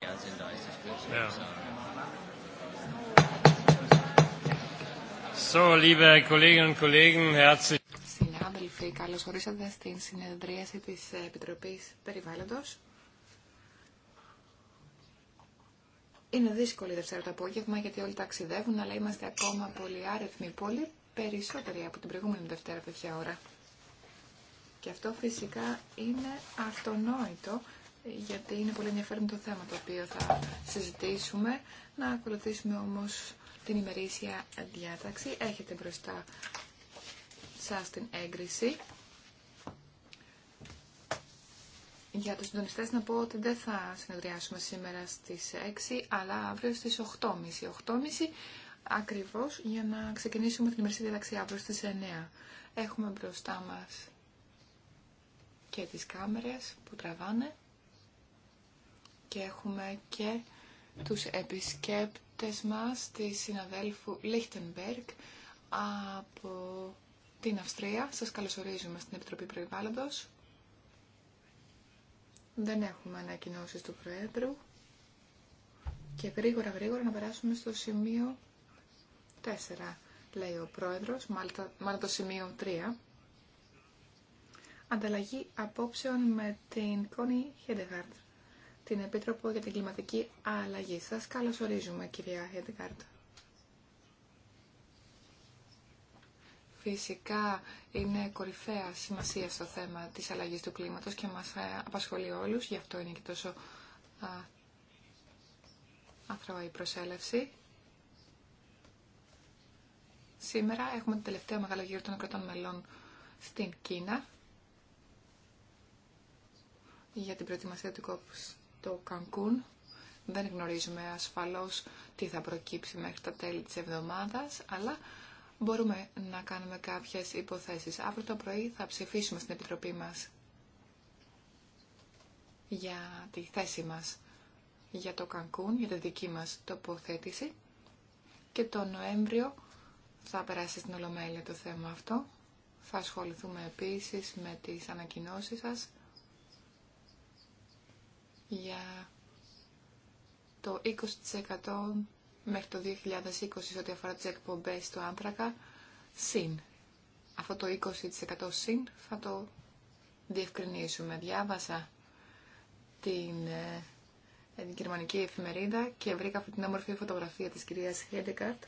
Ja. So, liebe Kolleginnen und Kollegen, herzlich Συνάδελφοι, καλώς ορίσατε στην συνεδρίαση της Επιτροπής Περιβάλλοντος. Είναι δύσκολη η Δευτέρα το απόγευμα γιατί όλοι ταξιδεύουν, αλλά είμαστε ακόμα πολύ άρεθμοι, πολύ περισσότεροι από την προηγούμενη Δευτέρα τέτοια ώρα. Και αυτό φυσικά είναι αυτονόητο γιατί είναι πολύ ενδιαφέρον το θέμα το οποίο θα συζητήσουμε. Να ακολουθήσουμε όμως την ημερήσια διάταξη. Έχετε μπροστά σας την έγκριση. Για τους συντονιστές να πω ότι δεν θα συνεδριάσουμε σήμερα στις 6, αλλά αύριο στις 8.30. 8.30 ακριβώς για να ξεκινήσουμε την ημερήσια διάταξη αύριο στις 9. Έχουμε μπροστά μας και τις κάμερες που τραβάνε και έχουμε και τους επισκέπτες μας, τη συναδέλφου Λίχτενμπεργκ από την Αυστρία. Σας καλωσορίζουμε στην Επιτροπή Προϋβάλλοντος. Δεν έχουμε ανακοινώσει του Προέδρου. Και γρήγορα γρήγορα να περάσουμε στο σημείο 4, λέει ο Πρόεδρος, μάλλον το σημείο 3. Ανταλλαγή απόψεων με την Κόνη Χέντεγάρτ, την Επίτροπο για την Κλιματική Αλλαγή. Σας καλωσορίζουμε, κυρία Χέντεγκάρντ. Φυσικά είναι κορυφαία σημασία στο θέμα της αλλαγής του κλίματος και μας ε, απασχολεί όλους, γι' αυτό είναι και τόσο αθρώα η προσέλευση. Σήμερα έχουμε την τελευταία μεγάλο γύρο των κρατών μελών στην Κίνα για την προετοιμασία του κόπου το Κανκούν. Δεν γνωρίζουμε ασφαλώς τι θα προκύψει μέχρι τα τέλη της εβδομάδας, αλλά μπορούμε να κάνουμε κάποιες υποθέσεις. Αύριο το πρωί θα ψηφίσουμε στην Επιτροπή μας για τη θέση μας για το Κανκούν, για τη δική μας τοποθέτηση και το Νοέμβριο θα περάσει στην Ολομέλεια το θέμα αυτό. Θα ασχοληθούμε επίσης με τις ανακοινώσεις σας για το 20% μέχρι το 2020 σε ό,τι αφορά τις εκπομπές του άνθρακα, συν. Αυτό το 20% συν θα το διευκρινίσουμε. Διάβασα την, ε, την γερμανική εφημερίδα και βρήκα αυτή την όμορφη φωτογραφία της κυρίας Χέντεκαρτ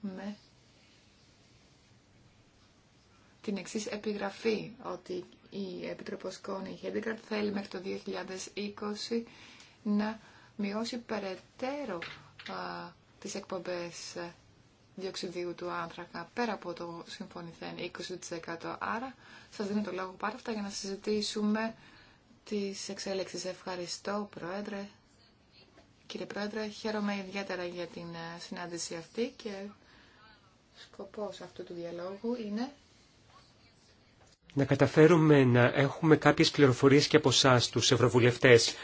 με την εξής επιγραφή ότι η Επιτροπός Κόνη Χέντεγκαρτ θέλει μέχρι το 2020 να μειώσει περαιτέρω α, τις εκπομπές διοξιδίου του άνθρακα πέρα από το συμφωνηθέν 20%. Άρα σας δίνω το λόγο πάρα αυτά για να συζητήσουμε τις εξέλιξεις. Ευχαριστώ Πρόεδρε. Κύριε Πρόεδρε, χαίρομαι ιδιαίτερα για την ε, συνάντηση αυτή και σκοπός αυτού του διαλόγου είναι να καταφέρουμε να έχουμε κάποιες πληροφορίες και από εσά τους ευρωβουλευτές.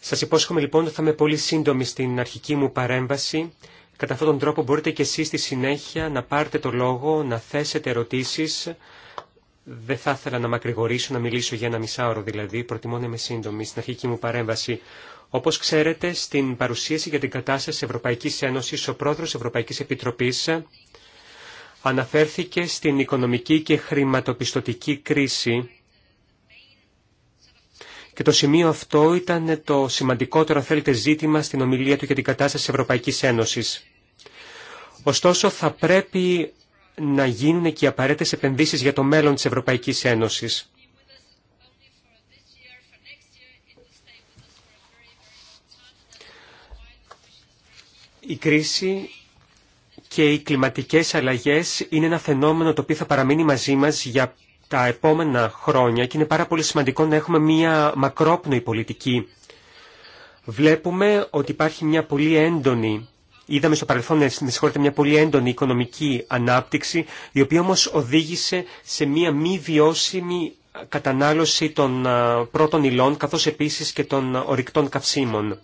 Σας υπόσχομαι λοιπόν ότι θα είμαι πολύ σύντομη στην αρχική μου παρέμβαση. Κατά αυτόν τον τρόπο μπορείτε και εσείς στη συνέχεια να πάρετε το λόγο, να θέσετε ερωτήσεις. Δεν θα ήθελα να μακρηγορήσω, να μιλήσω για ένα μισάωρο δηλαδή, προτιμώ να είμαι σύντομη στην αρχική μου παρέμβαση. Όπω ξέρετε, στην παρουσίαση για την κατάσταση Ευρωπαϊκή Ένωση, ο πρόεδρο Ευρωπαϊκή Επιτροπή αναφέρθηκε στην οικονομική και χρηματοπιστωτική κρίση και το σημείο αυτό ήταν το σημαντικότερο, θέλετε, ζήτημα στην ομιλία του για την κατάσταση της Ευρωπαϊκής Ένωσης. Ωστόσο, θα πρέπει να γίνουν και οι απαραίτητες επενδύσεις για το μέλλον της Ευρωπαϊκής Ένωσης. Η κρίση και οι κλιματικές αλλαγές είναι ένα φαινόμενο το οποίο θα παραμείνει μαζί μας για τα επόμενα χρόνια και είναι πάρα πολύ σημαντικό να έχουμε μία μακρόπνοη πολιτική. Βλέπουμε ότι υπάρχει μια πολύ έντονη, είδαμε στο παρελθόν, ε, με συγχωρείτε, μια πολύ στο παρελθον οικονομική ανάπτυξη, η οποία όμως οδήγησε σε μια μη βιώσιμη κατανάλωση των ε, πρώτων υλών, καθώς επίσης και των ορυκτών καυσίμων.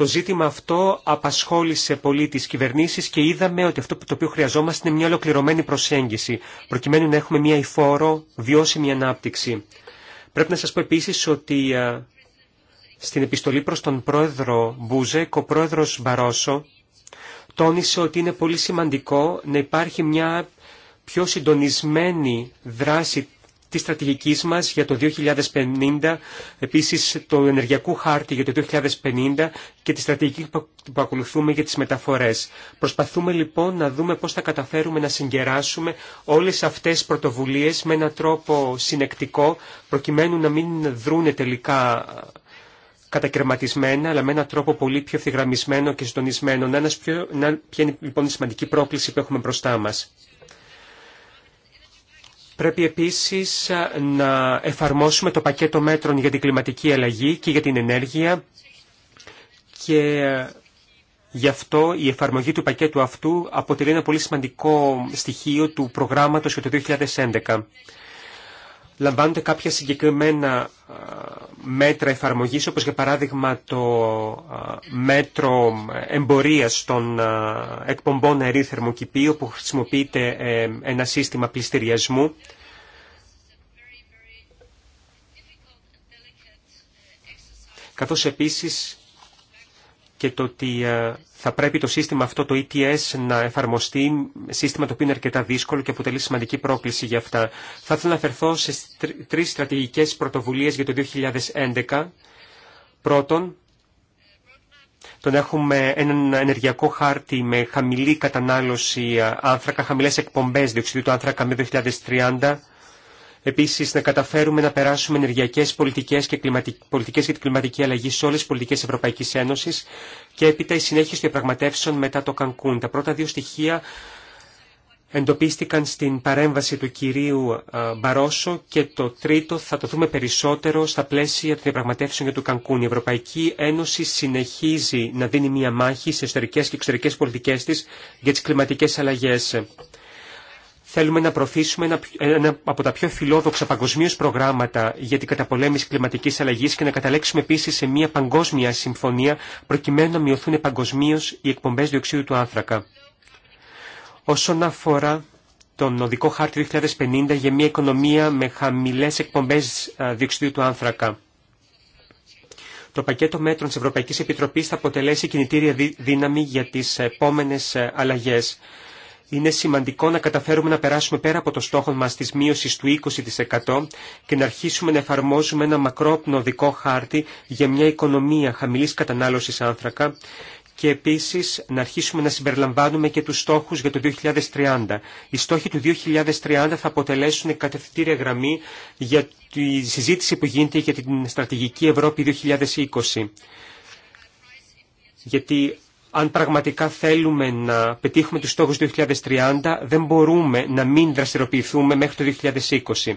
Το ζήτημα αυτό απασχόλησε πολύ τις κυβερνήσεις και είδαμε ότι αυτό το οποίο χρειαζόμαστε είναι μια ολοκληρωμένη προσέγγιση, προκειμένου να έχουμε μια υφόρο, βιώσιμη ανάπτυξη. Πρέπει να σας πω επίσης ότι ε, στην επιστολή προς τον πρόεδρο Μπούζεκ, ο πρόεδρος Μπαρόσο τόνισε ότι είναι πολύ σημαντικό να υπάρχει μια πιο συντονισμένη δράση της στρατηγικής μας για το 2050, επίσης το ενεργειακού χάρτη για το 2050 και τη στρατηγική που ακολουθούμε για τις μεταφορές. Προσπαθούμε λοιπόν να δούμε πώς θα καταφέρουμε να συγκεράσουμε όλες αυτές τις πρωτοβουλίες με έναν τρόπο συνεκτικό, προκειμένου να μην δρούνε τελικά κατακαιρματισμένα, αλλά με έναν τρόπο πολύ πιο ευθυγραμμισμένο και συντονισμένο. Να, είναι λοιπόν η σημαντική πρόκληση που έχουμε μπροστά μας. Πρέπει επίσης να εφαρμόσουμε το πακέτο μέτρων για την κλιματική αλλαγή και για την ενέργεια και γι' αυτό η εφαρμογή του πακέτου αυτού αποτελεί ένα πολύ σημαντικό στοιχείο του προγράμματος για το 2011 λαμβάνονται κάποια συγκεκριμένα μέτρα εφαρμογής, όπως για παράδειγμα το μέτρο ε, εμπορίας των εκπομπών αερίου θερμοκηπίου, που χρησιμοποιείται ε, ένα σύστημα πληστηριασμού. Καθώς επίσης και το ότι θα πρέπει το σύστημα αυτό, το ETS, να εφαρμοστεί, σύστημα το οποίο είναι αρκετά δύσκολο και αποτελεί σημαντική πρόκληση για αυτά. Θα ήθελα να αφαιρθώ σε τρεις στρατηγικές πρωτοβουλίες για το 2011. Πρώτον, τον έχουμε έναν ενεργειακό χάρτη με χαμηλή κατανάλωση άνθρακα, χαμηλές εκπομπές διοξιδίου του άνθρακα με 2030, Επίσης, να καταφέρουμε να περάσουμε ενεργειακές πολιτικές, και για την κλιματική αλλαγή σε όλες τις πολιτικές Ευρωπαϊκής Ένωσης και έπειτα η συνέχιση των διαπραγματεύσεων μετά το Κανκούν. Τα πρώτα δύο στοιχεία εντοπίστηκαν στην παρέμβαση του κυρίου ε, Μπαρόσο και το τρίτο θα το δούμε περισσότερο στα πλαίσια των διαπραγματεύσεων για το Κανκούν. Η Ευρωπαϊκή Ένωση συνεχίζει να δίνει μία μάχη σε εσωτερικέ και εξωτερικές πολιτικές της για τις κλιματικές αλλαγέ. Θέλουμε να προωθήσουμε ένα, από τα πιο φιλόδοξα παγκοσμίως προγράμματα για την καταπολέμηση κλιματικής αλλαγής και να καταλέξουμε επίσης σε μια παγκόσμια συμφωνία προκειμένου να μειωθούν παγκοσμίω οι εκπομπές διοξείδου του άνθρακα. Όσον αφορά τον οδικό χάρτη 2050 για μια οικονομία με χαμηλές εκπομπές διοξίου του άνθρακα. Το πακέτο μέτρων της Ευρωπαϊκής Επιτροπής θα αποτελέσει κινητήρια δύναμη για τις επόμενες αλλαγές είναι σημαντικό να καταφέρουμε να περάσουμε πέρα από το στόχο μας της μείωσης του 20% και να αρχίσουμε να εφαρμόζουμε ένα μακρόπνο δικό χάρτη για μια οικονομία χαμηλής κατανάλωσης άνθρακα και επίσης να αρχίσουμε να συμπεριλαμβάνουμε και τους στόχους για το 2030. Οι στόχοι του 2030 θα αποτελέσουν κατευθυντήρια γραμμή για τη συζήτηση που γίνεται για την στρατηγική Ευρώπη 2020. Γιατί αν πραγματικά θέλουμε να πετύχουμε τους στόχους του 2030, δεν μπορούμε να μην δραστηριοποιηθούμε μέχρι το 2020.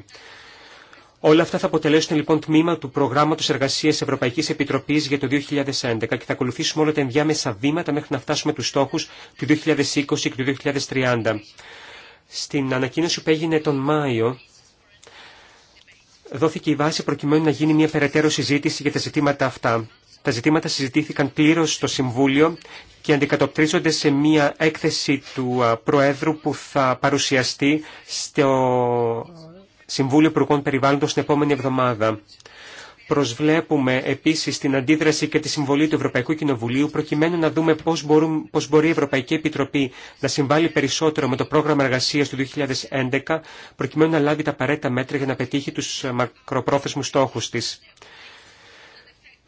Όλα αυτά θα αποτελέσουν λοιπόν τμήμα του προγράμματος εργασίας Ευρωπαϊκής Επιτροπής για το 2011 και θα ακολουθήσουμε όλα τα ενδιάμεσα βήματα μέχρι να φτάσουμε τους στόχους του 2020 και του 2030. Στην ανακοίνωση που έγινε τον Μάιο, δόθηκε η βάση προκειμένου να γίνει μια περαιτέρω συζήτηση για τα ζητήματα αυτά. Τα ζητήματα συζητήθηκαν πλήρως στο Συμβούλιο και αντικατοπτρίζονται σε μία έκθεση του Προέδρου που θα παρουσιαστεί στο Συμβούλιο Υπουργών Περιβάλλοντος την επόμενη εβδομάδα. Προσβλέπουμε επίσης την αντίδραση και τη συμβολή του Ευρωπαϊκού Κοινοβουλίου προκειμένου να δούμε πώς, πώς μπορεί η Ευρωπαϊκή Επιτροπή να συμβάλλει περισσότερο με το πρόγραμμα εργασίας του 2011 προκειμένου να λάβει τα απαραίτητα μέτρα για να πετύχει τους μακροπρόθεσμους στόχους της.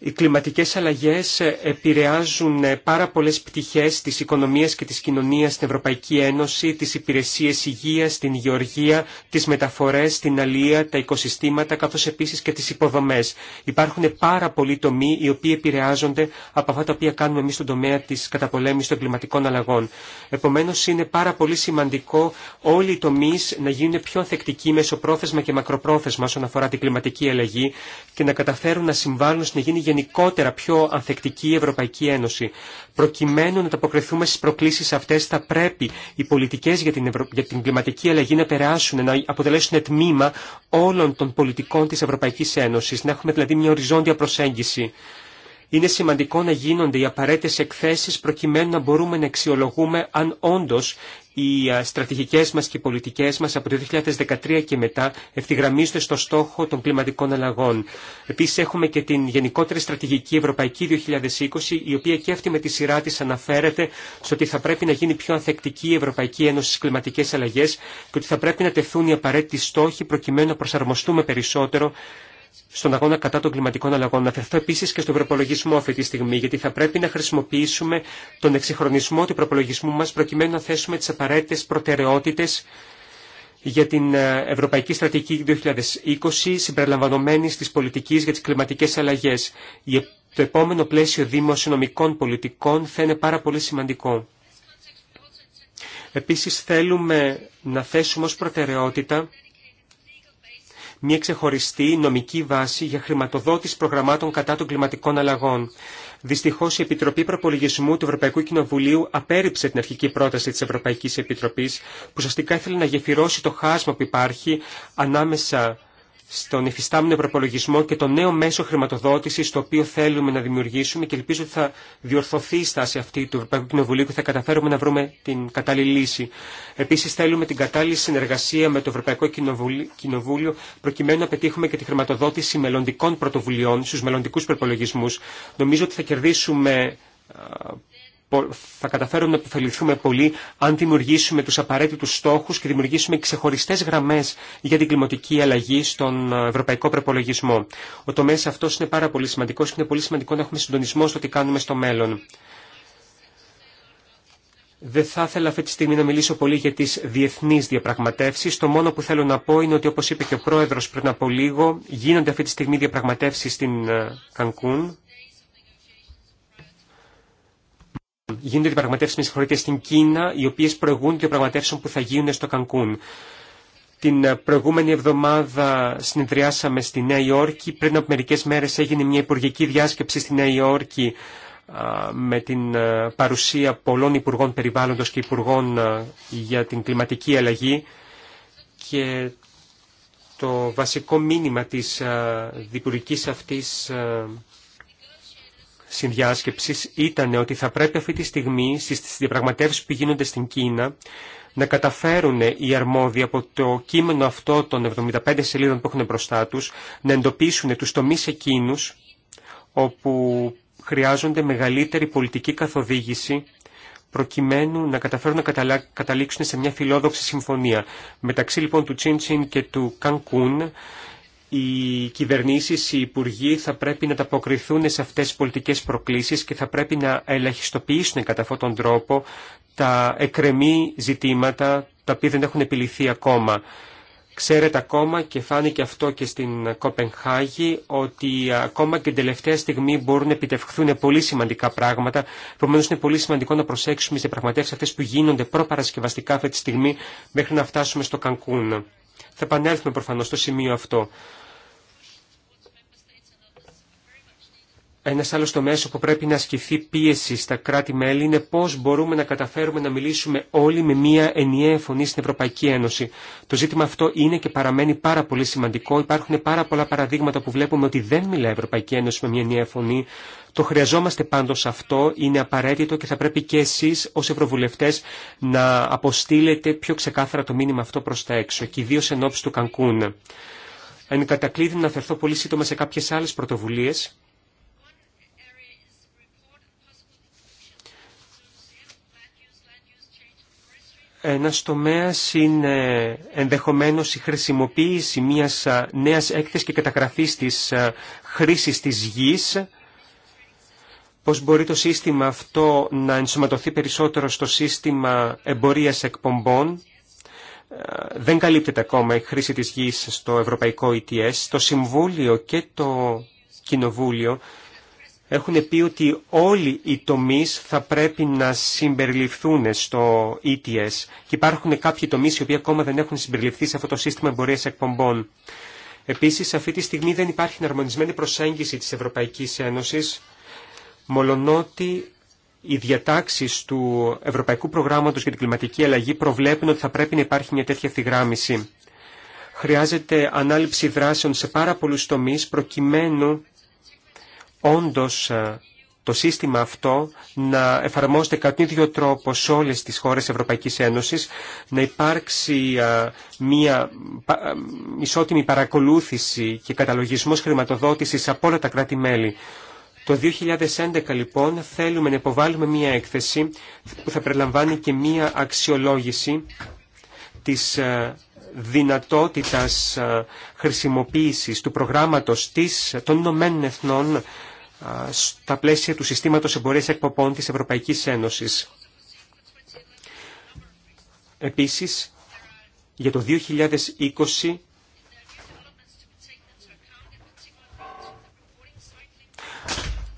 Οι κλιματικές αλλαγές ε, επηρεάζουν ε, πάρα πολλές πτυχές της οικονομίας και της κοινωνίας στην Ευρωπαϊκή Ένωση, τις υπηρεσίες υγείας, την γεωργία, τις μεταφορές, την αλία, τα οικοσυστήματα, καθώς επίσης και τις υποδομές. Υπάρχουν πάρα πολλοί τομεί οι οποίοι επηρεάζονται από αυτά τα οποία κάνουμε εμείς στον τομέα της καταπολέμησης των κλιματικών αλλαγών. Επομένως είναι πάρα πολύ σημαντικό όλοι οι τομεί να γίνουν πιο ανθεκτικοί μεσοπρόθεσμα και μακροπρόθεσμα όσον αφορά την κλιματική αλλαγή και να καταφέρουν να συμβάλλουν στην γενικότερα πιο ανθεκτική η Ευρωπαϊκή Ένωση. Προκειμένου να ταποκριθούμε στι προκλήσει αυτέ, θα πρέπει οι πολιτικέ για, την Ευρω... για την κλιματική αλλαγή να περάσουν, να αποτελέσουν τμήμα όλων των πολιτικών τη Ευρωπαϊκή Ένωση. Να έχουμε δηλαδή μια οριζόντια προσέγγιση. Είναι σημαντικό να γίνονται οι απαραίτητε εκθέσει προκειμένου να μπορούμε να αξιολογούμε αν όντω οι στρατηγικές μας και οι πολιτικές μας από το 2013 και μετά ευθυγραμμίζονται στο στόχο των κλιματικών αλλαγών. Επίσης έχουμε και την γενικότερη στρατηγική Ευρωπαϊκή 2020, η οποία και αυτή με τη σειρά της αναφέρεται στο ότι θα πρέπει να γίνει πιο ανθεκτική η Ευρωπαϊκή Ένωση στις κλιματικές αλλαγές και ότι θα πρέπει να τεθούν οι απαραίτητοι στόχοι προκειμένου να προσαρμοστούμε περισσότερο στον αγώνα κατά των κλιματικών αλλαγών. Να αφαιρθώ επίση και στον προπολογισμό αυτή τη στιγμή, γιατί θα πρέπει να χρησιμοποιήσουμε τον εξυγχρονισμό του προπολογισμού μα προκειμένου να θέσουμε τι απαραίτητε προτεραιότητε για την ε, Ευρωπαϊκή Στρατηγική 2020 συμπεριλαμβανομένη της πολιτικής για τις κλιματικές αλλαγές. Το επόμενο πλαίσιο δημοσιονομικών πολιτικών θα είναι πάρα πολύ σημαντικό. Επίσης θέλουμε να θέσουμε ως προτεραιότητα μια ξεχωριστή νομική βάση για χρηματοδότηση προγραμμάτων κατά των κλιματικών αλλαγών. Δυστυχώ η Επιτροπή Προπολογισμού του Ευρωπαϊκού Κοινοβουλίου απέρριψε την αρχική πρόταση τη Ευρωπαϊκή Επιτροπή, που ουσιαστικά ήθελε να γεφυρώσει το χάσμα που υπάρχει ανάμεσα στον υφιστάμενο προπολογισμό και το νέο μέσο χρηματοδότηση το οποίο θέλουμε να δημιουργήσουμε και ελπίζω ότι θα διορθωθεί η στάση αυτή του Ευρωπαϊκού Κοινοβουλίου και θα καταφέρουμε να βρούμε την κατάλληλη λύση. Επίση, θέλουμε την κατάλληλη συνεργασία με το Ευρωπαϊκό Κοινοβούλιο προκειμένου να πετύχουμε και τη χρηματοδότηση μελλοντικών πρωτοβουλειών στου μελλοντικού προπολογισμού. Νομίζω ότι θα κερδίσουμε θα καταφέρουμε να αποφεληθούμε πολύ αν δημιουργήσουμε τους απαραίτητους στόχους και δημιουργήσουμε ξεχωριστές γραμμές για την κλιματική αλλαγή στον ε, ευρωπαϊκό προπολογισμό. Ο τομέας αυτό είναι πάρα πολύ σημαντικός και είναι πολύ σημαντικό να έχουμε συντονισμό στο τι κάνουμε στο μέλλον. Δεν θα ήθελα αυτή τη στιγμή να μιλήσω πολύ για τις διεθνείς διαπραγματεύσεις. Το μόνο που θέλω να πω είναι ότι όπως είπε και ο πρόεδρος πριν από λίγο, γίνονται αυτή τη στιγμή διαπραγματεύσεις στην ε, Κανκούν, Γίνονται διαπραγματεύσει με συγχωρείτε στην Κίνα, οι οποίε προηγούν και πραγματεύσεων που θα γίνουν στο Κανκούν. Την ε, προηγούμενη εβδομάδα συνεδριάσαμε στη Νέα Υόρκη. Πριν από μερικέ μέρε έγινε μια υπουργική διάσκεψη στη Νέα Υόρκη με την ε, παρουσία πολλών υπουργών περιβάλλοντος και υπουργών ε, για την κλιματική αλλαγή και το βασικό μήνυμα της διπουργικής αυτής συνδιάσκεψης ήταν ότι θα πρέπει αυτή τη στιγμή στις διαπραγματεύσεις που γίνονται στην Κίνα να καταφέρουν οι αρμόδιοι από το κείμενο αυτό των 75 σελίδων που έχουν μπροστά τους να εντοπίσουν τους τομείς εκείνους όπου χρειάζονται μεγαλύτερη πολιτική καθοδήγηση προκειμένου να καταφέρουν να καταλήξουν σε μια φιλόδοξη συμφωνία. Μεταξύ λοιπόν του Τσίντσιν και του Κανκούν οι κυβερνήσεις, οι υπουργοί θα πρέπει να ταποκριθούν σε αυτές τις πολιτικές προκλήσεις και θα πρέπει να ελαχιστοποιήσουν κατά αυτόν τον τρόπο τα εκρεμή ζητήματα τα οποία δεν έχουν επιληθεί ακόμα. Ξέρετε ακόμα και φάνηκε αυτό και στην Κοπενχάγη ότι ακόμα και την τελευταία στιγμή μπορούν να επιτευχθούν πολύ σημαντικά πράγματα. Επομένω είναι πολύ σημαντικό να προσέξουμε σε πραγματεύσει αυτέ που γίνονται προπαρασκευαστικά αυτή τη στιγμή μέχρι να φτάσουμε στο Κανκούν. Θα επανέλθουμε προφανώς στο σημείο αυτό. Ένα άλλο τομέα που πρέπει να ασκηθεί πίεση στα κράτη-μέλη είναι πώ μπορούμε να καταφέρουμε να μιλήσουμε όλοι με μία ενιαία φωνή στην Ευρωπαϊκή Ένωση. Το ζήτημα αυτό είναι και παραμένει πάρα πολύ σημαντικό. Υπάρχουν πάρα πολλά παραδείγματα που βλέπουμε ότι δεν μιλά η Ευρωπαϊκή Ένωση με μία ενιαία φωνή. Το χρειαζόμαστε πάντως αυτό, είναι απαραίτητο και θα πρέπει και εσεί, ω ευρωβουλευτέ, να αποστείλετε πιο ξεκάθαρα το μήνυμα αυτό προ τα έξω και ιδίω εν του Κανκούν. Εν κατακλείδη να αφαιρθώ πολύ σύντομα σε κάποιες άλλες πρωτοβουλίες ένας τομέας είναι ενδεχομένως η χρησιμοποίηση μιας νέας έκθεσης και καταγραφής της χρήσης της γης, πώς μπορεί το σύστημα αυτό να ενσωματωθεί περισσότερο στο σύστημα εμπορίας εκπομπών. Δεν καλύπτεται ακόμα η χρήση της γης στο Ευρωπαϊκό ETS. Το Συμβούλιο και το Κοινοβούλιο έχουν πει ότι όλοι οι τομείς θα πρέπει να συμπεριληφθούν στο ETS και υπάρχουν κάποιοι τομείς οι οποίοι ακόμα δεν έχουν συμπεριληφθεί σε αυτό το σύστημα εμπορίας εκπομπών. Επίσης, αυτή τη στιγμή δεν υπάρχει εναρμονισμένη προσέγγιση της Ευρωπαϊκής Ένωσης, μολονότι οι διατάξεις του Ευρωπαϊκού Προγράμματος για την Κλιματική Αλλαγή προβλέπουν ότι θα πρέπει να υπάρχει μια τέτοια ευθυγράμμιση. Χρειάζεται ανάληψη δράσεων σε πάρα πολλούς τομείς προκειμένου όντως ε, το σύστημα αυτό να εφαρμόζεται κατά τον ίδιο τρόπο σε όλες τις χώρες Ευρωπαϊκής Ένωσης, να υπάρξει ε, μια ε, ισότιμη παρακολούθηση και καταλογισμός χρηματοδότησης από όλα τα κράτη-μέλη. Το 2011 λοιπόν θέλουμε να υποβάλουμε μια έκθεση που θα περιλαμβάνει και μια αξιολόγηση της δυνατότητας χρησιμοποίησης του προγράμματος της, των Ηνωμένων Εθνών στα πλαίσια του συστήματος εμπορίας εκπομπών της Ευρωπαϊκής Ένωσης. Επίσης, για το 2020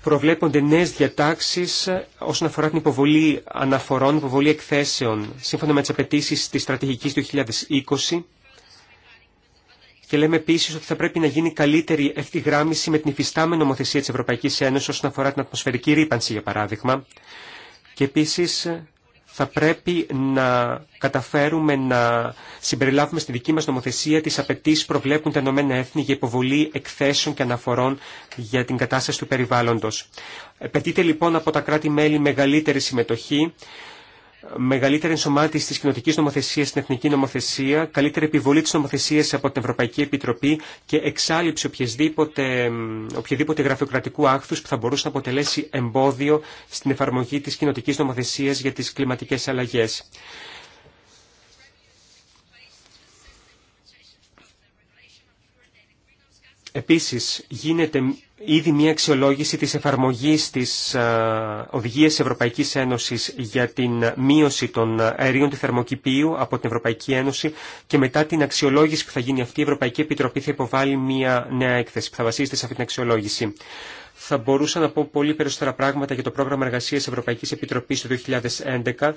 προβλέπονται νέες διατάξεις όσον αφορά την υποβολή αναφορών, υποβολή εκθέσεων, σύμφωνα με τις απαιτήσεις της στρατηγικής του 2020 και λέμε επίση ότι θα πρέπει να γίνει καλύτερη ευθυγράμμιση με την υφιστάμενη νομοθεσία τη Ευρωπαϊκή Ένωση όσον αφορά την ατμοσφαιρική ρήπανση, για παράδειγμα. Και επίση θα πρέπει να καταφέρουμε να συμπεριλάβουμε στη δική μας νομοθεσία τις απαιτήσει προβλέπουν τα Ηνωμένα Έθνη για υποβολή εκθέσεων και αναφορών για την κατάσταση του περιβάλλοντο. Επαιτείται λοιπόν από τα κράτη-μέλη μεγαλύτερη συμμετοχή μεγαλύτερη ενσωμάτιση τη κοινοτική νομοθεσία στην εθνική νομοθεσία, καλύτερη επιβολή τη νομοθεσία από την Ευρωπαϊκή Επιτροπή και εξάλληψη οποιοδήποτε, γραφειοκρατικού άκθου που θα μπορούσε να αποτελέσει εμπόδιο στην εφαρμογή τη κοινοτική νομοθεσία για τι κλιματικέ αλλαγέ. Επίσης, γίνεται ήδη μια αξιολόγηση της εφαρμογής της ε, Οδηγίας Ευρωπαϊκής Ένωσης για την μείωση των αερίων του θερμοκηπίου από την Ευρωπαϊκή Ένωση και μετά την αξιολόγηση που θα γίνει αυτή η Ευρωπαϊκή Επιτροπή θα υποβάλει μια νέα έκθεση που θα βασίζεται σε αυτή την αξιολόγηση. Θα μπορούσα να πω πολύ περισσότερα πράγματα για το πρόγραμμα εργασίας Ευρωπαϊκής Επιτροπής του 2011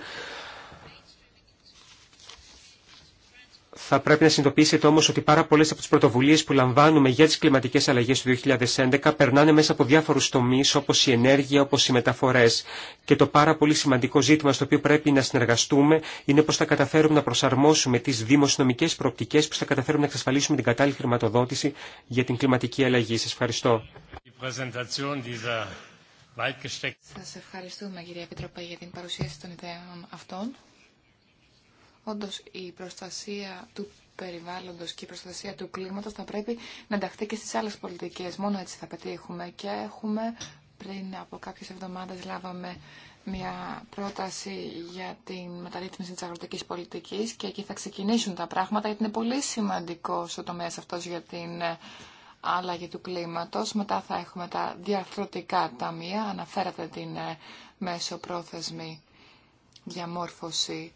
Θα πρέπει να συνειδητοποιήσετε όμως ότι πάρα πολλές από τις πρωτοβουλίες που λαμβάνουμε για τις κλιματικές αλλαγές του 2011 περνάνε μέσα από διάφορους τομείς όπως η ενέργεια, όπως οι μεταφορές. Και το πάρα πολύ σημαντικό ζήτημα στο οποίο πρέπει να συνεργαστούμε είναι πώς θα καταφέρουμε να προσαρμόσουμε τις δημοσιονομικές προοπτικές, που θα καταφέρουμε να εξασφαλίσουμε την κατάλληλη χρηματοδότηση για την κλιματική αλλαγή. Σας ευχαριστώ. Σας ευχαριστούμε για την παρουσίαση των ιδέων αυτών. Όντως η προστασία του περιβάλλοντος και η προστασία του κλίματος θα πρέπει να ενταχθεί και στις άλλες πολιτικές. Μόνο έτσι θα πετύχουμε και έχουμε πριν από κάποιες εβδομάδες λάβαμε μια πρόταση για την μεταρρύθμιση της αγροτικής πολιτικής και εκεί θα ξεκινήσουν τα πράγματα γιατί είναι πολύ σημαντικό ο τομέα αυτός για την ε, άλλαγη του κλίματος. Μετά θα έχουμε τα διαρθρωτικά ταμεία, αναφέρατε την ε, μέσοπρόθεσμη διαμόρφωση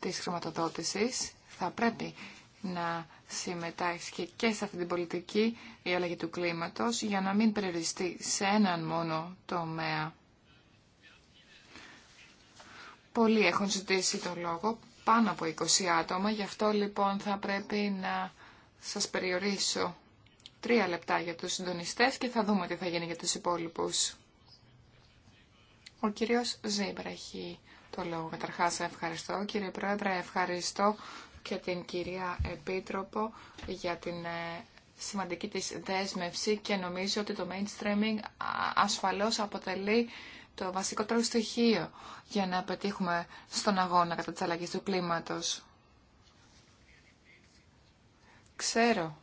της χρηματοδότησης θα πρέπει να συμμετάσχει και σε αυτή την πολιτική η αλλαγή του κλίματος για να μην περιοριστεί σε έναν μόνο τομέα. Πολλοί έχουν ζητήσει το λόγο, πάνω από 20 άτομα, γι' αυτό λοιπόν θα πρέπει να σας περιορίσω τρία λεπτά για τους συντονιστές και θα δούμε τι θα γίνει για τους υπόλοιπους. Ο κύριος Ζήμπρα το λέω Καταρχάς ευχαριστώ κύριε Πρόεδρε, ευχαριστώ και την κυρία Επίτροπο για την ε, σημαντική της δέσμευση και νομίζω ότι το mainstreaming ασφαλώς αποτελεί το βασικό στοιχείο για να πετύχουμε στον αγώνα κατά της αλλαγής του κλίματος. Ξέρω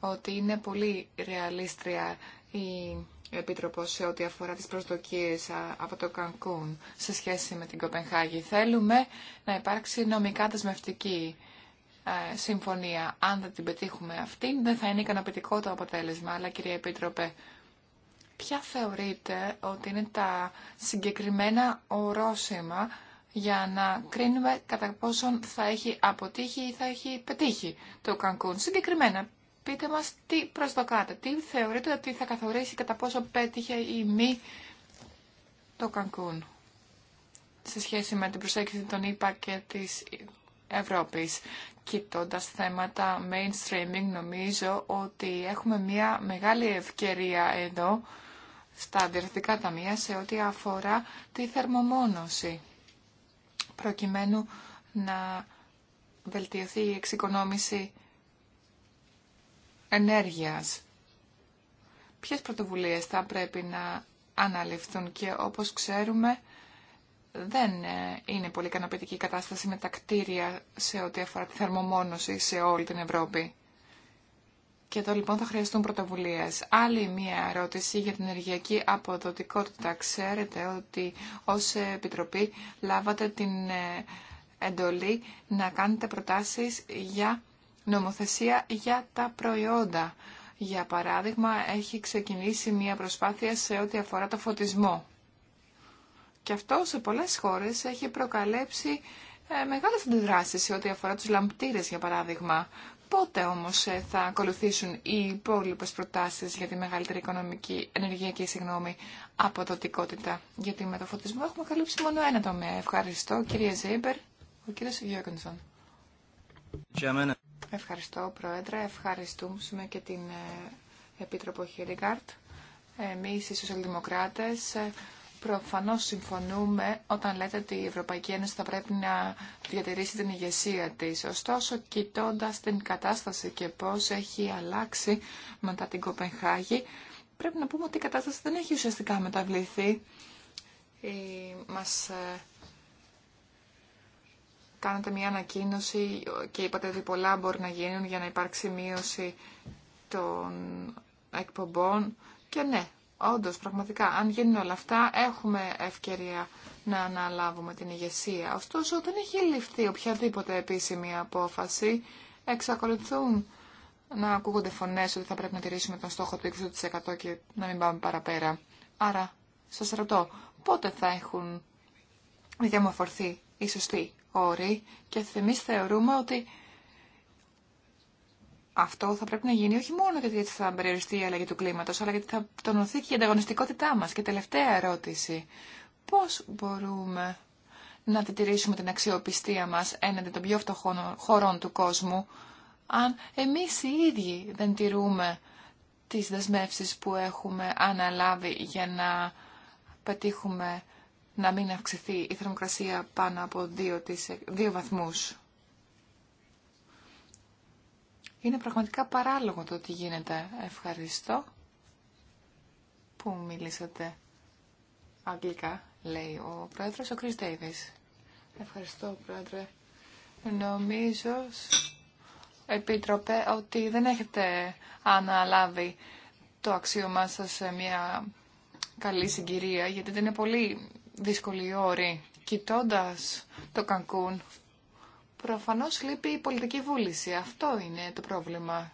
ότι είναι πολύ ρεαλίστρια η Επίτροπο σε ό,τι αφορά τις προσδοκίες από το Κανκούν σε σχέση με την Κοπενχάγη. Θέλουμε να υπάρξει νομικά δεσμευτική ε, συμφωνία. Αν δεν την πετύχουμε αυτή, δεν θα είναι ικανοποιητικό το αποτέλεσμα. Αλλά κυρία Επίτροπε, ποια θεωρείτε ότι είναι τα συγκεκριμένα ορόσημα για να κρίνουμε κατά πόσον θα έχει αποτύχει ή θα έχει πετύχει το Κανκούν. Συγκεκριμένα, πείτε μας τι προσδοκάτε, τι θεωρείτε ότι θα καθορίσει κατά πόσο πέτυχε ή μη το Κανκούν σε σχέση με την προσέγγιση των ΗΠΑ και της Ευρώπης. κοιτώντα θέματα mainstreaming νομίζω ότι έχουμε μια μεγάλη ευκαιρία εδώ στα αντιρρετικά ταμεία σε ό,τι αφορά τη θερμομόνωση προκειμένου να βελτιωθεί η εξοικονόμηση ενέργειας. Ποιες πρωτοβουλίες θα πρέπει να αναλυφθούν και όπως ξέρουμε δεν ε, είναι πολύ ικανοποιητική η κατάσταση με τα κτίρια σε ό,τι αφορά τη θερμομόνωση σε όλη την Ευρώπη. Και εδώ λοιπόν θα χρειαστούν πρωτοβουλίε. Άλλη μία ερώτηση για την ενεργειακή αποδοτικότητα. Ξέρετε ότι ως Επιτροπή λάβατε την ε, εντολή να κάνετε προτάσεις για νομοθεσία για τα προϊόντα. Για παράδειγμα, έχει ξεκινήσει μια προσπάθεια σε ό,τι αφορά το φωτισμό. Και αυτό σε πολλές χώρες έχει προκαλέψει ε, μεγάλες αντιδράσεις σε ό,τι αφορά τους λαμπτήρες, για παράδειγμα. Πότε όμως ε, θα ακολουθήσουν οι υπόλοιπε προτάσεις για τη μεγαλύτερη οικονομική, ενεργειακή συγγνώμη, αποδοτικότητα. Γιατί με το φωτισμό έχουμε καλύψει μόνο ένα τομέα. Ευχαριστώ, Κυρία Ζέιμπερ, ο κύριος Γιώργενσον. Ευχαριστώ, Πρόεδρε. Ευχαριστούμε και την ε, Επίτροπο Χίριγκαρτ. Εμείς οι σοσιαλδημοκράτες ε, προφανώς συμφωνούμε όταν λέτε ότι η Ευρωπαϊκή Ένωση θα πρέπει να διατηρήσει την ηγεσία της. Ωστόσο, κοιτώντας την κατάσταση και πώς έχει αλλάξει μετά την Κοπενχάγη, πρέπει να πούμε ότι η κατάσταση δεν έχει ουσιαστικά μεταβληθεί. Μας ε, κάνατε μια ανακοίνωση και είπατε ότι πολλά μπορεί να γίνουν για να υπάρξει μείωση των εκπομπών. Και ναι, όντως πραγματικά, αν γίνουν όλα αυτά, έχουμε ευκαιρία να αναλάβουμε την ηγεσία. Ωστόσο, δεν έχει ληφθεί οποιαδήποτε επίσημη απόφαση. Εξακολουθούν να ακούγονται φωνές ότι θα πρέπει να τηρήσουμε τον στόχο του 20% και να μην πάμε παραπέρα. Άρα, σας ρωτώ, πότε θα έχουν διαμορφωθεί η σωστοί όροι και εμεί θεωρούμε ότι αυτό θα πρέπει να γίνει όχι μόνο γιατί θα περιοριστεί η αλλαγή του κλίματος, αλλά γιατί θα τονωθεί και η ανταγωνιστικότητά μας. Και τελευταία ερώτηση. Πώς μπορούμε να διτηρήσουμε την αξιοπιστία μας έναντι των πιο φτωχών χωρών του κόσμου, αν εμείς οι ίδιοι δεν τηρούμε τις δεσμεύσεις που έχουμε αναλάβει για να πετύχουμε να μην αυξηθεί η θερμοκρασία πάνω από 2, βαθμούς. Είναι πραγματικά παράλογο το ότι γίνεται. Ευχαριστώ που μίλησατε αγγλικά, λέει ο πρόεδρος, ο Κρις Ντέιβις. Ευχαριστώ, πρόεδρε. Νομίζω, επίτροπε, ότι δεν έχετε αναλάβει το αξίωμά σας σε μια καλή συγκυρία, γιατί δεν είναι πολύ δύσκολοι όροι. Κοιτώντας το Κανκούν, προφανώς λείπει η πολιτική βούληση. Αυτό είναι το πρόβλημα.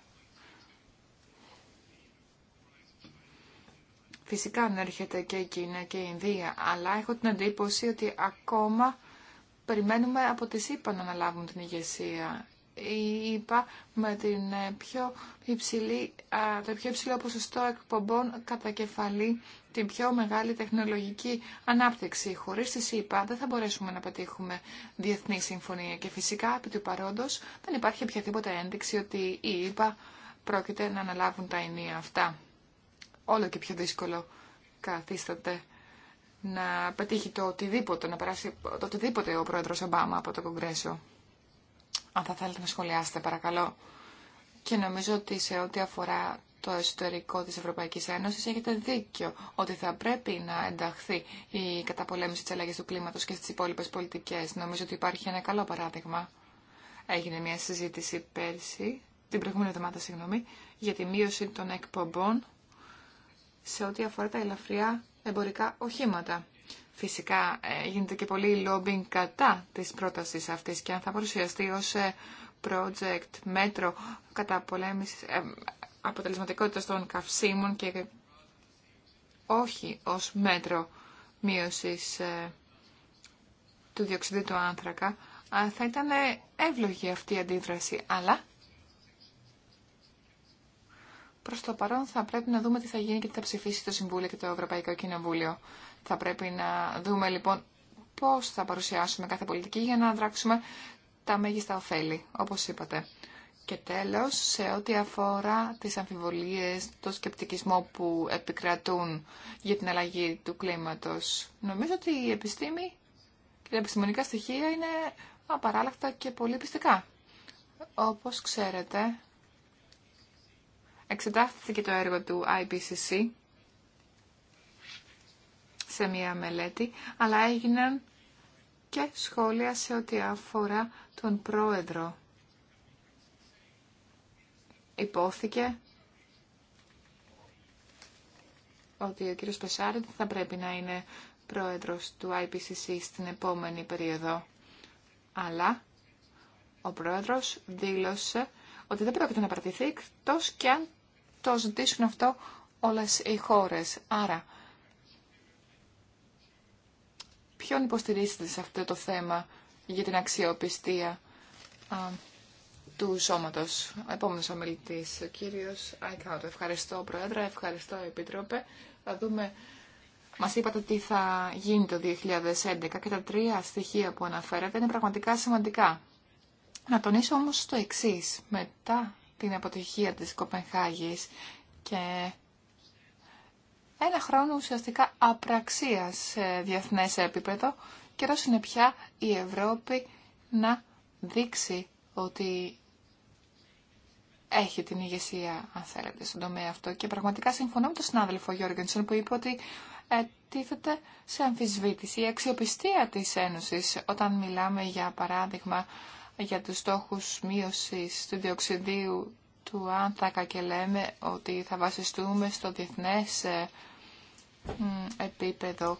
Φυσικά έρχεται και η Κίνα και η Ινδία, αλλά έχω την εντύπωση ότι ακόμα περιμένουμε από τις ΗΠΑ να αναλάβουν την ηγεσία. Η είπα με την ε, πιο υψηλή, το πιο υψηλό ποσοστό εκπομπών κατά κεφαλή την πιο μεγάλη τεχνολογική ανάπτυξη. Χωρίς τη ΣΥΠΑ δεν θα μπορέσουμε να πετύχουμε διεθνή συμφωνία και φυσικά επί του παρόντο, δεν υπάρχει οποιαδήποτε ένδειξη ότι η ΣΥΠΑ πρόκειται να αναλάβουν τα ενία αυτά. Όλο και πιο δύσκολο καθίσταται να πετύχει το οτιδήποτε, να περάσει το οτιδήποτε ο πρόεδρος Ομπάμα από το Κογκρέσο. Αν θα θέλετε να σχολιάσετε παρακαλώ. Και νομίζω ότι σε ό,τι αφορά το εσωτερικό της Ευρωπαϊκής Ένωσης, έχετε δίκιο ότι θα πρέπει να ενταχθεί η καταπολέμηση της αλλαγής του κλίματος και στις υπόλοιπες πολιτικές. Νομίζω ότι υπάρχει ένα καλό παράδειγμα. Έγινε μια συζήτηση πέρσι, την προηγούμενη εβδομάδα, συγγνώμη, για τη μείωση των εκπομπών σε ό,τι αφορά τα ελαφριά εμπορικά οχήματα. Φυσικά ε, γίνεται και πολύ lobbying κατά της πρότασης αυτής και αν θα παρουσιαστεί ως ε, project μέτρο κατά αποτελεσματικότητα των καυσίμων και όχι ως μέτρο μείωσης ε, του διοξιδίου του άνθρακα, θα ήταν εύλογη αυτή η αντίδραση. Αλλά προς το παρόν θα πρέπει να δούμε τι θα γίνει και τι θα ψηφίσει το Συμβούλιο και το Ευρωπαϊκό Κοινοβούλιο. Θα πρέπει να δούμε λοιπόν πώς θα παρουσιάσουμε κάθε πολιτική για να δράξουμε τα μέγιστα ωφέλη, όπως είπατε. Και τέλος, σε ό,τι αφορά τις αμφιβολίες, το σκεπτικισμό που επικρατούν για την αλλαγή του κλίματος, νομίζω ότι η επιστήμη και τα επιστημονικά στοιχεία είναι απαράλλαχτα και πολύ πιστικά. Όπως ξέρετε, εξετάστηκε το έργο του IPCC σε μία μελέτη, αλλά έγιναν και σχόλια σε ό,τι αφορά τον πρόεδρο υπόθηκε ότι ο κύριος Πεσάρη θα πρέπει να είναι πρόεδρος του IPCC στην επόμενη περίοδο. Αλλά ο πρόεδρος δήλωσε ότι δεν πρόκειται να παρατηθεί εκτός και αν το ζητήσουν αυτό όλες οι χώρες. Άρα, ποιον υποστηρίζετε σε αυτό το θέμα για την αξιοπιστία του σώματος. Ο επόμενος ομιλητής, ο κύριος Άικαουτ. Ευχαριστώ, Πρόεδρε, ευχαριστώ, Επίτροπε. Θα δούμε... Μας είπατε τι θα γίνει το 2011 και τα τρία στοιχεία που αναφέρατε είναι πραγματικά σημαντικά. Να τονίσω όμως το εξή Μετά την αποτυχία της Κοπενχάγης και ένα χρόνο ουσιαστικά απραξίας σε διεθνές επίπεδο, καιρός είναι πια η Ευρώπη να δείξει ότι έχει την ηγεσία, αν θέλετε, στον τομέα αυτό. Και πραγματικά συμφωνώ με τον συνάδελφο Γιώργενσον που είπε ότι ε, τίθεται σε αμφισβήτηση η αξιοπιστία της Ένωσης όταν μιλάμε, για παράδειγμα, για τους στόχους μείωσης του διοξιδίου του άνθρακα και λέμε ότι θα βασιστούμε στο διεθνές ε, επίπεδο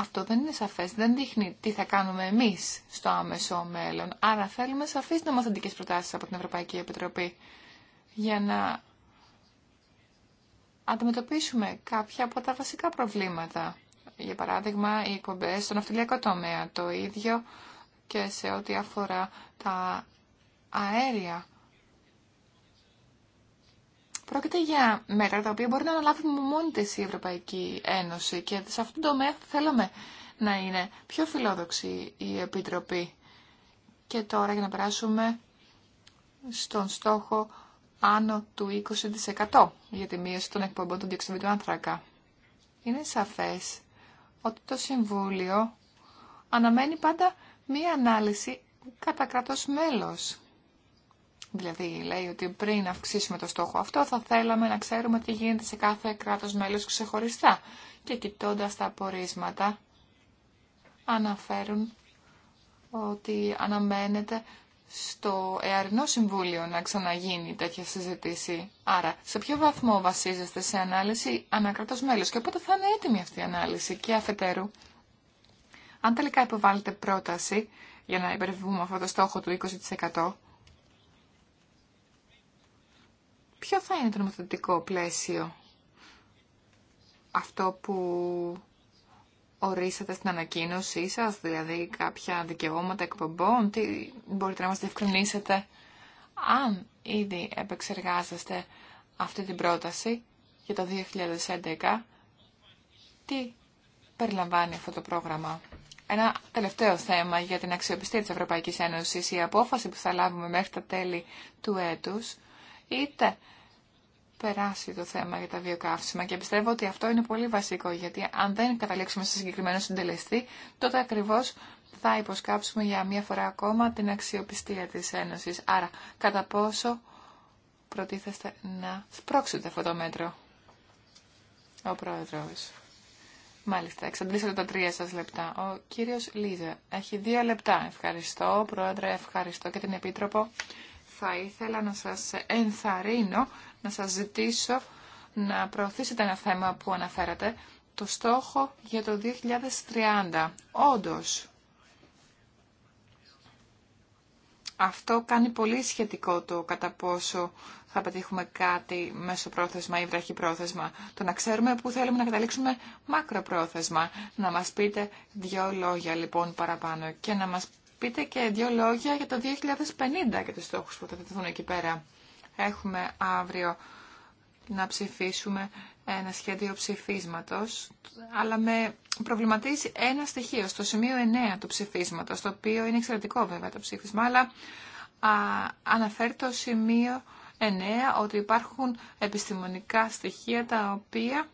αυτό δεν είναι σαφές, δεν δείχνει τι θα κάνουμε εμεί στο άμεσο μέλλον. Άρα θέλουμε σαφεί νομοθετικέ προτάσει από την Ευρωπαϊκή Επιτροπή για να αντιμετωπίσουμε κάποια από τα βασικά προβλήματα. Για παράδειγμα, οι εκπομπέ στον αυτιλιακό τομέα, το ίδιο και σε ό,τι αφορά τα αέρια Πρόκειται για μέτρα τα οποία μπορεί να αναλάβει μόνη της η Ευρωπαϊκή Ένωση και σε αυτόν τον τομέα θέλουμε να είναι πιο φιλόδοξη η Επιτροπή. Και τώρα για να περάσουμε στον στόχο άνω του 20% για τη μείωση των εκπομπών του διοξιδίου άνθρακα. Είναι σαφές ότι το Συμβούλιο αναμένει πάντα μία ανάλυση κατά κράτος μέλος. Δηλαδή λέει ότι πριν αυξήσουμε το στόχο αυτό θα θέλαμε να ξέρουμε τι γίνεται σε κάθε κράτος μέλος ξεχωριστά και κοιτώντα τα απορίσματα αναφέρουν ότι αναμένεται στο Εαρινό Συμβούλιο να ξαναγίνει τέτοια συζήτηση. Άρα, σε ποιο βαθμό βασίζεστε σε ανάλυση ανακρατός μέλος και πότε θα είναι έτοιμη αυτή η ανάλυση και αφετέρου. Αν τελικά υποβάλλετε πρόταση για να υπερβούμε αυτό το στόχο του 20%, Ποιο θα είναι το νομοθετικό πλαίσιο αυτό που ορίσατε στην ανακοίνωσή σας, δηλαδή κάποια δικαιώματα εκπομπών, τι μπορείτε να μας διευκρινίσετε αν ήδη επεξεργάζεστε αυτή την πρόταση για το 2011, τι περιλαμβάνει αυτό το πρόγραμμα. Ένα τελευταίο θέμα για την αξιοπιστία της Ευρωπαϊκής Ένωσης, η απόφαση που θα λάβουμε μέχρι τα τέλη του έτους είτε περάσει το θέμα για τα βιοκαύσιμα και πιστεύω ότι αυτό είναι πολύ βασικό γιατί αν δεν καταλήξουμε σε συγκεκριμένο συντελεστή τότε ακριβώς θα υποσκάψουμε για μία φορά ακόμα την αξιοπιστία της Ένωσης. Άρα κατά πόσο προτίθεστε να σπρώξετε αυτό το μέτρο ο Πρόεδρος. Μάλιστα, εξαντλήσατε τα τρία σας λεπτά. Ο κύριος Λίζα. έχει δύο λεπτά. Ευχαριστώ, Πρόεδρε, ευχαριστώ και την Επίτροπο θα ήθελα να σας ενθαρρύνω, να σας ζητήσω να προωθήσετε ένα θέμα που αναφέρατε, το στόχο για το 2030. Όντως, αυτό κάνει πολύ σχετικό το κατά πόσο θα πετύχουμε κάτι μέσω πρόθεσμα ή βραχυπρόθεσμα. Το να ξέρουμε πού θέλουμε να καταλήξουμε μακροπρόθεσμα. Να μας πείτε δύο λόγια λοιπόν παραπάνω και να μας πείτε και δύο λόγια για το 2050 και τους στόχους που θα τεθούν εκεί πέρα. Έχουμε αύριο να ψηφίσουμε ένα σχέδιο ψηφίσματος, αλλά με προβληματίζει ένα στοιχείο στο σημείο 9 του ψηφίσματος, το οποίο είναι εξαιρετικό βέβαια το ψήφισμα, αλλά αναφέρει το σημείο 9 ότι υπάρχουν επιστημονικά στοιχεία τα οποία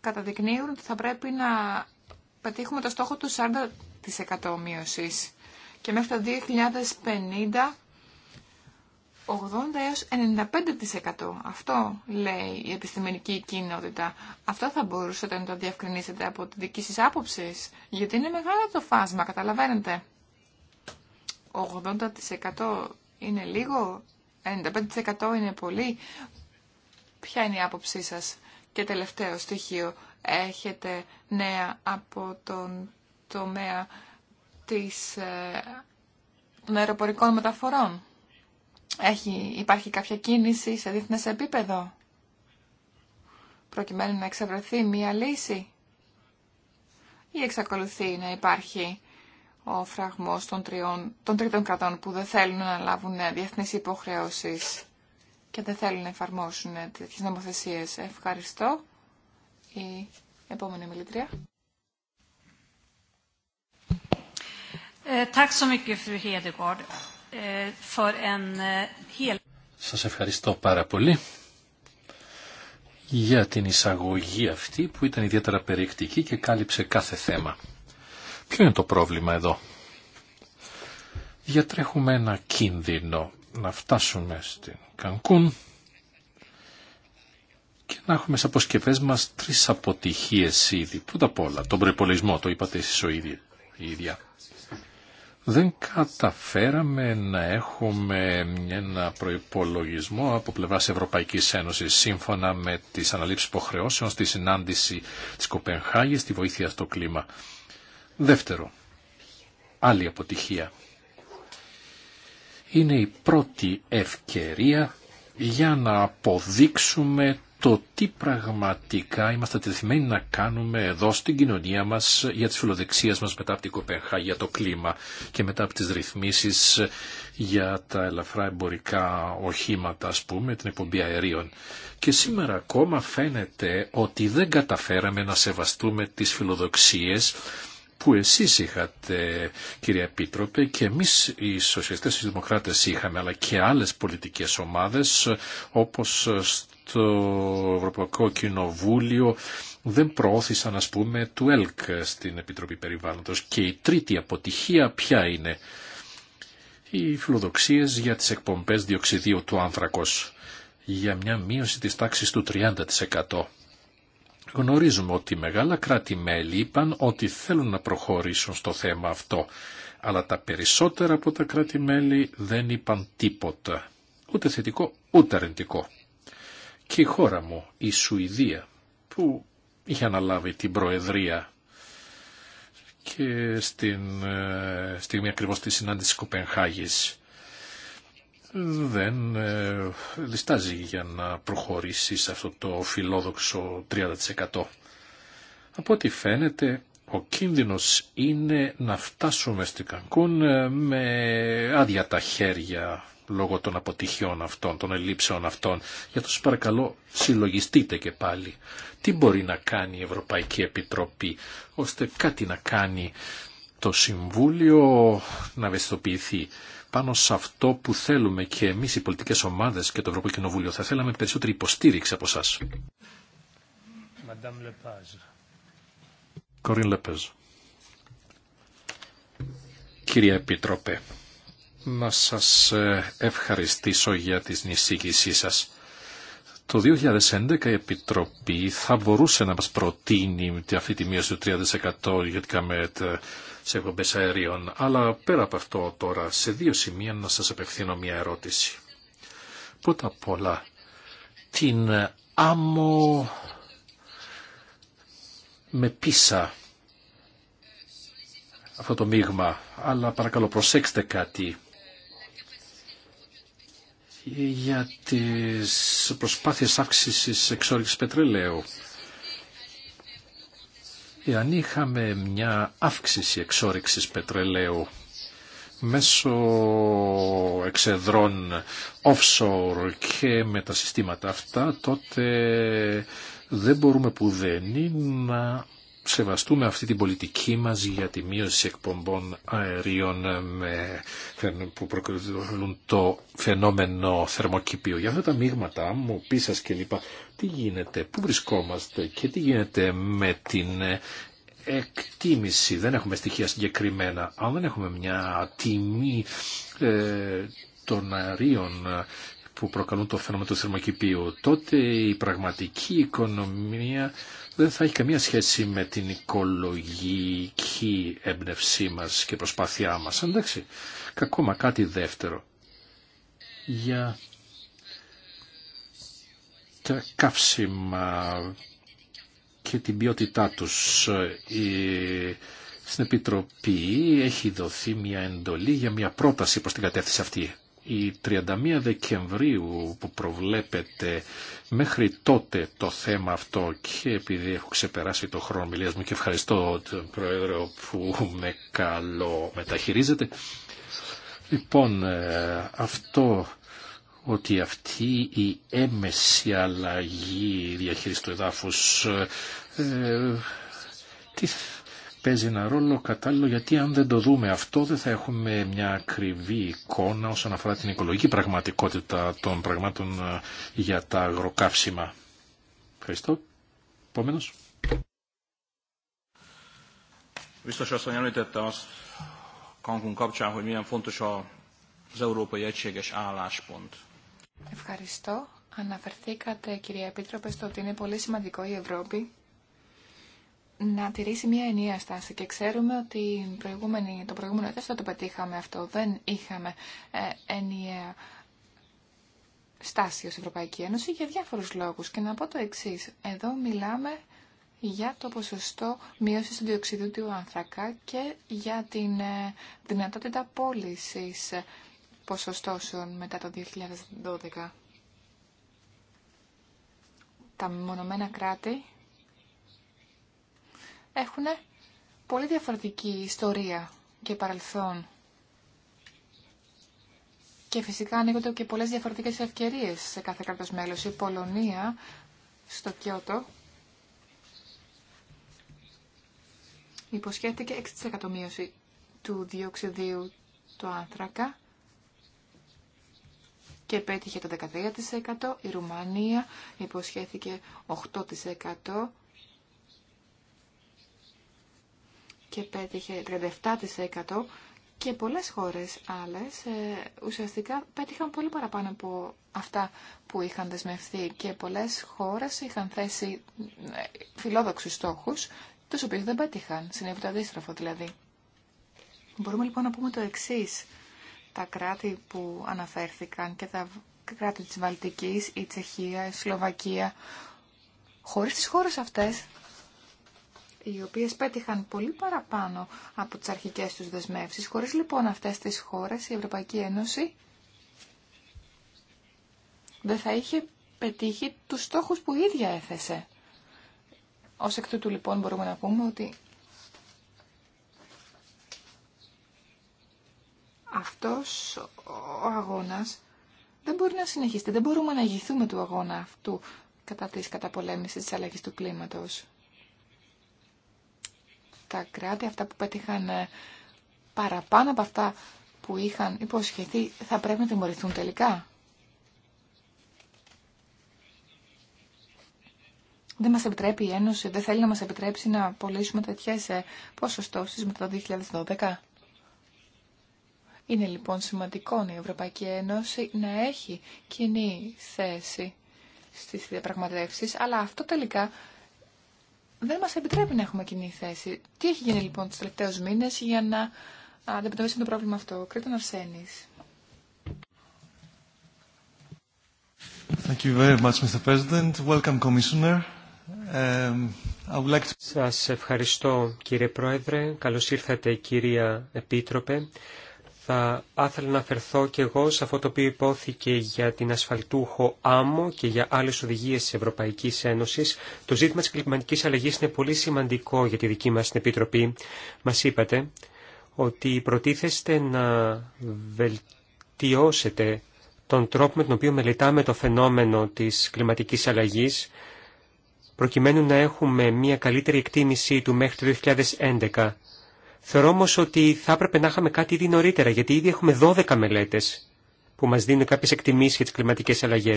καταδεικνύουν ότι θα πρέπει να πετύχουμε το στόχο του Τη μείωσης και μέχρι το 2050 80 έως 95%. Αυτό λέει η επιστημονική κοινότητα. Αυτό θα μπορούσατε να το διευκρινίσετε από τη δική σας άποψη, γιατί είναι μεγάλο το φάσμα, καταλαβαίνετε. 80% είναι λίγο, 95% είναι πολύ. Ποια είναι η άποψή σας. Και τελευταίο στοιχείο, έχετε νέα από τον τομέα της, ε, των αεροπορικών μεταφορών. Έχει, υπάρχει κάποια κίνηση σε διεθνές επίπεδο προκειμένου να εξευρεθεί μία λύση ή εξακολουθεί να υπάρχει ο φραγμός των, τριών, των τρίτων κρατών που δεν θέλουν να λάβουν διεθνείς υποχρεώσεις και δεν θέλουν να εφαρμόσουν τέτοιες νομοθεσίες. Ευχαριστώ. Η επόμενη μιλητρία. Tack Σας ευχαριστώ πάρα πολύ για την εισαγωγή αυτή που ήταν ιδιαίτερα περιεκτική και κάλυψε κάθε θέμα. Ποιο είναι το πρόβλημα εδώ. Διατρέχουμε ένα κίνδυνο να φτάσουμε στην Κανκούν και να έχουμε σε αποσκευές μας τρεις αποτυχίες ήδη. Πρώτα απ' όλα τον προπολογισμό, το είπατε εσείς ο ίδια δεν καταφέραμε να έχουμε ένα προϋπολογισμό από πλευράς Ευρωπαϊκής Ένωσης σύμφωνα με τις αναλήψεις υποχρεώσεων στη συνάντηση της Κοπενχάγης στη βοήθεια στο κλίμα. Δεύτερο, άλλη αποτυχία. Είναι η πρώτη ευκαιρία για να αποδείξουμε το τι πραγματικά είμαστε τεθειμένοι να κάνουμε εδώ στην κοινωνία μας για τις φιλοδεξίες μας μετά από την Κοπεχά, για το κλίμα και μετά από τις ρυθμίσεις για τα ελαφρά εμπορικά οχήματα, ας πούμε, την επομπή αερίων. Και σήμερα ακόμα φαίνεται ότι δεν καταφέραμε να σεβαστούμε τις φιλοδοξίες που εσείς είχατε κύριε Επίτροπε και εμείς οι σοσιαλιστές οι δημοκράτες είχαμε αλλά και άλλες πολιτικές ομάδες όπως το Ευρωπαϊκό Κοινοβούλιο δεν προώθησαν ας πούμε του ΕΛΚ στην Επιτροπή Περιβάλλοντος. Και η τρίτη αποτυχία ποια είναι οι φιλοδοξίες για τις εκπομπές διοξιδίου του άνθρακος για μια μείωση της τάξης του 30%. Γνωρίζουμε ότι μεγάλα κράτη-μέλη είπαν ότι θέλουν να προχωρήσουν στο θέμα αυτό, αλλά τα περισσότερα από τα κράτη-μέλη δεν είπαν τίποτα, ούτε θετικό ούτε αρνητικό και η χώρα μου, η Σουηδία, που είχε αναλάβει την Προεδρία και στην ε, στιγμή ακριβώς της συνάντησης Κοπενχάγης δεν ε, διστάζει για να προχωρήσει σε αυτό το φιλόδοξο 30%. Από ό,τι φαίνεται ο κίνδυνος είναι να φτάσουμε στην Κανκούν ε, με άδεια τα χέρια λόγω των αποτυχιών αυτών, των ελλείψεων αυτών. Για αυτό σας παρακαλώ συλλογιστείτε και πάλι. Τι μπορεί να κάνει η Ευρωπαϊκή Επιτροπή ώστε κάτι να κάνει το Συμβούλιο να βεστοποιηθεί πάνω σε αυτό που θέλουμε και εμείς οι πολιτικές ομάδες και το Ευρωπαϊκό Κοινοβούλιο. Θα θέλαμε περισσότερη υποστήριξη από εσάς. Κορίν Λεπέζ. Κύριε Επίτροπε, να σας ε, ευχαριστήσω για την εισήγησή σας. Το 2011 η Επιτροπή θα μπορούσε να μας προτείνει αυτή τη μείωση του 30% γιατί με σε εκπομπές αερίων, αλλά πέρα από αυτό τώρα, σε δύο σημεία να σας απευθύνω μια ερώτηση. Πρώτα απ' όλα, την άμμο με πίσα αυτό το μείγμα, αλλά παρακαλώ προσέξτε κάτι για τις προσπάθειες αύξησης εξόρυξης πετρελαίου. Εάν είχαμε μια αύξηση εξόρυξης πετρελαίου μέσω εξεδρών offshore και με τα συστήματα αυτά, τότε δεν μπορούμε που να σεβαστούμε αυτή την πολιτική μας για τη μείωση εκπομπών αερίων με, που προκαλούν το φαινόμενο θερμοκηπίου. Για αυτά τα μείγματα, μου πείσας και λοιπά, τι γίνεται, πού βρισκόμαστε και τι γίνεται με την εκτίμηση. Δεν έχουμε στοιχεία συγκεκριμένα. Αν δεν έχουμε μια τιμή ε, των αερίων που προκαλούν το φαινόμενο του θερμοκηπίου, τότε η πραγματική οικονομία δεν θα έχει καμία σχέση με την οικολογική έμπνευσή μας και προσπάθειά μας. Εντάξει, Κακόμα κάτι δεύτερο. Για τα καύσιμα και την ποιότητά τους. Η... Στην Επιτροπή έχει δοθεί μια εντολή για μια πρόταση προς την κατεύθυνση αυτή η 31 Δεκεμβρίου που προβλέπεται μέχρι τότε το θέμα αυτό και επειδή έχω ξεπεράσει το χρόνο μιλίας μου και ευχαριστώ τον Πρόεδρο που με καλό μεταχειρίζεται. Λοιπόν, ε, αυτό ότι αυτή η έμεση αλλαγή διαχείριση του εδάφους ε, ε, παίζει ένα ρόλο κατάλληλο γιατί αν δεν το δούμε αυτό δεν θα έχουμε μια ακριβή εικόνα όσον αφορά την οικολογική πραγματικότητα των πραγμάτων ε, για τα αγροκάψιμα. Ευχαριστώ. Επόμενος. Ευχαριστώ. Αναφερθήκατε, κυρία Επίτροπε, στο ότι είναι πολύ σημαντικό η Ευρώπη να τηρήσει μια ενιαία στάση και ξέρουμε ότι το προηγούμενο έτος το πετύχαμε αυτό, δεν είχαμε ε, ενιαία στάση ως Ευρωπαϊκή Ένωση για διάφορους λόγους. Και να πω το εξή: εδώ μιλάμε για το ποσοστό μείωσης του διοξιδίου του άνθρακα και για την ε, δυνατότητα πώληση ποσοστώσεων μετά το 2012. Τα μονομένα κράτη έχουν πολύ διαφορετική ιστορία και παρελθόν. Και φυσικά ανοίγονται και πολλές διαφορετικές ευκαιρίες σε κάθε κράτος μέλος. Η Πολωνία στο Κιώτο υποσχέθηκε 6% μείωση του διοξιδίου του άνθρακα και πέτυχε το 13%. Η Ρουμανία υποσχέθηκε 8% και πέτυχε 37% και πολλές χώρες άλλες ε, ουσιαστικά πέτυχαν πολύ παραπάνω από αυτά που είχαν δεσμευθεί και πολλές χώρες είχαν θέσει ε, φιλόδοξους στόχους τους οποίους δεν πέτυχαν, συνέβη το αντίστροφο δηλαδή. Μπορούμε λοιπόν να πούμε το εξής. Τα κράτη που αναφέρθηκαν και τα κράτη της Βαλτικής, η Τσεχία, η Σλοβακία, χωρίς τις χώρες αυτές οι οποίες πέτυχαν πολύ παραπάνω από τις αρχικές τους δεσμεύσεις. Χωρίς λοιπόν αυτές τις χώρες η Ευρωπαϊκή Ένωση δεν θα είχε πετύχει τους στόχους που η ίδια έθεσε. Ως εκ τούτου λοιπόν μπορούμε να πούμε ότι αυτός ο αγώνας δεν μπορεί να συνεχίσει. Δεν μπορούμε να ηγηθούμε του αγώνα αυτού κατά της καταπολέμησης της αλλαγής του κλίματος τα κράτη, αυτά που πέτυχαν ε, παραπάνω από αυτά που είχαν υποσχεθεί, θα πρέπει να τιμωρηθούν τελικά. Δεν μας επιτρέπει η Ένωση, δεν θέλει να μας επιτρέψει να πωλήσουμε τέτοιες ε, ποσοστώσεις μετά το 2012. Είναι λοιπόν σημαντικό η Ευρωπαϊκή Ένωση να έχει κοινή θέση στις διαπραγματεύσεις, αλλά αυτό τελικά δεν μας επιτρέπει να έχουμε κοινή θέση. Τι έχει γίνει λοιπόν τους τελευταίους μήνες για να αντιμετωπίσουμε το πρόβλημα αυτό. Κρήτον Αρσένης. Σας ευχαριστώ κύριε Πρόεδρε. Καλώς ήρθατε κυρία Επίτροπε θα άθελα να αφαιρθώ και εγώ σε αυτό το οποίο υπόθηκε για την ασφαλτούχο άμμο και για άλλες οδηγίες της Ευρωπαϊκής Ένωσης. Το ζήτημα της κλιματικής αλλαγής είναι πολύ σημαντικό για τη δική μας την Επιτροπή. Μας είπατε ότι προτίθεστε να βελτιώσετε τον τρόπο με τον οποίο μελετάμε το φαινόμενο της κλιματικής αλλαγής προκειμένου να έχουμε μια καλύτερη εκτίμησή του μέχρι το 2011. Θεωρώ όμω ότι θα έπρεπε να είχαμε κάτι ήδη νωρίτερα, γιατί ήδη έχουμε 12 μελέτε που μα δίνουν κάποιε εκτιμήσει για τι κλιματικέ αλλαγέ.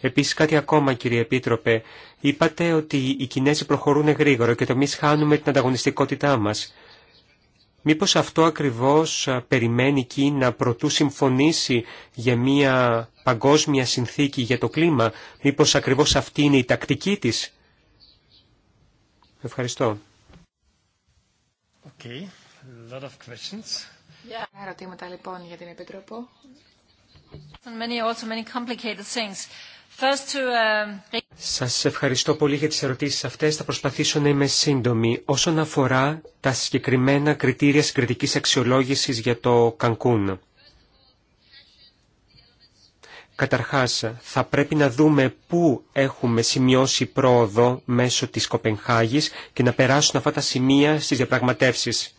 Επίση, κάτι ακόμα, κύριε Επίτροπε. Είπατε ότι οι Κινέζοι προχωρούν γρήγορα και το εμεί χάνουμε την ανταγωνιστικότητά μα. Μήπω αυτό ακριβώ περιμένει η Κίνα προτού συμφωνήσει για μια παγκόσμια συνθήκη για το κλίμα. μήπω ακριβώ αυτή είναι η τακτική τη. Ευχαριστώ. Okay. Σα λοιπόν, um, Σας ευχαριστώ πολύ για τις ερωτήσεις αυτές. Θα προσπαθήσω να είμαι σύντομη. Όσον αφορά τα συγκεκριμένα κριτήρια συγκριτικής αξιολόγησης για το Κανκούν. Καταρχάς, θα πρέπει να δούμε πού έχουμε σημειώσει πρόοδο μέσω της Κοπενχάγης και να περάσουν αυτά τα σημεία στις διαπραγματεύσεις.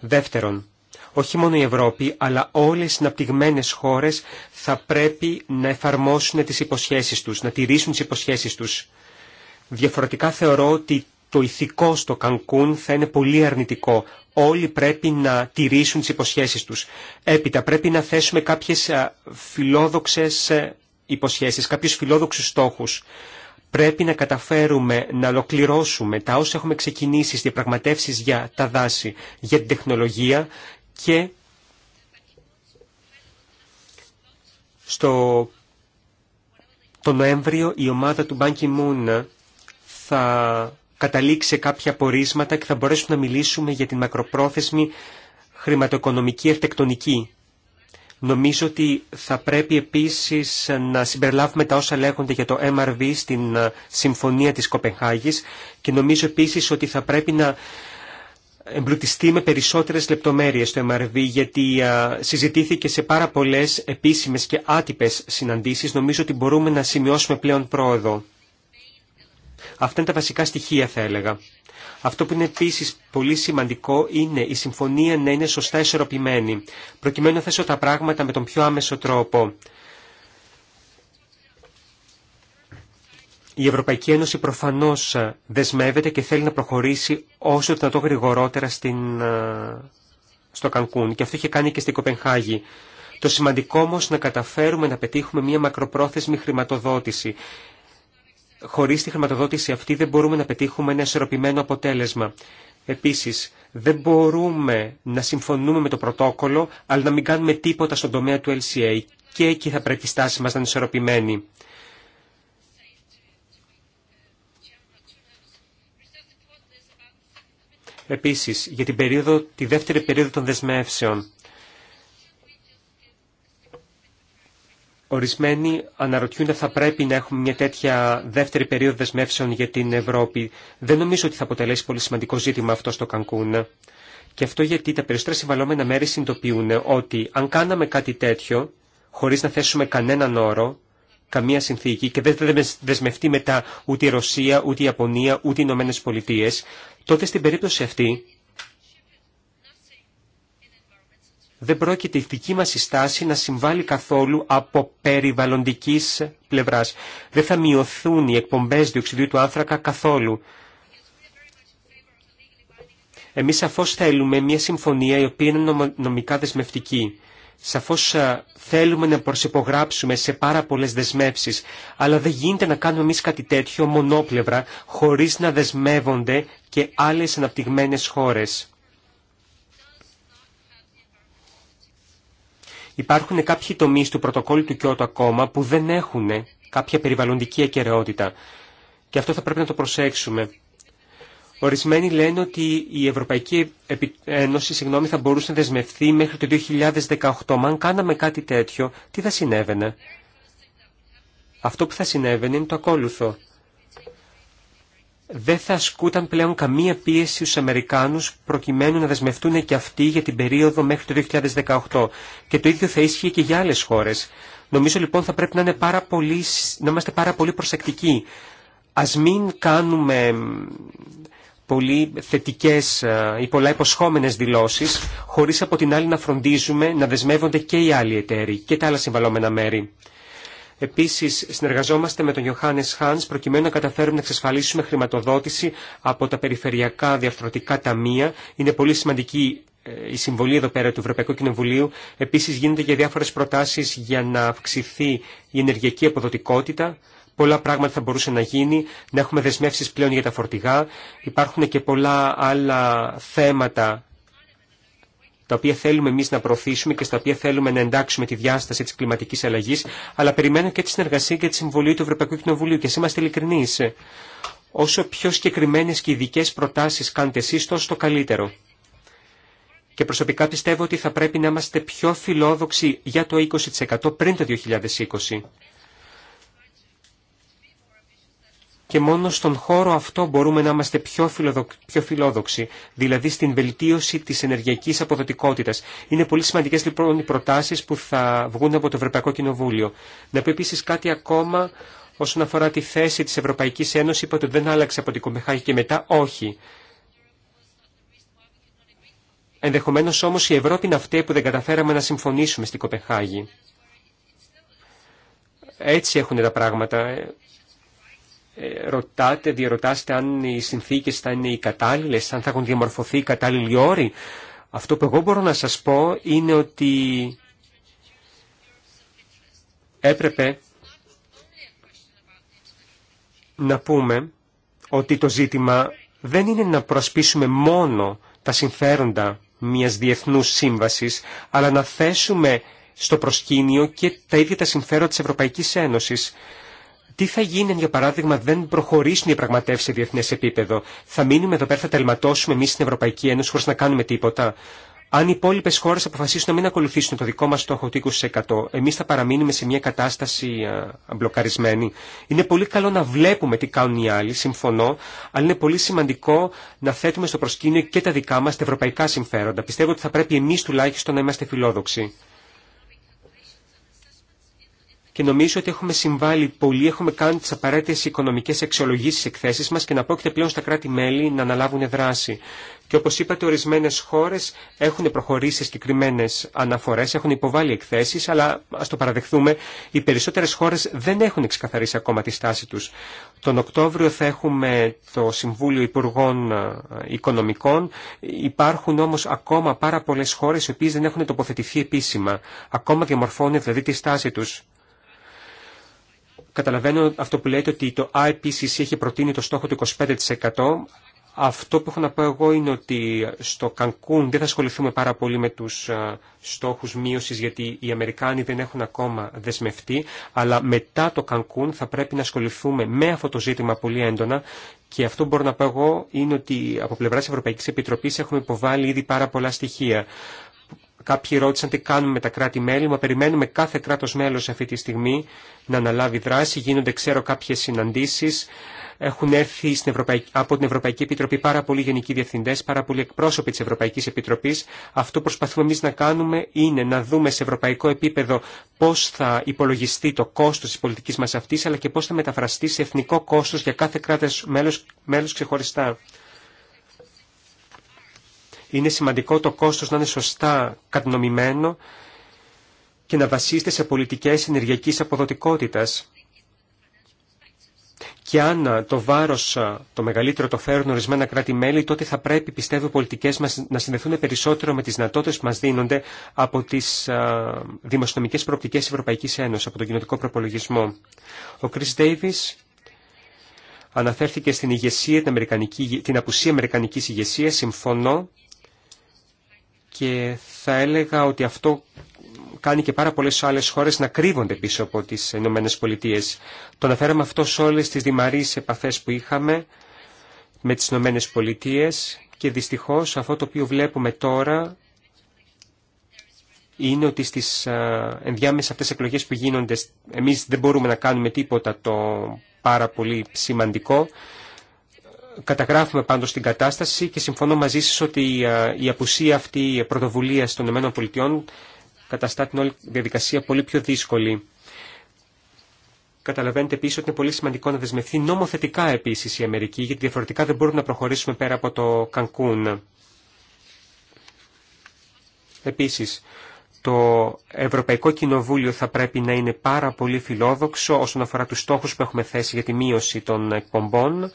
Δεύτερον, όχι μόνο η Ευρώπη, αλλά όλες οι συναπτυγμένες χώρες θα πρέπει να εφαρμόσουν τις υποσχέσεις τους, να τηρήσουν τις υποσχέσεις τους. Διαφορετικά θεωρώ ότι το ηθικό στο Κανκούν θα είναι πολύ αρνητικό. Όλοι πρέπει να τηρήσουν τις υποσχέσεις τους. Έπειτα πρέπει να θέσουμε κάποιες φιλόδοξες ε, υποσχέσεις, κάποιους φιλόδοξους στόχους. Πρέπει να καταφέρουμε να ολοκληρώσουμε τα όσα έχουμε ξεκινήσει στις πραγματεύσεις για τα δάση, για την τεχνολογία και στο το Νοέμβριο η ομάδα του Μπάνκι Moon θα καταλήξει κάποια απορίσματα και θα μπορέσουμε να μιλήσουμε για την μακροπρόθεσμη χρηματοοικονομική ευτεκτονική Νομίζω ότι θα πρέπει επίσης να συμπεριλάβουμε τα όσα λέγονται για το MRV στην ε, Συμφωνία της Κοπενχάγης και νομίζω επίσης ότι θα πρέπει να εμπλουτιστεί με περισσότερες λεπτομέρειες το MRV γιατί ε, συζητήθηκε σε πάρα πολλές επίσημες και άτυπες συναντήσεις. Νομίζω ότι μπορούμε να σημειώσουμε πλέον πρόοδο. Αυτά είναι τα βασικά στοιχεία θα έλεγα. Αυτό που είναι επίση πολύ σημαντικό είναι η συμφωνία να είναι σωστά ισορροπημένη, προκειμένου να θέσω τα πράγματα με τον πιο άμεσο τρόπο. Η Ευρωπαϊκή Ένωση προφανώς δεσμεύεται και θέλει να προχωρήσει όσο το γρηγορότερα στην, στο Κανκούν και αυτό είχε κάνει και στην Κοπενχάγη. Το σημαντικό όμω να καταφέρουμε να πετύχουμε μια μακροπρόθεσμη χρηματοδότηση χωρίς τη χρηματοδότηση αυτή δεν μπορούμε να πετύχουμε ένα ισορροπημένο αποτέλεσμα. Επίσης, δεν μπορούμε να συμφωνούμε με το πρωτόκολλο, αλλά να μην κάνουμε τίποτα στον τομέα του LCA. Και εκεί θα πρέπει η στάση μας να είναι ισορροπημένη. Επίσης, για την περίοδο, τη δεύτερη περίοδο των δεσμεύσεων. Ορισμένοι αναρωτιούνται θα πρέπει να έχουμε μια τέτοια δεύτερη περίοδο δεσμεύσεων για την Ευρώπη. Δεν νομίζω ότι θα αποτελέσει πολύ σημαντικό ζήτημα αυτό στο Κανκούν. Και αυτό γιατί τα περισσότερα συμβαλόμενα μέρη συνειδητοποιούν ότι αν κάναμε κάτι τέτοιο, χωρίς να θέσουμε κανέναν όρο, καμία συνθήκη και δεν δεσμευτεί μετά ούτε η Ρωσία, ούτε η Ιαπωνία, ούτε οι Ηνωμένε Πολιτείε, τότε στην περίπτωση αυτή δεν πρόκειται η δική μας η στάση να συμβάλλει καθόλου από περιβαλλοντικής πλευράς. Δεν θα μειωθούν οι εκπομπές διοξιδίου του άνθρακα καθόλου. Εμείς σαφώς θέλουμε μια συμφωνία η οποία είναι νομικά δεσμευτική. Σαφώς ε, θέλουμε να προσυπογράψουμε σε πάρα πολλές δεσμεύσεις, αλλά δεν γίνεται να κάνουμε εμείς κάτι τέτοιο μονόπλευρα, χωρίς να δεσμεύονται και άλλες αναπτυγμένες χώρες. Υπάρχουν κάποιοι τομείς του πρωτοκόλλου του Κιώτο ακόμα που δεν έχουν κάποια περιβαλλοντική ακαιρεότητα. Και αυτό θα πρέπει να το προσέξουμε. Ορισμένοι λένε ότι η Ευρωπαϊκή Ένωση συγγνώμη, θα μπορούσε να δεσμευθεί μέχρι το 2018. Μα αν κάναμε κάτι τέτοιο, τι θα συνέβαινε. Αυτό που θα συνέβαινε είναι το ακόλουθο δεν θα ασκούταν πλέον καμία πίεση στους Αμερικάνους προκειμένου να δεσμευτούν και αυτοί για την περίοδο μέχρι το 2018. Και το ίδιο θα ίσχυε και για άλλες χώρες. Νομίζω λοιπόν θα πρέπει να, είναι πάρα πολύ, να είμαστε πάρα πολύ προσεκτικοί. Ας μην κάνουμε πολύ θετικές ε, ή πολλά υποσχόμενες δηλώσεις, χωρίς από την άλλη να φροντίζουμε να δεσμεύονται και οι άλλοι εταίροι και τα άλλα συμβαλόμενα μέρη. Επίσης, συνεργαζόμαστε με τον Ιωάννης Χάνς προκειμένου να καταφέρουμε να εξασφαλίσουμε χρηματοδότηση από τα περιφερειακά διαρθρωτικά ταμεία. Είναι πολύ σημαντική ε, η συμβολή εδώ πέρα του Ευρωπαϊκού Κοινοβουλίου. Επίσης, γίνονται και διάφορες προτάσεις για να αυξηθεί η ενεργειακή αποδοτικότητα. Πολλά πράγματα θα μπορούσε να γίνει, να έχουμε δεσμεύσεις πλέον για τα φορτηγά. Υπάρχουν και πολλά άλλα θέματα τα οποία θέλουμε εμεί να προωθήσουμε και στα οποία θέλουμε να εντάξουμε τη διάσταση τη κλιματική αλλαγή, αλλά περιμένω και τη συνεργασία και τη συμβολή του Ευρωπαϊκού Κοινοβουλίου και είμαστε ειλικρινεί. Όσο πιο συγκεκριμένε και ειδικέ προτάσει κάνετε εσεί τόσο το καλύτερο. Και προσωπικά πιστεύω ότι θα πρέπει να είμαστε πιο φιλόδοξοι για το 20% πριν το 2020. και μόνο στον χώρο αυτό μπορούμε να είμαστε πιο, πιο φιλόδοξοι, δηλαδή στην βελτίωση της ενεργειακής αποδοτικότητας. Είναι πολύ σημαντικές λοιπόν οι προτάσεις που θα βγουν από το Ευρωπαϊκό Κοινοβούλιο. Να πω επίσης κάτι ακόμα όσον αφορά τη θέση της Ευρωπαϊκής Ένωσης, είπα ότι δεν άλλαξε από την Κομπεχάγη και μετά, όχι. Ενδεχομένως όμως η Ευρώπη είναι αυτή που δεν καταφέραμε να συμφωνήσουμε στην Κοπεχάγη. Έτσι έχουν τα πράγματα. Ε, ρωτάτε, διαρωτάστε αν οι συνθήκες θα είναι οι κατάλληλες, αν θα έχουν διαμορφωθεί οι κατάλληλοι όροι. Αυτό που εγώ μπορώ να σας πω είναι ότι έπρεπε να πούμε ότι το ζήτημα δεν είναι να προσπίσουμε μόνο τα συμφέροντα μιας διεθνούς σύμβασης, αλλά να θέσουμε στο προσκήνιο και τα ίδια τα συμφέροντα της Ευρωπαϊκής Ένωσης. Τι θα γίνει αν, για παράδειγμα, δεν προχωρήσουν οι πραγματεύσει σε διεθνέ επίπεδο. Θα μείνουμε εδώ πέρα, θα τελματώσουμε εμεί στην Ευρωπαϊκή Ένωση χωρί να κάνουμε τίποτα. Αν οι υπόλοιπε χώρε αποφασίσουν να μην ακολουθήσουν το δικό μα στόχο του 20%, εμεί θα παραμείνουμε σε μια κατάσταση μπλοκαρισμένη. Είναι πολύ καλό να βλέπουμε τι κάνουν οι άλλοι, συμφωνώ, αλλά είναι πολύ σημαντικό να θέτουμε στο προσκήνιο και τα δικά μα τα ευρωπαϊκά συμφέροντα. Πιστεύω ότι θα πρέπει εμεί τουλάχιστον να είμαστε φιλόδοξοι και νομίζω ότι έχουμε συμβάλει πολύ, έχουμε κάνει τις απαραίτητες οικονομικές αξιολογήσεις εκθέσεις μας και να πρόκειται πλέον στα κράτη-μέλη να αναλάβουν δράση. Και όπως είπατε, ορισμένες χώρες έχουν προχωρήσει σε συγκεκριμένες αναφορές, έχουν υποβάλει εκθέσεις, αλλά ας το παραδεχθούμε, οι περισσότερες χώρες δεν έχουν εξκαθαρίσει ακόμα τη στάση τους. Τον Οκτώβριο θα έχουμε το Συμβούλιο Υπουργών ε, Οικονομικών. Υπάρχουν όμως ακόμα πάρα πολλέ χώρες οι οποίε δεν έχουν τοποθετηθεί επίσημα. Ακόμα διαμορφώνουν δηλαδή τη στάση τους. Καταλαβαίνω αυτό που λέτε ότι το IPCC έχει προτείνει το στόχο του 25%. Αυτό που έχω να πω εγώ είναι ότι στο Κανκούν δεν θα ασχοληθούμε πάρα πολύ με τους ε, στόχους μείωσης γιατί οι Αμερικάνοι δεν έχουν ακόμα δεσμευτεί, αλλά μετά το Κανκούν θα πρέπει να ασχοληθούμε με αυτό το ζήτημα πολύ έντονα και αυτό που μπορώ να πω εγώ είναι ότι από πλευρά τη Ευρωπαϊκή Επιτροπή έχουμε υποβάλει ήδη πάρα πολλά στοιχεία. Κάποιοι ρώτησαν τι κάνουμε με τα κράτη-μέλη, μα περιμένουμε κάθε κράτος μέλος αυτή τη στιγμή να αναλάβει δράση. Γίνονται, ξέρω, κάποιες συναντήσεις. Έχουν έρθει στην Ευρωπαϊκή, από την Ευρωπαϊκή Επιτροπή πάρα πολλοί γενικοί διευθυντέ, πάρα πολλοί εκπρόσωποι τη Ευρωπαϊκή Επιτροπή. Αυτό που προσπαθούμε εμεί να κάνουμε είναι να δούμε σε ευρωπαϊκό επίπεδο πώ θα υπολογιστεί το κόστο τη πολιτική μα αυτή, αλλά και πώ θα μεταφραστεί σε εθνικό κόστο για κάθε κράτο μέλο ξεχωριστά. Είναι σημαντικό το κόστος να είναι σωστά κατανομημένο και να βασίζεται σε πολιτικές ενεργειακής αποδοτικότητας. Και αν το βάρος το μεγαλύτερο το φέρουν ορισμένα κράτη-μέλη, τότε θα πρέπει, πιστεύω, οι πολιτικές μας να συνδεθούν περισσότερο με τις δυνατότητες που μας δίνονται από τις α, δημοσιονομικές προοπτικές Ευρωπαϊκής Ένωσης, από τον κοινωτικό προπολογισμό. Ο Chris Davis αναφέρθηκε στην, ηγεσία, την, Αμερικανική, την αμερικανικής ηγεσία, συμφωνώ και θα έλεγα ότι αυτό κάνει και πάρα πολλές άλλες χώρες να κρύβονται πίσω από τις Ηνωμένες Πολιτείες. Το αναφέραμε αυτό σε όλες τις δημαρείς επαφές που είχαμε με τις Ηνωμένες Πολιτείες και δυστυχώς αυτό το οποίο βλέπουμε τώρα είναι ότι στις ενδιάμεσες αυτές εκλογές που γίνονται εμείς δεν μπορούμε να κάνουμε τίποτα το πάρα πολύ σημαντικό Καταγράφουμε πάντως την κατάσταση και συμφωνώ μαζί σας ότι ε, η απουσία αυτή η πρωτοβουλία των ΗΠΑ καταστά την όλη διαδικασία πολύ πιο δύσκολη. Καταλαβαίνετε επίση ότι είναι πολύ σημαντικό να δεσμευτεί νομοθετικά επίση η Αμερική, γιατί διαφορετικά δεν μπορούμε να προχωρήσουμε πέρα από το Κανκούν. Επίση, το Ευρωπαϊκό Κοινοβούλιο θα πρέπει να είναι πάρα πολύ φιλόδοξο όσον αφορά του στόχου που έχουμε θέσει για τη μείωση των εκπομπών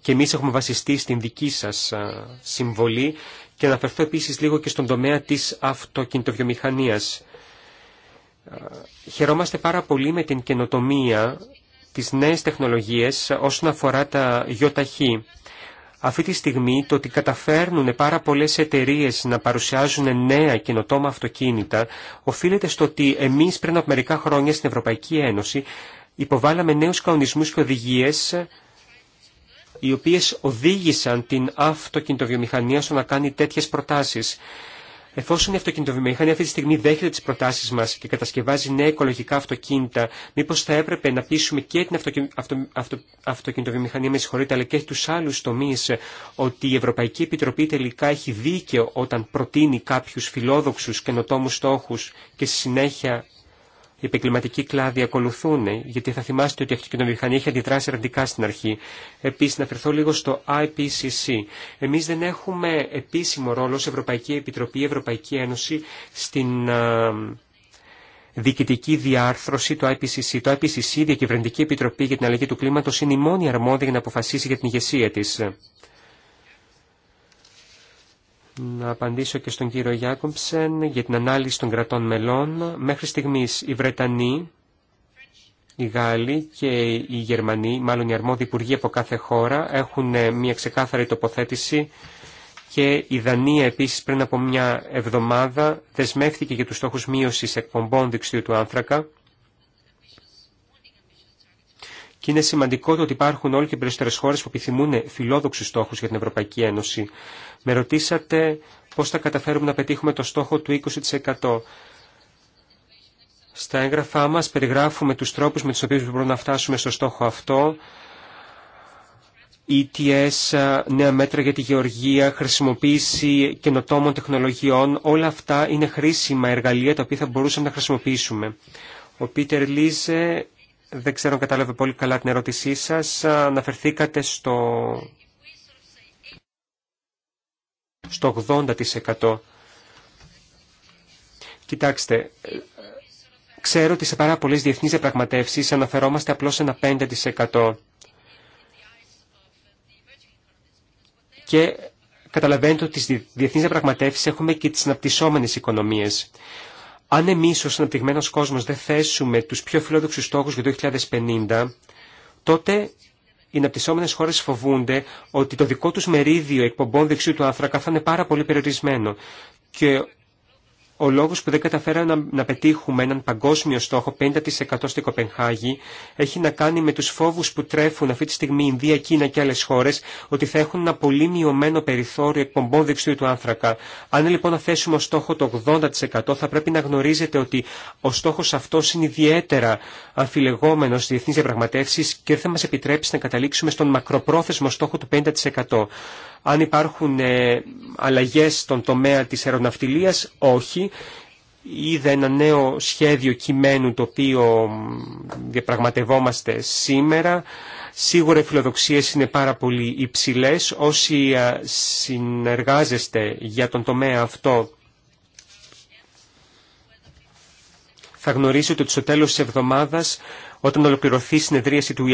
και εμείς έχουμε βασιστεί στην δική σας συμβολή και να αναφερθώ επίσης λίγο και στον τομέα της αυτοκινητοβιομηχανίας. Χαιρόμαστε πάρα πολύ με την καινοτομία τις νέες τεχνολογίες όσον αφορά τα γιοταχή. Αυτή τη στιγμή το ότι καταφέρνουν πάρα πολλές εταιρείες να παρουσιάζουν νέα καινοτόμα αυτοκίνητα οφείλεται στο ότι εμείς πριν από μερικά χρόνια στην Ευρωπαϊκή Ένωση υποβάλαμε νέους κανονισμούς και οδηγίες οι οποίες οδήγησαν την αυτοκινητοβιομηχανία στο να κάνει τέτοιες προτάσεις. Εφόσον η αυτοκινητοβιομηχανία αυτή τη στιγμή δέχεται τι προτάσει μα και κατασκευάζει νέα οικολογικά αυτοκίνητα, μήπως θα έπρεπε να πείσουμε και την αυτοκινητοβιομηχανία, με συγχωρείτε, αλλά και του άλλου τομεί, ότι η Ευρωπαϊκή Επιτροπή τελικά έχει δίκαιο όταν προτείνει κάποιου φιλόδοξου καινοτόμους στόχους και στη συνέχεια οι επικληματικοί κλάδοι ακολουθούν, γιατί θα θυμάστε ότι η αυτοκινητομηχανία έχει αντιδράσει αρνητικά στην αρχή. Επίση, να αφαιρθώ λίγο στο IPCC. Εμεί δεν έχουμε επίσημο ρόλο σε Ευρωπαϊκή Επιτροπή, Ευρωπαϊκή Ένωση στην διοικητική διάρθρωση του IPCC. Το IPCC, η Διακυβερνητική Επιτροπή για την Αλλαγή του Κλίματο, είναι η μόνη αρμόδια για να αποφασίσει για την ηγεσία τη να απαντήσω και στον κύριο Γιάκομψεν για την ανάλυση των κρατών μελών. Μέχρι στιγμής οι Βρετανοί, οι Γάλλοι και οι Γερμανοί, μάλλον οι αρμόδιοι υπουργοί από κάθε χώρα, έχουν μια ξεκάθαρη τοποθέτηση και η Δανία επίσης πριν από μια εβδομάδα δεσμεύτηκε για τους στόχους μείωσης εκπομπών δικτύου του άνθρακα είναι σημαντικό το ότι υπάρχουν όλοι και περισσότερε χώρε που επιθυμούν φιλόδοξου στόχου για την Ευρωπαϊκή Ένωση. Με ρωτήσατε πώ θα καταφέρουμε να πετύχουμε το στόχο του 20%. Στα έγγραφά μα περιγράφουμε τους τρόπους με τους οποίους μπορούμε να φτάσουμε στο στόχο αυτό. ETS, νέα μέτρα για τη γεωργία, χρησιμοποίηση καινοτόμων τεχνολογιών, όλα αυτά είναι χρήσιμα εργαλεία τα οποία θα μπορούσαμε να χρησιμοποιήσουμε. Ο Πίτερ Λίζε δεν ξέρω αν κατάλαβε πολύ καλά την ερώτησή σας. Αναφερθήκατε στο, στο 80%. Κοιτάξτε, ξέρω ότι σε πάρα πολλές διεθνείς διαπραγματεύσεις αναφερόμαστε απλώς σε ένα 5%. Και καταλαβαίνετε ότι στις διεθνείς διαπραγματεύσεις έχουμε και τις αναπτυσσόμενες οικονομίες. Αν εμεί ω αναπτυγμένο κόσμος δεν θέσουμε τους πιο φιλόδοξους στόχου για το 2050, τότε οι αναπτυσσόμενε χώρες φοβούνται ότι το δικό τους μερίδιο εκπομπών δεξιού του άνθρακα θα είναι πάρα πολύ περιορισμένο. Και ο λόγος που δεν καταφέραμε να, πετύχουμε έναν παγκόσμιο στόχο 50% στην Κοπενχάγη έχει να κάνει με τους φόβους που τρέφουν αυτή τη στιγμή η Ινδία, Κίνα και άλλες χώρες ότι θα έχουν ένα πολύ μειωμένο περιθώριο εκπομπών δεξιού του άνθρακα. Αν λοιπόν να θέσουμε στόχο το 80% θα πρέπει να γνωρίζετε ότι ο στόχος αυτός είναι ιδιαίτερα αμφιλεγόμενος στις διεθνείς διαπραγματεύσεις και δεν θα μας επιτρέψει να καταλήξουμε στον μακροπρόθεσμο στόχο του 50%. Αν υπάρχουν ε, αλλαγές στον τομέα της αεροναυτιλίας, όχι. Είδα ένα νέο σχέδιο κειμένου το οποίο διαπραγματευόμαστε σήμερα. Σίγουρα οι φιλοδοξίες είναι πάρα πολύ υψηλές. Όσοι συνεργάζεστε για τον τομέα αυτό θα γνωρίσω ότι στο τέλος της εβδομάδας όταν ολοκληρωθεί η συνεδρίαση του,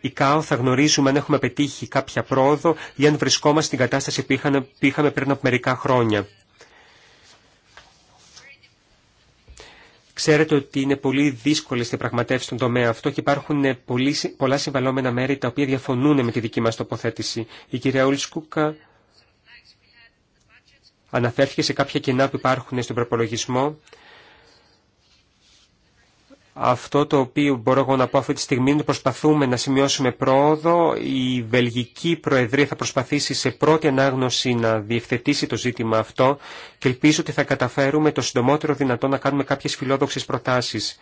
ΙΚΑΟ θα γνωρίζουμε αν έχουμε πετύχει κάποια πρόοδο ή αν βρισκόμαστε στην κατάσταση που είχαμε, που πριν από μερικά χρόνια. Ξέρετε ότι είναι πολύ δύσκολε οι πραγματεύσει στον τομέα αυτό και υπάρχουν πολλά συμβαλόμενα μέρη τα οποία διαφωνούν με τη δική μα τοποθέτηση. Η κυρία Ουλσκούκα αναφέρθηκε σε κάποια κενά που υπάρχουν στον προπολογισμό. Αυτό το οποίο μπορώ εγώ να πω αυτή τη στιγμή είναι ότι προσπαθούμε να σημειώσουμε πρόοδο. Η Βελγική Προεδρία θα προσπαθήσει σε πρώτη ανάγνωση να διευθετήσει το ζήτημα αυτό και ελπίζω ότι θα καταφέρουμε το συντομότερο δυνατό να κάνουμε κάποιες φιλόδοξες προτάσεις.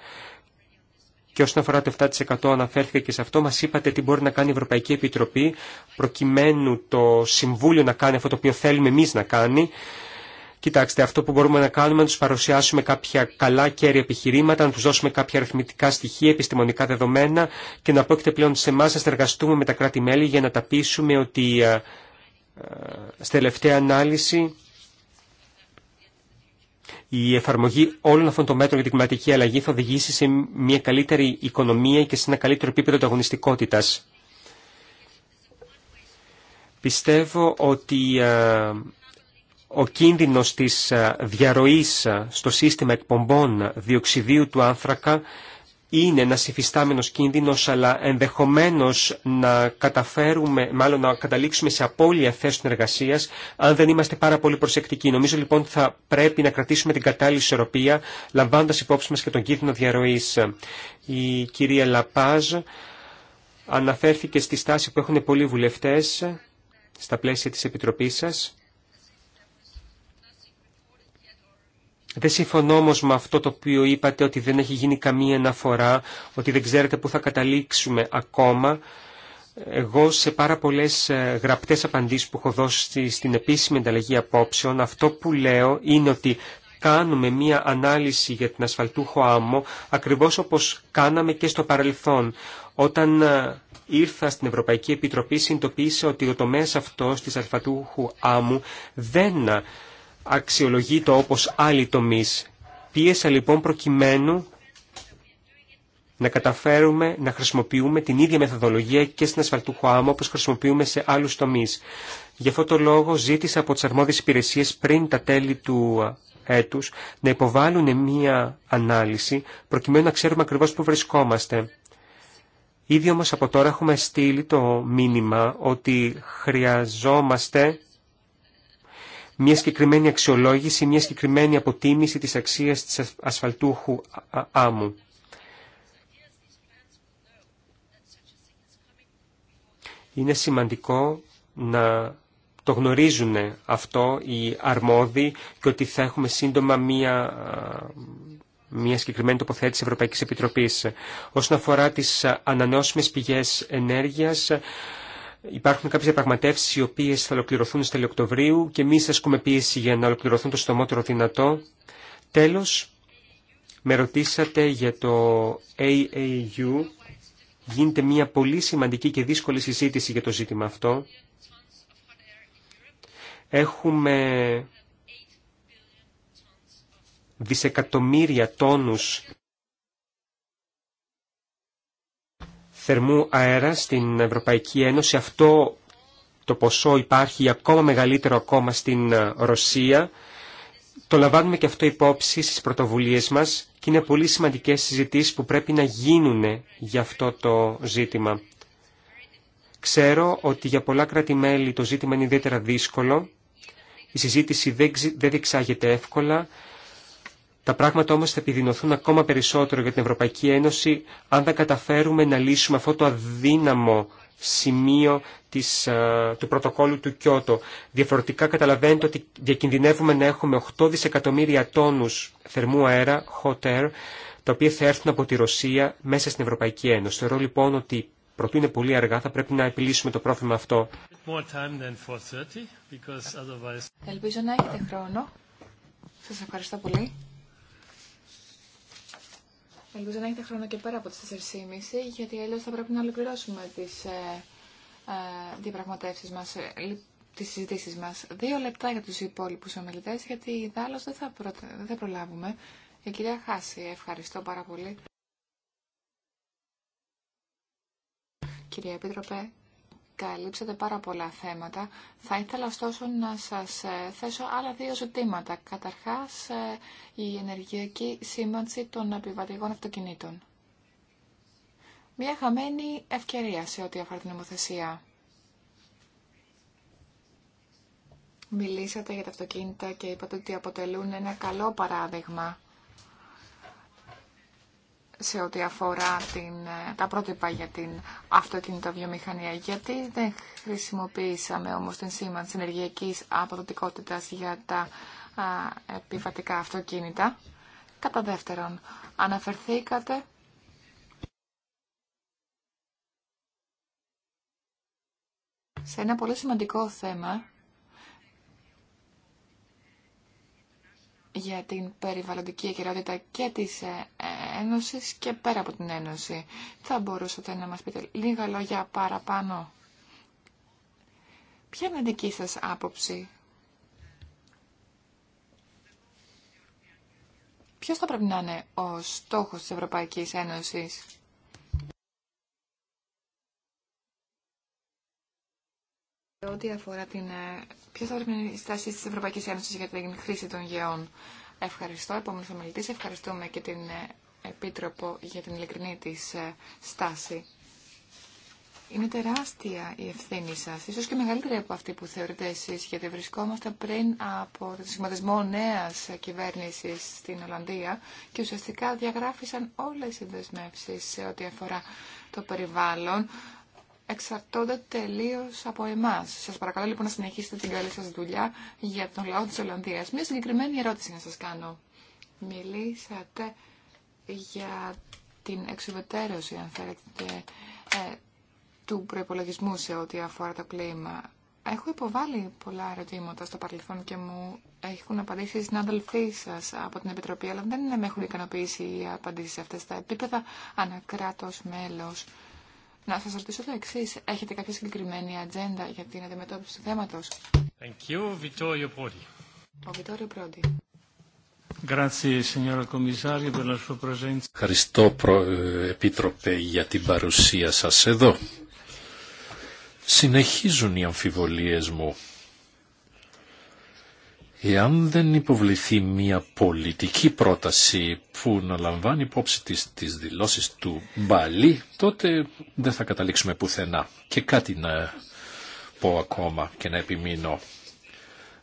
Και όσον αφορά το 7% αναφέρθηκε και σε αυτό, μας είπατε τι μπορεί να κάνει η Ευρωπαϊκή Επιτροπή προκειμένου το Συμβούλιο να κάνει αυτό το οποίο θέλουμε εμείς να κάνει Κοιτάξτε, αυτό που μπορούμε να κάνουμε να του παρουσιάσουμε κάποια καλά κέρια επιχειρήματα, να τους δώσουμε κάποια αριθμητικά στοιχεία, επιστημονικά δεδομένα και να πρόκειται πλέον σε εμά να συνεργαστούμε με τα κράτη-μέλη για να τα πείσουμε ότι ε, ε στη τελευταία ανάλυση η εφαρμογή όλων αυτών των μέτρων για την κλιματική αλλαγή θα οδηγήσει σε μια καλύτερη οικονομία και σε ένα καλύτερο επίπεδο ανταγωνιστικότητα. Πιστεύω ότι ε, ο κίνδυνος της ε, διαρροής ε, στο σύστημα εκπομπών διοξιδίου του άνθρακα είναι ένας υφιστάμενος κίνδυνος, αλλά ενδεχομένως να καταφέρουμε, μάλλον να καταλήξουμε σε απώλεια θέσεων εργασίας, αν δεν είμαστε πάρα πολύ προσεκτικοί. Νομίζω λοιπόν θα πρέπει να κρατήσουμε την κατάλληλη ισορροπία, λαμβάνοντας υπόψη μας και τον κίνδυνο διαρροής. Η κυρία Λαπάζ αναφέρθηκε στη στάση που έχουν πολλοί βουλευτές στα πλαίσια της Επιτροπής σας. Δεν συμφωνώ όμω με αυτό το οποίο είπατε ότι δεν έχει γίνει καμία αναφορά, ότι δεν ξέρετε πού θα καταλήξουμε ακόμα. Εγώ σε πάρα πολλές ε, γραπτές απαντήσεις που έχω δώσει στην επίσημη ανταλλαγή απόψεων, αυτό που λέω είναι ότι κάνουμε μία ανάλυση για την ασφαλτούχο άμμο, ακριβώς όπως κάναμε και στο παρελθόν. Όταν ε, ήρθα στην Ευρωπαϊκή Επιτροπή, συνειδητοποίησα ότι ο τομέας αυτός της ασφαλτούχου άμμου δεν ε, αξιολογεί το όπως άλλοι τομείς. Πίεσα λοιπόν προκειμένου να καταφέρουμε να χρησιμοποιούμε την ίδια μεθοδολογία και στην ασφαλτούχο άμμο όπως χρησιμοποιούμε σε άλλους τομείς. Γι' αυτό το λόγο ζήτησα από τις αρμόδιες υπηρεσίες πριν τα τέλη του έτους να υποβάλουν μία ανάλυση προκειμένου να ξέρουμε ακριβώς που βρισκόμαστε. Ήδη όμως από τώρα έχουμε στείλει το μήνυμα ότι χρειαζόμαστε μια συγκεκριμένη αξιολόγηση, μια συγκεκριμένη αποτίμηση της αξίας της ασφαλτούχου άμμου. Είναι σημαντικό να το γνωρίζουν αυτό οι αρμόδιοι και ότι θα έχουμε σύντομα μία, μία συγκεκριμένη τοποθέτηση Ευρωπαϊκής Επιτροπής. Όσον αφορά τις ανανεώσιμες πηγές ενέργειας, Υπάρχουν κάποιε διαπραγματεύσει οι οποίε θα ολοκληρωθούν στο τέλη και εμεί ασκούμε πίεση για να ολοκληρωθούν το στομότερο δυνατό. Τέλο, με ρωτήσατε για το AAU. Γίνεται μια πολύ σημαντική και δύσκολη συζήτηση για το ζήτημα αυτό. Έχουμε δισεκατομμύρια τόνους θερμού αέρα στην Ευρωπαϊκή Ένωση. Αυτό το ποσό υπάρχει ακόμα μεγαλύτερο ακόμα στην ε, Ρωσία. Το λαμβάνουμε και αυτό υπόψη στις πρωτοβουλίες μας και είναι πολύ σημαντικές συζητήσεις που πρέπει να γίνουν για αυτό το ζήτημα. Ξέρω ότι για πολλά κράτη-μέλη το ζήτημα είναι ιδιαίτερα δύσκολο. Η συζήτηση δεν διεξάγεται εύκολα τα πράγματα όμως θα επιδεινωθούν ακόμα περισσότερο για την Ευρωπαϊκή Ένωση αν δεν καταφέρουμε να λύσουμε αυτό το αδύναμο σημείο της, ε, του πρωτοκόλλου του Κιώτο. Διαφορετικά καταλαβαίνετε ότι διακινδυνεύουμε να έχουμε 8 δισεκατομμύρια τόνους θερμού αέρα, hot air, τα οποία θα έρθουν από τη Ρωσία μέσα στην Ευρωπαϊκή Ένωση. Θεωρώ λοιπόν ότι Προτού είναι πολύ αργά, θα πρέπει να επιλύσουμε το πρόβλημα αυτό. Ελπίζω να έχετε χρόνο. Σας ευχαριστώ πολύ. Ελπίζω να έχετε χρόνο και πέρα από τι 4.30, γιατί αλλιώ θα πρέπει να ολοκληρώσουμε τις ε, ε, διαπραγματεύσεις μας, ε, τις συζητήσεις μας. Δύο λεπτά για τους υπόλοιπου ομιλητές, γιατί δάλλως δεν θα, δεν θα προλάβουμε. Η κυρία Χάση, ευχαριστώ πάρα πολύ. Κυρία Επίτροπε, καλύψατε πάρα πολλά θέματα. Θα ήθελα ωστόσο να σας ε, θέσω άλλα δύο ζητήματα. Καταρχάς, ε, η ενεργειακή σήμανση των επιβατηγών αυτοκινήτων. Μια χαμένη ευκαιρία σε ό,τι αφορά την νομοθεσία. Μιλήσατε για τα αυτοκίνητα και είπατε ότι αποτελούν ένα καλό παράδειγμα σε ό,τι αφορά την, ε, τα πρότυπα για την αυτοκινητοβιομηχανία. Γιατί δεν χρησιμοποίησαμε όμως την σήμανση ενεργειακής αποδοτικότητας για τα α, επιβατικά αυτοκίνητα. Κατά δεύτερον, αναφερθήκατε σε ένα πολύ σημαντικό θέμα για την περιβαλλοντική αικαιρότητα και τις ε, Ένωσης και πέρα από την Ένωση. Θα μπορούσατε να μας πείτε λίγα λόγια παραπάνω. Ποια είναι η δική σας άποψη. Ποιος θα πρέπει να είναι ο στόχος της Ευρωπαϊκής Ένωσης. Ό,τι αφορά την... Ε, ποιος θα πρέπει να είναι η στάση της Ευρωπαϊκής Ένωσης για την χρήση των γεών. Ευχαριστώ, επόμενος ομιλητής. Ευχαριστούμε και την ε, Επίτροπο για την ειλικρινή της ε, στάση. Είναι τεράστια η ευθύνη σας, ίσως και μεγαλύτερη από αυτή που θεωρείτε εσείς, γιατί βρισκόμαστε πριν από το σχηματισμό νέας κυβέρνησης στην Ολλανδία και ουσιαστικά διαγράφησαν όλες οι δεσμεύσεις σε ό,τι αφορά το περιβάλλον, εξαρτώνται τελείως από εμάς. Σας παρακαλώ λοιπόν να συνεχίσετε την καλή σας δουλειά για τον λαό της Ολλανδίας. Μια συγκεκριμένη ερώτηση να σας κάνω. Μιλήσατε για την εξουδετερώση, αν θέλετε, ε, του προπολογισμού σε ό,τι αφορά το κλίμα. Έχω υποβάλει πολλά ερωτήματα στο παρελθόν και μου έχουν απαντήσει οι συνάδελφοί σα από την Επιτροπή, αλλά δεν με έχουν ικανοποιήσει οι απαντήσει αυτέ τα επίπεδα ανακράτο μέλο. Να σα ρωτήσω το εξή. Έχετε κάποια συγκεκριμένη ατζέντα για την αντιμετώπιση του θέματο. Ο Βιτόριο Πρόντι. Ευχαριστώ ε, Επίτροπε για την παρουσία σας εδώ. Συνεχίζουν οι αμφιβολίες μου. Εάν δεν υποβληθεί μια πολιτική πρόταση που να λαμβάνει υπόψη της, τις δηλώσεις του Μπαλί, τότε δεν θα καταλήξουμε πουθενά. Και κάτι να πω ακόμα και να επιμείνω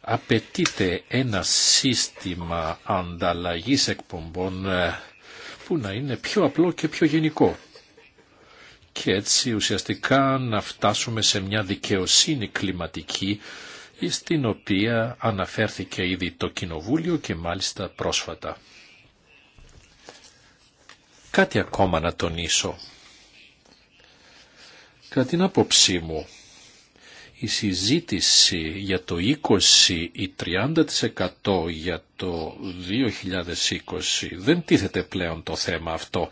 απαιτείται ένα σύστημα ανταλλαγής εκπομπών ε, που να είναι πιο απλό και πιο γενικό. Και έτσι ουσιαστικά να φτάσουμε σε μια δικαιοσύνη κλιματική στην οποία αναφέρθηκε ήδη το Κοινοβούλιο και μάλιστα πρόσφατα. Κάτι ακόμα να τονίσω. Κατά την άποψή μου, η συζήτηση για το 20 ή 30% για το 2020 δεν τίθεται πλέον το θέμα αυτό.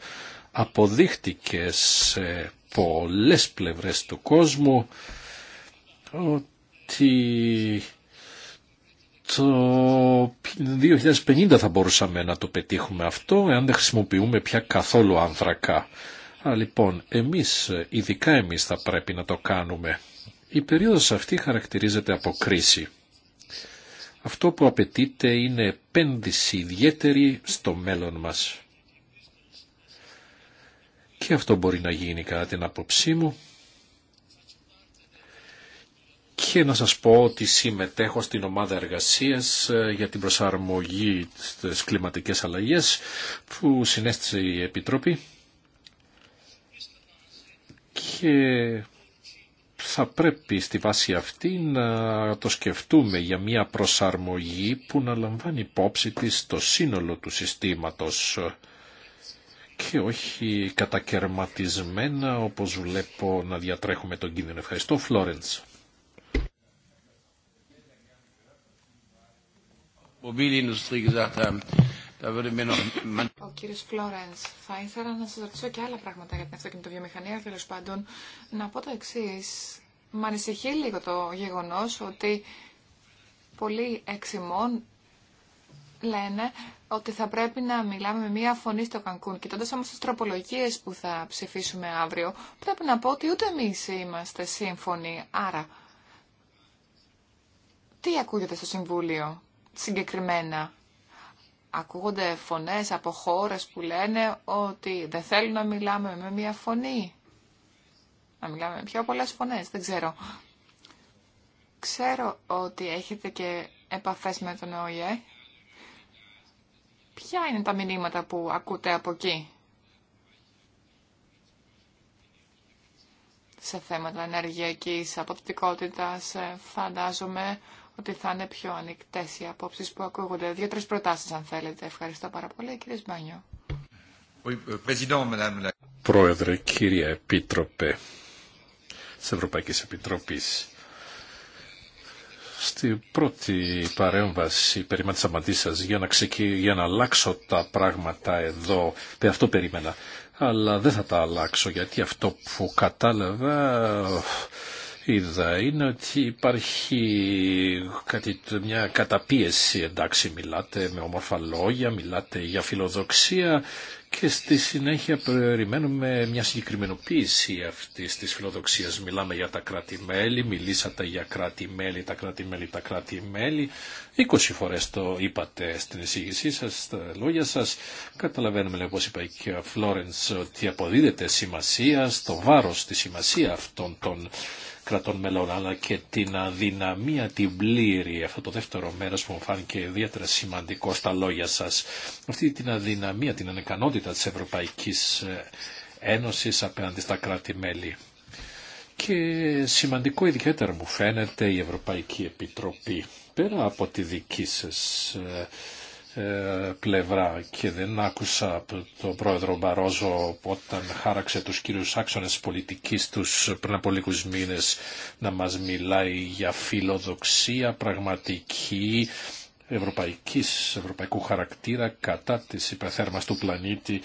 Αποδείχτηκε σε πολλές πλευρές του κόσμου ότι το 2050 θα μπορούσαμε να το πετύχουμε αυτό εάν δεν χρησιμοποιούμε πια καθόλου άνθρακα. Α, λοιπόν, εμείς, ειδικά εμείς θα πρέπει να το κάνουμε. Η περίοδος αυτή χαρακτηρίζεται από κρίση. Αυτό που απαιτείται είναι επένδυση ιδιαίτερη στο μέλλον μας. Και αυτό μπορεί να γίνει κατά την άποψή μου. Και να σας πω ότι συμμετέχω στην ομάδα εργασίας ε, για την προσαρμογή στις κλιματικές αλλαγές που συνέστησε η Επιτροπή. Και θα πρέπει στη βάση αυτή να το σκεφτούμε για μια προσαρμογή που να λαμβάνει υπόψη της το σύνολο του συστήματος και όχι κατακαιρματισμένα όπως βλέπω να διατρέχουμε τον κίνδυνο. Ευχαριστώ Φλόρεντς. Ο κύριο Φλόρεν, θα ήθελα να σα ρωτήσω και άλλα πράγματα για την αυτοκινητοβιομηχανία. Τέλο πάντων, να πω το εξή. Μ' ανησυχεί λίγο το γεγονό ότι πολλοί εξημών λένε ότι θα πρέπει να μιλάμε με μία φωνή στο Κανκούν. Κοιτώντα όμω τι τροπολογίε που θα ψηφίσουμε αύριο, πρέπει να πω ότι ούτε εμεί είμαστε σύμφωνοι. Άρα, τι ακούγεται στο Συμβούλιο συγκεκριμένα ακούγονται φωνές από χώρες που λένε ότι δεν θέλουν να μιλάμε με μία φωνή. Να μιλάμε με πιο πολλές φωνές, δεν ξέρω. Ξέρω ότι έχετε και επαφές με τον ΟΗΕ. Ποια είναι τα μηνύματα που ακούτε από εκεί. Σε θέματα ενεργειακής αποπτικότητας ε, φαντάζομαι ότι θα είναι πιο ανοιχτέ οι απόψει που ακούγονται. Δύο-τρει προτάσει, αν θέλετε. Ευχαριστώ πάρα πολύ, κύριε Σμπάνιο. Euh, Πρόεδρε, κύριε Επίτροπε τη Ευρωπαϊκή Επιτροπή. Στην πρώτη παρέμβαση περίμενα τις απαντήσει σας για να, ξεκι... για να αλλάξω τα πράγματα εδώ. Ε, αυτό περίμενα. Αλλά δεν θα τα αλλάξω γιατί αυτό που κατάλαβα είναι ότι υπάρχει κάτι, μια καταπίεση, εντάξει μιλάτε με όμορφα λόγια, μιλάτε για φιλοδοξία και στη συνέχεια περιμένουμε μια συγκεκριμενοποίηση αυτή τη φιλοδοξία. Μιλάμε για τα κράτη-μέλη, μιλήσατε για κράτη-μέλη, τα κράτη-μέλη, τα κράτη-μέλη. 20 φορέ το είπατε στην εισήγησή σα στα λόγια σα. Καταλαβαίνουμε, όπω λοιπόν, όπως είπα και ο Φλόρενς, ότι αποδίδεται σημασία στο βάρο τη σημασία αυτών των κρατών αλλά και την αδυναμία την πλήρη, αυτό το δεύτερο μέρος που μου φάνηκε ιδιαίτερα σημαντικό στα λόγια σας, αυτή την αδυναμία, την ανεκανότητα της Ευρωπαϊκής ε, Ένωσης απέναντι στα κράτη-μέλη. Και σημαντικό ιδιαίτερα μου φαίνεται η Ευρωπαϊκή Επιτροπή. Πέρα από τη δική σας ε, ε, πλευρά και δεν άκουσα από τον πρόεδρο Μπαρόζο όταν χάραξε τους κύριους άξονες πολιτικής τους πριν από λίγους μήνες να μας μιλάει για φιλοδοξία πραγματική ευρωπαϊκής, ευρωπαϊκού χαρακτήρα κατά της υπεθέρμας του πλανήτη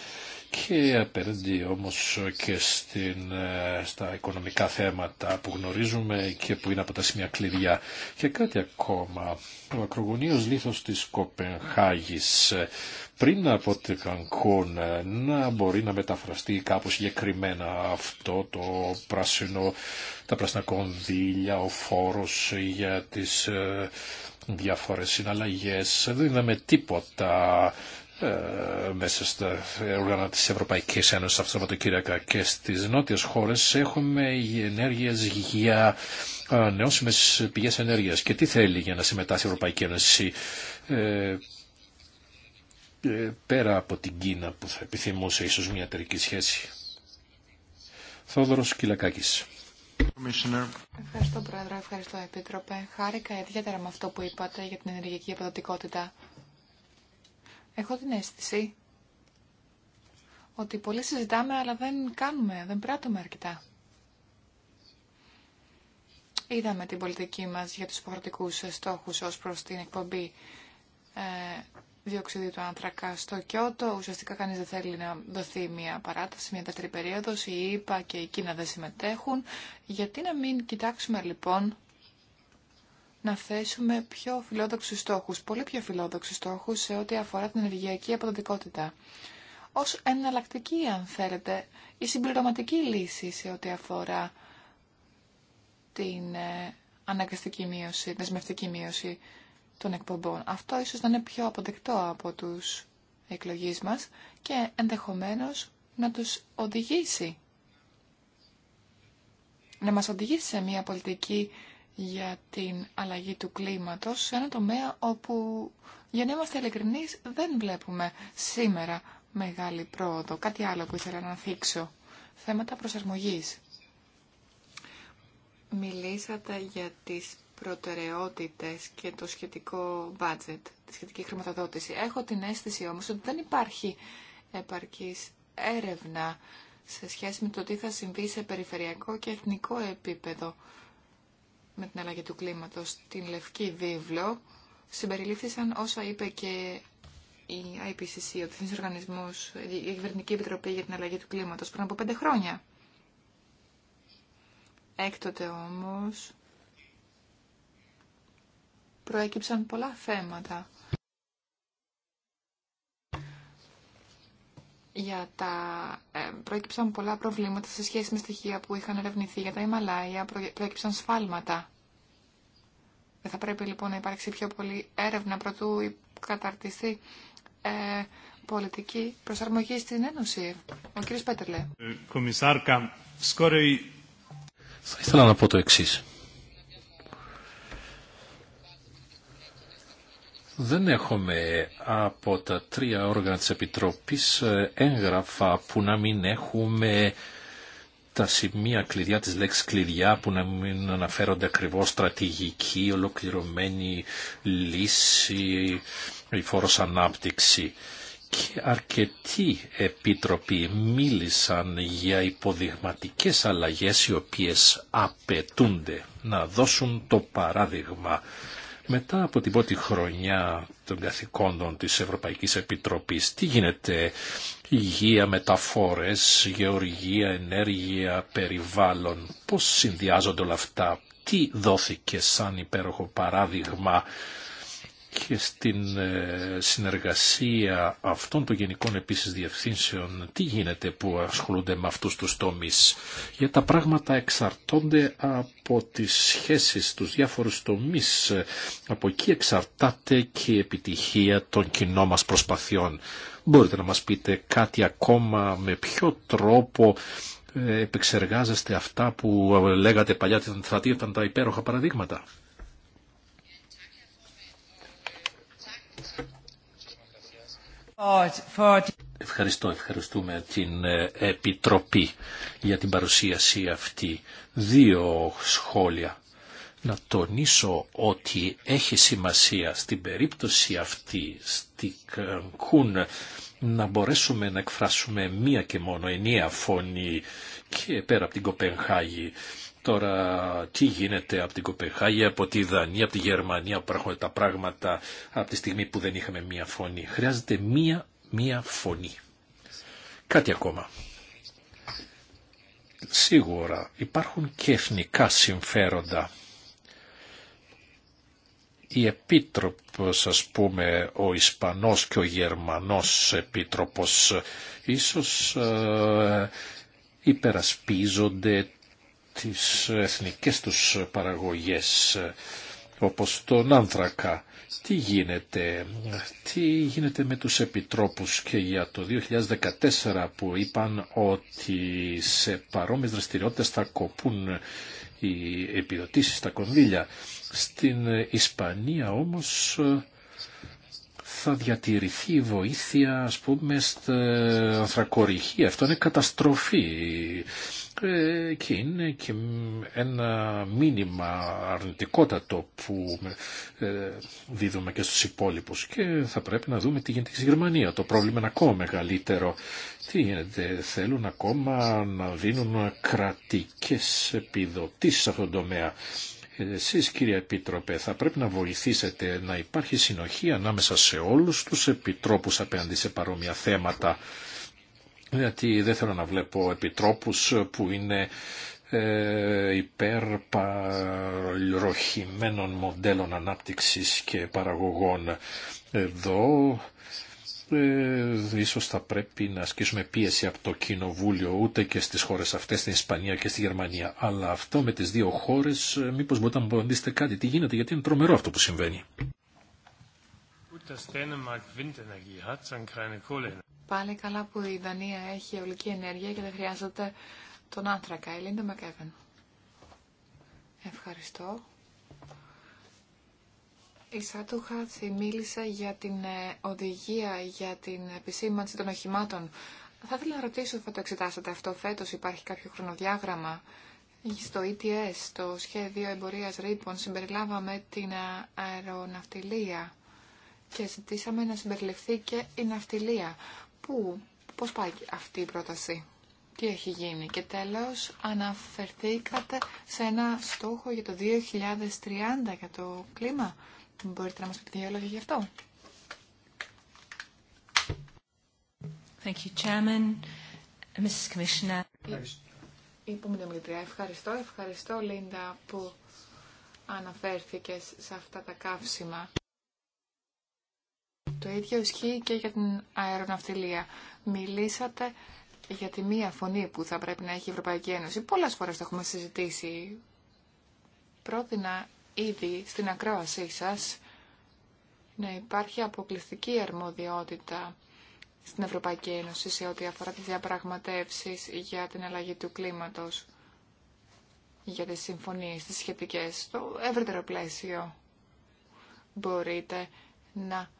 και απέναντι όμως και στην, ε, στα οικονομικά θέματα που γνωρίζουμε και που είναι από τα σημεία κλειδιά. Και κάτι ακόμα, ο ακρογωνίος λίθος της Κοπενχάγης ε, πριν από την Κανκούν ε, να μπορεί να μεταφραστεί κάπως συγκεκριμένα αυτό το πράσινο, τα πράσινα κονδύλια, ο φόρος για τις διάφορες συναλλαγές. Δεν είδαμε τίποτα ε, μέσα στα όργανα της Ευρωπαϊκής Ένωσης αυτό το και στις νότιες χώρες έχουμε ενέργειες για ε, νεώσιμες πηγές ενέργειας. Και τι θέλει για να συμμετάσχει η Ευρωπαϊκή Ένωση ε, ε, πέρα από την Κίνα που θα επιθυμούσε ίσως μια εταιρική σχέση. Θόδωρος Κυλακάκης. Ευχαριστώ Πρόεδρε, ευχαριστώ Επίτροπε. Χάρηκα ιδιαίτερα με αυτό που είπατε για την ενεργειακή αποδοτικότητα. Έχω την αίσθηση ότι πολύ συζητάμε αλλά δεν κάνουμε, δεν πράττουμε αρκετά. Είδαμε την πολιτική μας για τους υποχρεωτικούς στόχους ως προς την εκπομπή ε, του άνθρακα στο Κιώτο. Ουσιαστικά κανείς δεν θέλει να δοθεί μια παράταση, μια δεύτερη περίοδος. Η και η Κίνα δεν συμμετέχουν. Γιατί να μην κοιτάξουμε λοιπόν να θέσουμε πιο φιλόδοξους στόχους, πολύ πιο φιλόδοξους στόχους σε ό,τι αφορά την ενεργειακή αποδοτικότητα. Ως εναλλακτική, αν θέλετε, η συμπληρωματική λύση σε ό,τι αφορά την ε, αναγκαστική μείωση, την δεσμευτική μείωση των εκπομπών. Αυτό ίσως να είναι πιο αποδεκτό από τους εκλογείς μας και ενδεχομένως να τους οδηγήσει να μας οδηγήσει σε μια πολιτική για την αλλαγή του κλίματος σε ένα τομέα όπου, για να είμαστε ειλικρινείς, δεν βλέπουμε σήμερα μεγάλη πρόοδο. Κάτι άλλο που ήθελα να θίξω. Θέματα προσαρμογής. Μιλήσατε για τις προτεραιότητες και το σχετικό budget, τη σχετική χρηματοδότηση. Έχω την αίσθηση όμως ότι δεν υπάρχει επαρκής έρευνα σε σχέση με το τι θα συμβεί σε περιφερειακό και εθνικό επίπεδο με την αλλαγή του κλίματος στην Λευκή Βίβλο συμπεριλήφθησαν όσα είπε και η IPCC, ο Διεθνής Οργανισμός, η Κυβερνητική Επιτροπή για την Αλλαγή του Κλίματος πριν από πέντε χρόνια. Έκτοτε όμως προέκυψαν πολλά θέματα για τα... Ε, προέκυψαν πολλά προβλήματα σε σχέση με στοιχεία που είχαν ερευνηθεί για τα Ιμαλάια, προέκυψαν σφάλματα. Δεν θα πρέπει λοιπόν να υπάρξει πιο πολύ έρευνα προτού καταρτιστεί ε, πολιτική προσαρμογή στην Ένωση. Ο κύριος Πέτερλε. Ε, θα ήθελα να πω το εξής. δεν έχουμε από τα τρία όργανα της Επιτροπής ε, έγγραφα που να μην έχουμε τα σημεία κλειδιά, τις λέξεις κλειδιά που να μην αναφέρονται ακριβώς στρατηγική, ολοκληρωμένη λύση, η φόρος ανάπτυξη. Και αρκετοί επίτροποι μίλησαν για υποδειγματικές αλλαγές οι οποίες απαιτούνται να δώσουν το παράδειγμα μετά από την πρώτη χρονιά των καθηκόντων της Ευρωπαϊκής Επιτροπής, τι γίνεται υγεία, μεταφόρες, γεωργία, ενέργεια, περιβάλλον, πώς συνδυάζονται όλα αυτά, τι δόθηκε σαν υπέροχο παράδειγμα και στην ε, συνεργασία αυτών των γενικών επίσης διευθύνσεων τι γίνεται που ασχολούνται με αυτούς τους τομείς για τα πράγματα εξαρτώνται από τις σχέσεις τους διάφορους τομείς από εκεί εξαρτάται και η επιτυχία των κοινών μας προσπαθειών μπορείτε να μας πείτε κάτι ακόμα με ποιο τρόπο ε, επεξεργάζεστε αυτά που ε, λέγατε παλιά ότι θα τα υπέροχα παραδείγματα Ευχαριστώ, ευχαριστούμε την ε, Επιτροπή για την παρουσίαση αυτή. Δύο σχόλια. Να τονίσω ότι έχει σημασία στην περίπτωση αυτή, στη Κανκούν, να μπορέσουμε να εκφράσουμε μία και μόνο ενία φωνή και πέρα από την Κοπενχάγη Τώρα τι γίνεται από την Κοπεχάγη, από τη Δανία, από τη Γερμανία που έρχονται τα πράγματα από τη στιγμή που δεν είχαμε μία φωνή. Χρειάζεται μία, μία φωνή. Κάτι ακόμα. Σίγουρα υπάρχουν και εθνικά συμφέροντα. Οι Επίτροπος, ας πούμε, ο Ισπανός και ο Γερμανός Επίτροπος, ίσως ε, υπερασπίζονται τις εθνικές τους παραγωγές όπως τον άνθρακα. Τι γίνεται, τι γίνεται με τους επιτρόπους και για το 2014 που είπαν ότι σε παρόμοιες δραστηριότητες θα κοπούν οι επιδοτήσεις στα κονδύλια. Στην Ισπανία όμως θα διατηρηθεί η βοήθεια α πούμε στην ανθρακοριχεία. Αυτό είναι καταστροφή ε, και είναι και ένα μήνυμα αρνητικότατο που ε, δίδουμε και στους υπόλοιπους και θα πρέπει να δούμε τι γίνεται στη Γερμανία. Το πρόβλημα είναι ακόμα μεγαλύτερο. Τι γίνεται, θέλουν ακόμα να δίνουν κρατικές επιδοτήσεις σε αυτόν τον τομέα εσείς κύριε Επίτροπε θα πρέπει να βοηθήσετε να υπάρχει συνοχή ανάμεσα σε όλους τους επιτρόπους απέναντι σε παρόμοια θέματα γιατί δεν θέλω να βλέπω επιτρόπους που είναι ε, υπέρ μοντέλων ανάπτυξης και παραγωγών. Εδώ ε, ίσως θα πρέπει να ασκήσουμε πίεση από το Κοινοβούλιο ούτε και στις χώρες αυτές, στην Ισπανία και στη Γερμανία. Αλλά αυτό με τις δύο χώρες, ε, μήπως μπορείτε να απαντήσετε κάτι. Τι γίνεται, γιατί είναι τρομερό αυτό που συμβαίνει. Πάλι καλά που η Δανία έχει ολική ενέργεια και δεν χρειάζεται τον άνθρακα. Ευχαριστώ. Η Σάτουχα μίλησε για την ε, οδηγία για την επισήμανση των οχημάτων. Θα ήθελα να ρωτήσω, θα το εξετάσετε αυτό φέτος, υπάρχει κάποιο χρονοδιάγραμμα. Στο ETS, το σχέδιο εμπορίας ρήπων, συμπεριλάβαμε την ε, αεροναυτιλία και ζητήσαμε να συμπεριληφθεί και η ναυτιλία. Πού, πώς πάει αυτή η πρόταση, τι έχει γίνει. Και τέλος αναφερθήκατε σε ένα στόχο για το 2030 για το κλίμα. Μπορείτε να μας πείτε δύο λόγια γι' αυτό. Thank you, Chairman. ευχαριστώ, ευχαριστώ Λίντα που αναφέρθηκες σε αυτά τα καύσιμα. Το ίδιο ισχύει και για την αεροναυτιλία. Μιλήσατε για τη μία φωνή που θα πρέπει να έχει η Ευρωπαϊκή Ένωση. Πολλές φορές το έχουμε συζητήσει. Πρότεινα ήδη στην ακρόασή σας να υπάρχει αποκλειστική αρμοδιότητα στην Ευρωπαϊκή Ένωση σε ό,τι αφορά τις διαπραγματεύσεις για την αλλαγή του κλίματος, για τις συμφωνίες, τις σχετικές, στο ευρύτερο πλαίσιο. Μπορείτε να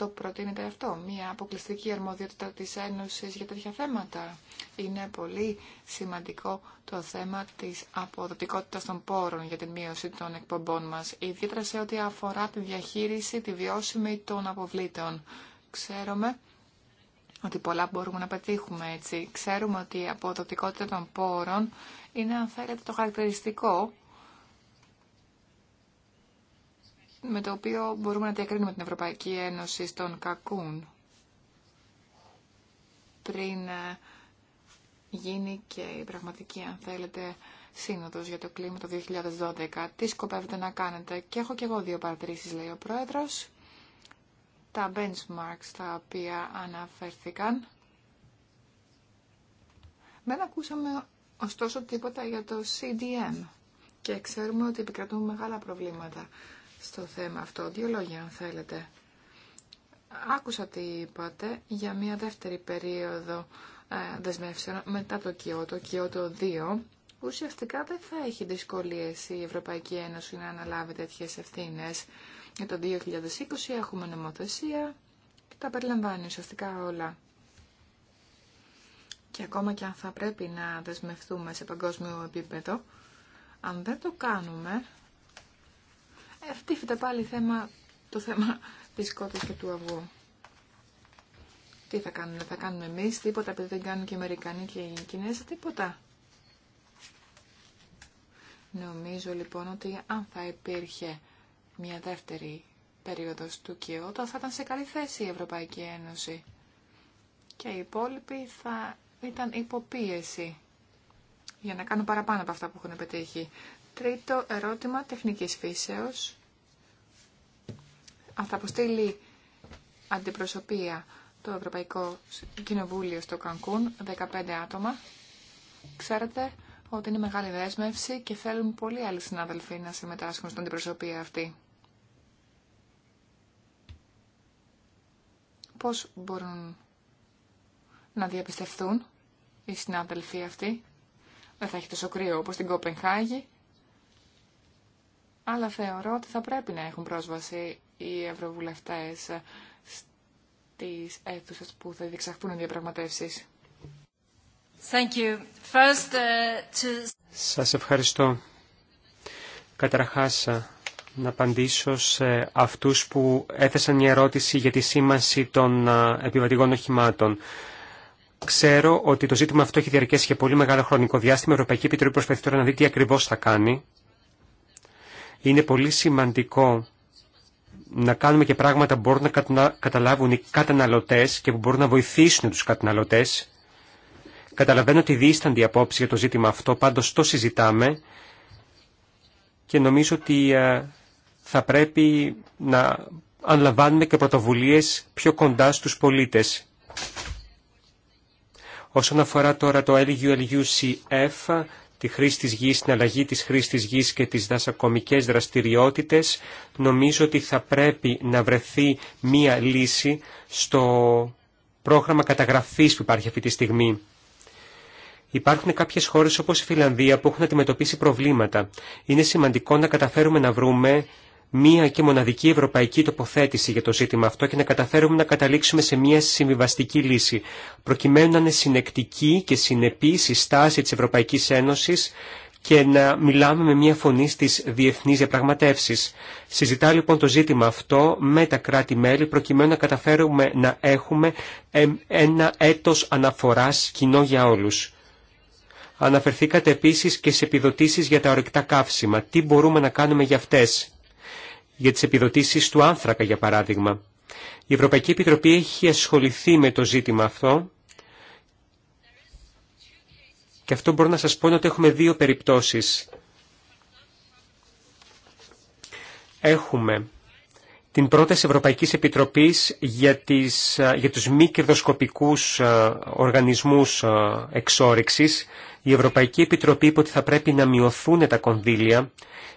το προτείνεται αυτό, μια αποκλειστική αρμοδιότητα της Ένωσης για τέτοια θέματα. Είναι πολύ σημαντικό το θέμα της αποδοτικότητας των πόρων για την μείωση των εκπομπών μας, ιδιαίτερα σε ό,τι αφορά τη διαχείριση, τη βιώσιμη των αποβλήτων. Ξέρουμε ότι πολλά μπορούμε να πετύχουμε έτσι. Ξέρουμε ότι η αποδοτικότητα των πόρων είναι, αν θέλετε, το χαρακτηριστικό με το οποίο μπορούμε να διακρίνουμε την Ευρωπαϊκή Ένωση στον Κακούν πριν ε, γίνει και η πραγματική, αν θέλετε, σύνοδος για το κλίμα το 2012. Τι σκοπεύετε να κάνετε. Και έχω και εγώ δύο παρατηρήσεις, λέει ο Πρόεδρος. Τα benchmarks τα οποία αναφέρθηκαν. Δεν ακούσαμε ωστόσο τίποτα για το CDM και ξέρουμε ότι επικρατούν μεγάλα προβλήματα στο θέμα αυτό. Δύο λόγια, αν θέλετε. Άκουσα τι είπατε για μια δεύτερη περίοδο ε, δεσμεύσεων μετά το Κιώτο, Κιώτο 2. Ουσιαστικά δεν θα έχει δυσκολίες η Ευρωπαϊκή Ένωση να αναλάβει τέτοιες ευθύνες. Για το 2020 έχουμε νομοθεσία και τα περιλαμβάνει ουσιαστικά όλα. Και ακόμα και αν θα πρέπει να δεσμευτούμε σε παγκόσμιο επίπεδο, αν δεν το κάνουμε, Ευτύφεται πάλι θέμα, το θέμα της κότης και του αυγού. Τι θα κάνουμε, θα κάνουμε εμείς τίποτα, επειδή δεν κάνουν και οι Αμερικανοί και οι Κινέζοι τίποτα. Νομίζω λοιπόν ότι αν θα υπήρχε μια δεύτερη περίοδος του Κιώτα θα ήταν σε καλή θέση η Ευρωπαϊκή Ένωση και οι υπόλοιποι θα ήταν υποπίεση για να κάνουν παραπάνω από αυτά που έχουν πετύχει. Τρίτο ερώτημα τεχνικής φύσεως. Αν θα αποστείλει αντιπροσωπεία το Ευρωπαϊκό Κοινοβούλιο στο Κανκούν, 15 άτομα. Ξέρετε ότι είναι μεγάλη δέσμευση και θέλουν πολλοί άλλοι συνάδελφοι να συμμετάσχουν στην αντιπροσωπεία αυτή. Πώς μπορούν να διαπιστευθούν οι συνάδελφοι αυτοί. Δεν θα έχει τόσο κρύο όπως στην Κοπενχάγη αλλά θεωρώ ότι θα πρέπει να έχουν πρόσβαση οι ευρωβουλευτές στις αίθουσες που θα διεξαχθούν οι διαπραγματεύσεις. Thank uh, Σας ευχαριστώ. Καταρχάς, ε, να απαντήσω σε αυτούς που έθεσαν μια ερώτηση για τη σήμανση των ε, επιβατικών οχημάτων. Ξέρω ότι το ζήτημα αυτό έχει διαρκέσει για πολύ μεγάλο χρονικό διάστημα. Η Ευρωπαϊκή Επιτροπή προσπαθεί τώρα να δει τι ακριβώς θα κάνει είναι πολύ σημαντικό να κάνουμε και πράγματα που μπορούν να καταλάβουν οι καταναλωτές και που μπορούν να βοηθήσουν τους καταναλωτές. Καταλαβαίνω ότι δίστανται απόψη για το ζήτημα αυτό, πάντως το συζητάμε και νομίζω ότι ε, θα πρέπει να αναλαμβάνουμε και πρωτοβουλίες πιο κοντά στους πολίτες. Όσον αφορά τώρα το LULUCF, τη χρήση της γης, την αλλαγή της χρήσης της γης και τις δασακομικές δραστηριότητες, νομίζω ότι θα πρέπει να βρεθεί μία λύση στο πρόγραμμα καταγραφής που υπάρχει αυτή τη στιγμή. Υπάρχουν κάποιες χώρες όπως η Φιλανδία που έχουν αντιμετωπίσει προβλήματα. Είναι σημαντικό να καταφέρουμε να βρούμε μία και μοναδική ευρωπαϊκή τοποθέτηση για το ζήτημα αυτό και να καταφέρουμε να καταλήξουμε σε μία συμβιβαστική λύση, προκειμένου να είναι συνεκτική και συνεπή η στάση της Ευρωπαϊκής Ένωσης και να μιλάμε με μία φωνή στις διεθνείς διαπραγματεύσει. Συζητά λοιπόν το ζήτημα αυτό με τα κράτη-μέλη προκειμένου να καταφέρουμε να έχουμε ε, ένα έτος αναφοράς κοινό για όλους. Αναφερθήκατε επίσης και σε επιδοτήσεις για τα ορυκτά καύσιμα. Τι μπορούμε να κάνουμε για αυτές για τις επιδοτήσεις του άνθρακα, για παράδειγμα. Η Ευρωπαϊκή Επιτροπή έχει ασχοληθεί με το ζήτημα αυτό και αυτό μπορώ να σας πω ότι έχουμε δύο περιπτώσεις. Έχουμε την πρόταση Ευρωπαϊκής Επιτροπής για, τις, για τους μη κερδοσκοπικούς ε, οργανισμούς ε, εξόρυξης η Ευρωπαϊκή Επιτροπή είπε ότι θα πρέπει να μειωθούν τα κονδύλια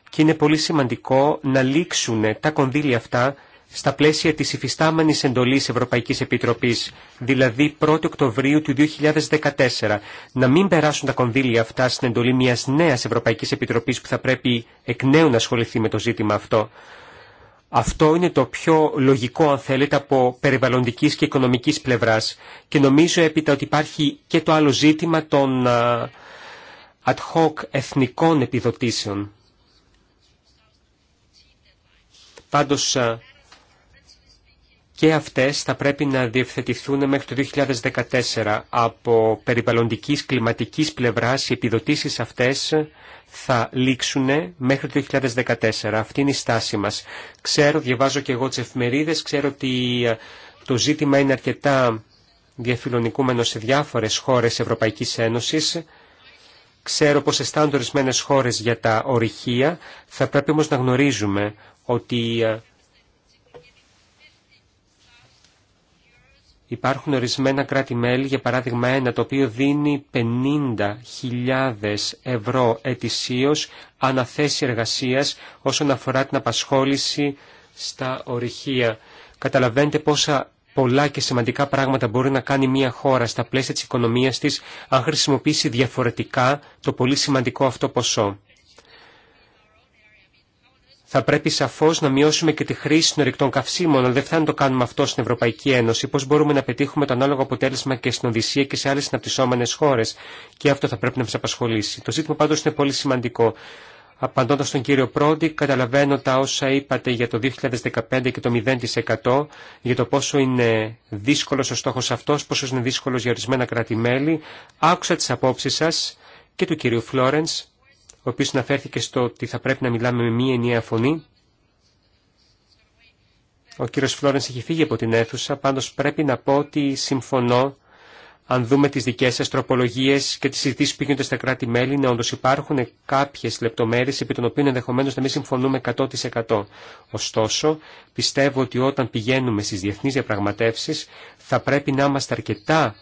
και είναι πολύ σημαντικό να λήξουν τα κονδύλια αυτά στα πλαίσια της υφιστάμενης εντολής Ευρωπαϊκής Επιτροπής, δηλαδή 1η Οκτωβρίου του 2014, να μην περάσουν τα κονδύλια αυτά στην εντολή μιας νέας Ευρωπαϊκής Επιτροπής που θα πρέπει εκ νέου να ασχοληθεί με το ζήτημα αυτό. Αυτό είναι το πιο λογικό, αν θέλετε, από περιβαλλοντικής και οικονομικής πλευράς. Και νομίζω έπειτα ότι υπάρχει και το άλλο ζήτημα των ad hoc εθνικών επιδοτήσεων. Πάντως, και αυτές θα πρέπει να διευθετηθούν μέχρι το 2014. Από περιβαλλοντικής κλιματικής πλευράς οι επιδοτήσεις αυτές θα λήξουν μέχρι το 2014. Αυτή είναι η στάση μας. Ξέρω, διαβάζω και εγώ τις εφημερίδες, ξέρω ότι ε, το ζήτημα είναι αρκετά διαφιλονικούμενο σε διάφορες χώρες Ευρωπαϊκής Ένωσης. Ξέρω πως αισθάνονται ορισμένε χώρες για τα ορυχεία. Θα πρέπει όμως να γνωρίζουμε ότι ε, Υπάρχουν ορισμένα κράτη-μέλη, για παράδειγμα ένα, το οποίο δίνει 50.000 ευρώ ετησίως αναθέσει εργασίας όσον αφορά την απασχόληση στα ορυχεία. Καταλαβαίνετε πόσα πολλά και σημαντικά πράγματα μπορεί να κάνει μια χώρα στα πλαίσια της οικονομίας της αν χρησιμοποιήσει διαφορετικά το πολύ σημαντικό αυτό ποσό θα πρέπει σαφώ να μειώσουμε και τη χρήση των ρηκτών καυσίμων, αλλά δεν φτάνει να το κάνουμε αυτό στην Ευρωπαϊκή Ένωση. Πώ μπορούμε να πετύχουμε το ανάλογο αποτέλεσμα και στην Οδυσσία και σε άλλε συναπτυσσόμενε χώρε. Και αυτό θα πρέπει να μα απασχολήσει. Το ζήτημα πάντω είναι πολύ σημαντικό. Απαντώντας τον κύριο Πρόντι, καταλαβαίνω τα όσα είπατε για το 2015 και το 0% για το πόσο είναι δύσκολος ο στόχος αυτός, πόσο είναι δύσκολος για ορισμένα κράτη-μέλη. Άκουσα τις απόψει σας και του κύριου Φλόρενς ο οποίος αναφέρθηκε στο ότι θα πρέπει να μιλάμε με μία ενιαία φωνή. Ο κύριος Φλόρενς έχει φύγει από την αίθουσα, πάντως πρέπει να πω ότι συμφωνώ αν δούμε τις δικές σας τροπολογίες και τις συζητήσεις που γίνονται στα κράτη-μέλη, να όντως υπάρχουν κάποιες λεπτομέρειες επί των οποίων ενδεχομένω να μην συμφωνούμε 100%. Ωστόσο, πιστεύω ότι όταν πηγαίνουμε στις διεθνείς διαπραγματεύσεις θα πρέπει να είμαστε αρκετά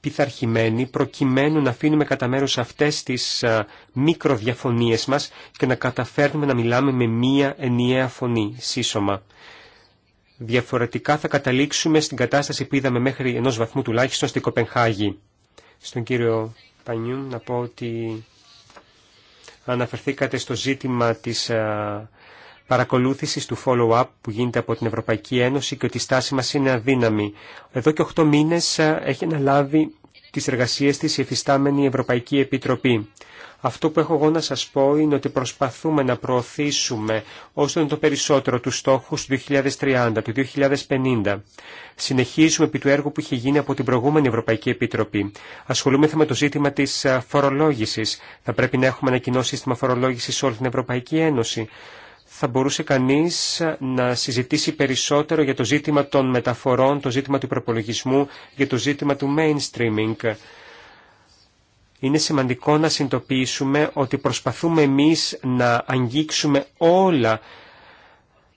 πειθαρχημένοι προκειμένου να αφήνουμε κατά μέρος αυτές τις μικροδιαφωνίες μας και να καταφέρνουμε να μιλάμε με μία ενιαία φωνή, σύσσωμα. Διαφορετικά θα καταλήξουμε στην κατάσταση που είδαμε μέχρι ενός βαθμού τουλάχιστον στην Κοπενχάγη. Στον κύριο Πανιούν να πω ότι αναφερθήκατε στο ζήτημα της παρακολούθησης του follow-up που γίνεται από την Ευρωπαϊκή Ένωση και ότι η στάση μας είναι αδύναμη. Εδώ και 8 μήνες ε, έχει αναλάβει τις εργασίες της η εφιστάμενη Ευρωπαϊκή Επιτροπή. Αυτό που έχω εγώ να σας πω είναι ότι προσπαθούμε να προωθήσουμε όσο είναι το περισσότερο τους στόχους του 2030, του 2050. Συνεχίζουμε επί του έργου που είχε γίνει από την προηγούμενη Ευρωπαϊκή Επιτροπή. Ασχολούμεθα με το ζήτημα της ε, φορολόγησης. Θα πρέπει να έχουμε ένα κοινό σύστημα φορολόγησης σε όλη την Ευρωπαϊκή Ένωση θα μπορούσε κανείς να συζητήσει περισσότερο για το ζήτημα των μεταφορών, το ζήτημα του προπολογισμού, για το ζήτημα του mainstreaming. Είναι σημαντικό να συντοπίσουμε ότι προσπαθούμε εμείς να αγγίξουμε όλα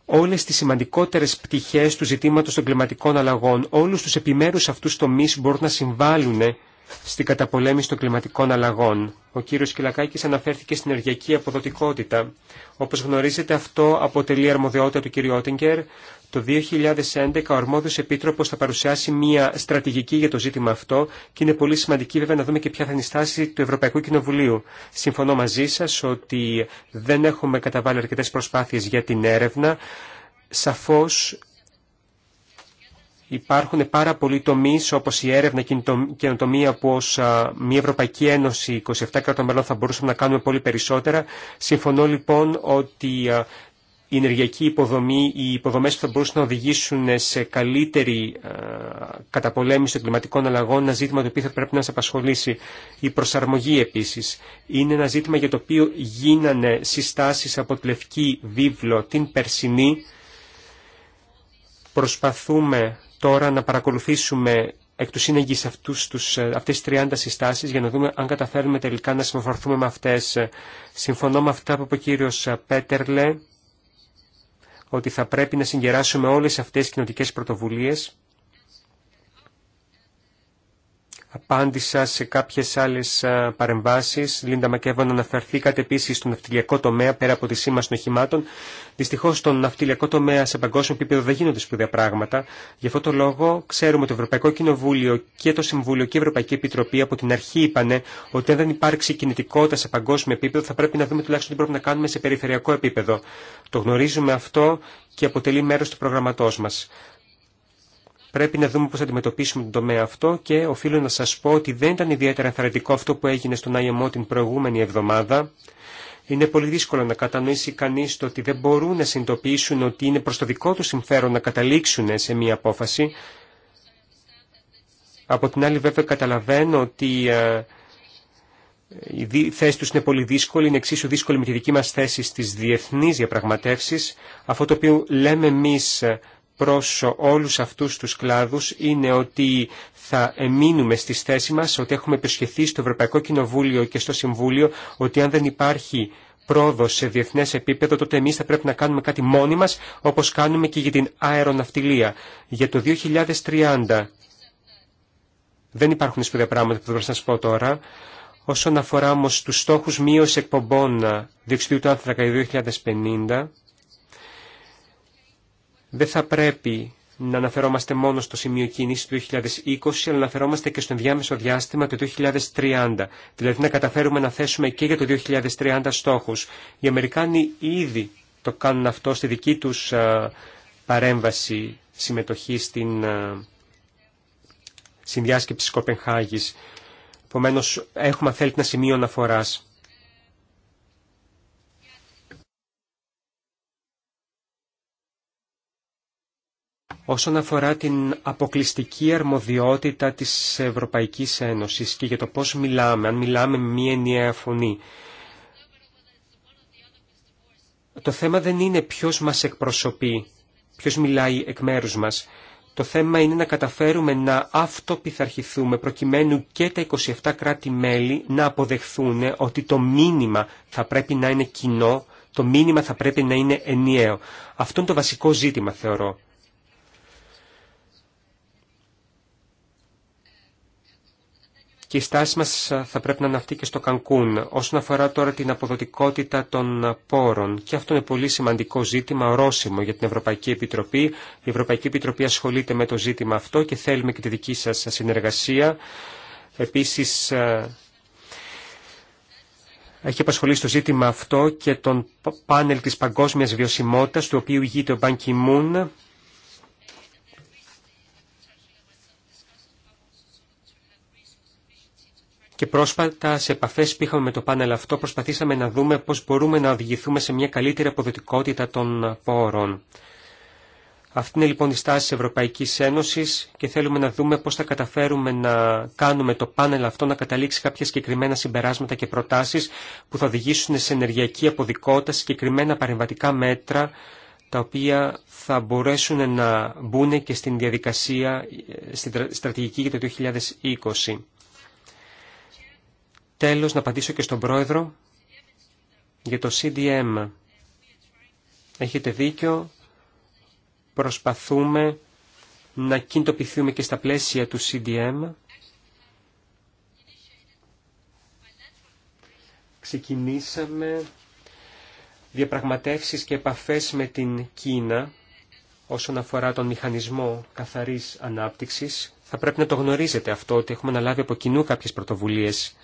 όλες τις σημαντικότερες πτυχές του ζητήματος των κλιματικών αλλαγών. Όλους τους επιμέρους αυτούς τομείς μπορούν να συμβάλλουν στην καταπολέμηση των κλιματικών αλλαγών. Ο κύριος Κυλακάκης αναφέρθηκε στην ενεργειακή αποδοτικότητα. Όπως γνωρίζετε αυτό αποτελεί αρμοδιότητα του κύριου Ότιγκερ. Το 2011 ο αρμόδιος επίτροπος θα παρουσιάσει μια στρατηγική για το ζήτημα αυτό και είναι πολύ σημαντική βέβαια να δούμε και ποια θα είναι η στάση του Ευρωπαϊκού Κοινοβουλίου. Συμφωνώ μαζί σας ότι δεν έχουμε καταβάλει αρκετές προσπάθειες για την έρευνα. Σαφώς Υπάρχουν πάρα πολλοί τομεί όπω η έρευνα και η καινοτομία που ω μια Ευρωπαϊκή Ένωση 27 κρατών μελών θα μπορούσαμε να κάνουμε πολύ περισσότερα. Συμφωνώ λοιπόν ότι η ενεργειακή υποδομή, οι υποδομέ που θα μπορούσαν να οδηγήσουν σε καλύτερη καταπολέμηση των κλιματικών αλλαγών, ένα ζήτημα το οποίο θα πρέπει να σε απασχολήσει. Η προσαρμογή επίση είναι ένα ζήτημα για το οποίο γίνανε συστάσει από τη Λευκή Βίβλο την περσινή Προσπαθούμε τώρα να παρακολουθήσουμε εκ του σύνεγγης αυτούς, τους, ε, αυτές τις 30 συστάσεις για να δούμε αν καταφέρουμε τελικά να συμμορφωθούμε με αυτές. Συμφωνώ με αυτά που είπε ο κύριος Πέτερλε ότι θα πρέπει να συγκεράσουμε όλες αυτές τις κοινωτικές πρωτοβουλίες Απάντησα σε κάποιες άλλες παρεμβάσεις. Λίντα Μακέβαν αναφερθήκατε επίσης στον ναυτιλιακό τομέα πέρα από τη σήμαση των οχημάτων. Δυστυχώς στον ναυτιλιακό τομέα σε παγκόσμιο επίπεδο δεν γίνονται σπουδαία πράγματα. Γι' αυτό το λόγο ξέρουμε ότι το Ευρωπαϊκό Κοινοβούλιο και το Συμβούλιο και η Ευρωπαϊκή Επιτροπή από την αρχή είπανε ότι αν δεν υπάρξει κινητικότητα σε παγκόσμιο επίπεδο θα πρέπει να δούμε τουλάχιστον τι πρέπει να κάνουμε σε περιφερειακό επίπεδο. Το γνωρίζουμε αυτό και αποτελεί μέρος του προγραμματό μας. Πρέπει να δούμε πώς θα αντιμετωπίσουμε τον τομέα αυτό και οφείλω να σας πω ότι δεν ήταν ιδιαίτερα ενθαρρυντικό αυτό που έγινε στον IMO την προηγούμενη εβδομάδα. Είναι πολύ δύσκολο να κατανοήσει κανείς το ότι δεν μπορούν να συνειδητοποιήσουν ότι είναι προς το δικό του συμφέρον να καταλήξουν σε μία απόφαση. Από την άλλη βέβαια καταλαβαίνω ότι η ε, θέση τους είναι πολύ δύσκολη, είναι εξίσου δύσκολη με τη δική μας θέση στις διεθνεί διαπραγματεύσεις. Αυτό το οποίο λέμε εμείς ε, προς όλους αυτούς τους κλάδους είναι ότι θα εμείνουμε στις θέση μας, ότι έχουμε προσχεθεί στο Ευρωπαϊκό Κοινοβούλιο και στο Συμβούλιο ότι αν δεν υπάρχει πρόοδο σε διεθνές επίπεδο, τότε εμείς θα πρέπει να κάνουμε κάτι μόνοι μας, όπως κάνουμε και για την αεροναυτιλία. Για το 2030 δεν υπάρχουν σπουδαία πράγματα που θα σας πω τώρα. Όσον αφορά όμως τους στόχους μείωση εκπομπών διοξιδίου του άνθρακα 2050, δεν θα πρέπει να αναφερόμαστε μόνο στο σημείο κίνηση του 2020, αλλά να αναφερόμαστε και στο διάμεσο διάστημα του 2030. Δηλαδή να καταφέρουμε να θέσουμε και για το 2030 στόχους. Οι Αμερικάνοι ήδη το κάνουν αυτό στη δική τους παρέμβαση συμμετοχή στην συνδιάσκεψη της Κοπενχάγης. Επομένω, έχουμε θέλει ένα σημείο αναφοράς. όσον αφορά την αποκλειστική αρμοδιότητα της Ευρωπαϊκής Ένωσης και για το πώς μιλάμε, αν μιλάμε με μία ενιαία φωνή. Το θέμα δεν είναι ποιος μας εκπροσωπεί, ποιος μιλάει εκ μέρους μας. Το θέμα είναι να καταφέρουμε να αυτοπιθαρχηθούμε προκειμένου και τα 27 κράτη-μέλη να αποδεχθούν ότι το μήνυμα θα πρέπει να είναι κοινό, το μήνυμα θα πρέπει να είναι ενιαίο. Αυτό είναι το βασικό ζήτημα θεωρώ. και η στάση μας θα πρέπει να αναφτεί και στο Κανκούν. Όσον αφορά τώρα την αποδοτικότητα των πόρων, και αυτό είναι πολύ σημαντικό ζήτημα, ορόσημο για την Ευρωπαϊκή Επιτροπή. Η Ευρωπαϊκή Επιτροπή ασχολείται με το ζήτημα αυτό και θέλουμε και τη δική σας συνεργασία. Επίσης, ε, έχει απασχολήσει το ζήτημα αυτό και τον πάνελ της παγκόσμιας βιωσιμότητας, του οποίου ηγείται ο Μπαν Κιμούν Και πρόσφατα σε επαφές που είχαμε με το πάνελ αυτό προσπαθήσαμε να δούμε πώς μπορούμε να οδηγηθούμε σε μια καλύτερη αποδοτικότητα των πόρων. Αυτή είναι λοιπόν η στάση της Ευρωπαϊκής Ένωσης και θέλουμε να δούμε πώς θα καταφέρουμε να κάνουμε το πάνελ αυτό να καταλήξει κάποια συγκεκριμένα συμπεράσματα και προτάσεις που θα οδηγήσουν σε ενεργειακή αποδικότητα, συγκεκριμένα παρεμβατικά μέτρα τα οποία θα μπορέσουν να μπουν και στην διαδικασία, στην στρατηγική για το 2020. Τέλος, να απαντήσω και στον πρόεδρο για το CDM. Έχετε δίκιο, προσπαθούμε να κινητοποιηθούμε και στα πλαίσια του CDM. Ξεκινήσαμε διαπραγματεύσεις και επαφές με την Κίνα όσον αφορά τον μηχανισμό καθαρής ανάπτυξης. Θα πρέπει να το γνωρίζετε αυτό, ότι έχουμε αναλάβει από κοινού κάποιες πρωτοβουλίες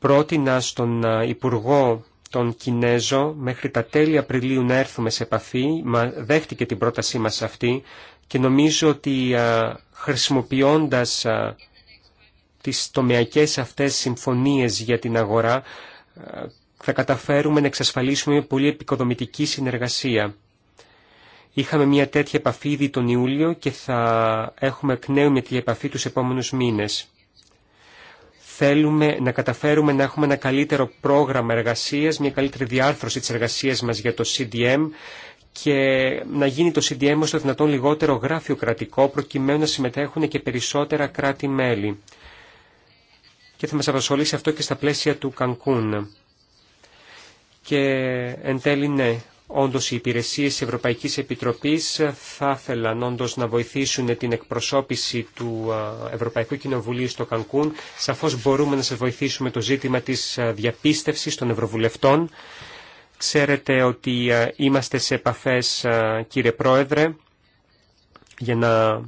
πρότεινα στον Υπουργό τον Κινέζο μέχρι τα τέλη Απριλίου να έρθουμε σε επαφή, μα δέχτηκε την πρότασή μας αυτή και νομίζω ότι χρησιμοποιώντας τις τομεακές αυτές συμφωνίες για την αγορά θα καταφέρουμε να εξασφαλίσουμε μια πολύ επικοδομητική συνεργασία. Είχαμε μια τέτοια επαφή ήδη τον Ιούλιο και θα έχουμε εκ νέου μια τέτοια επαφή τους επόμενους μήνες. Θέλουμε να καταφέρουμε να έχουμε ένα καλύτερο πρόγραμμα εργασίας, μια καλύτερη διάρθρωση της εργασίας μας για το CDM και να γίνει το CDM το δυνατόν λιγότερο γραφειοκρατικό προκειμένου να συμμετέχουν και περισσότερα κράτη-μέλη. Και θα μας απασχολήσει αυτό και στα πλαίσια του Κανκούν. Και εν τέλει ναι, Όντως οι υπηρεσίες Ευρωπαϊκής Επιτροπής θα ήθελαν όντως να βοηθήσουν την εκπροσώπηση του Ευρωπαϊκού Κοινοβουλίου στο Κανκούν. Σαφώς μπορούμε να σας βοηθήσουμε το ζήτημα της διαπίστευσης των Ευρωβουλευτών. Ξέρετε ότι είμαστε σε επαφές κύριε Πρόεδρε για να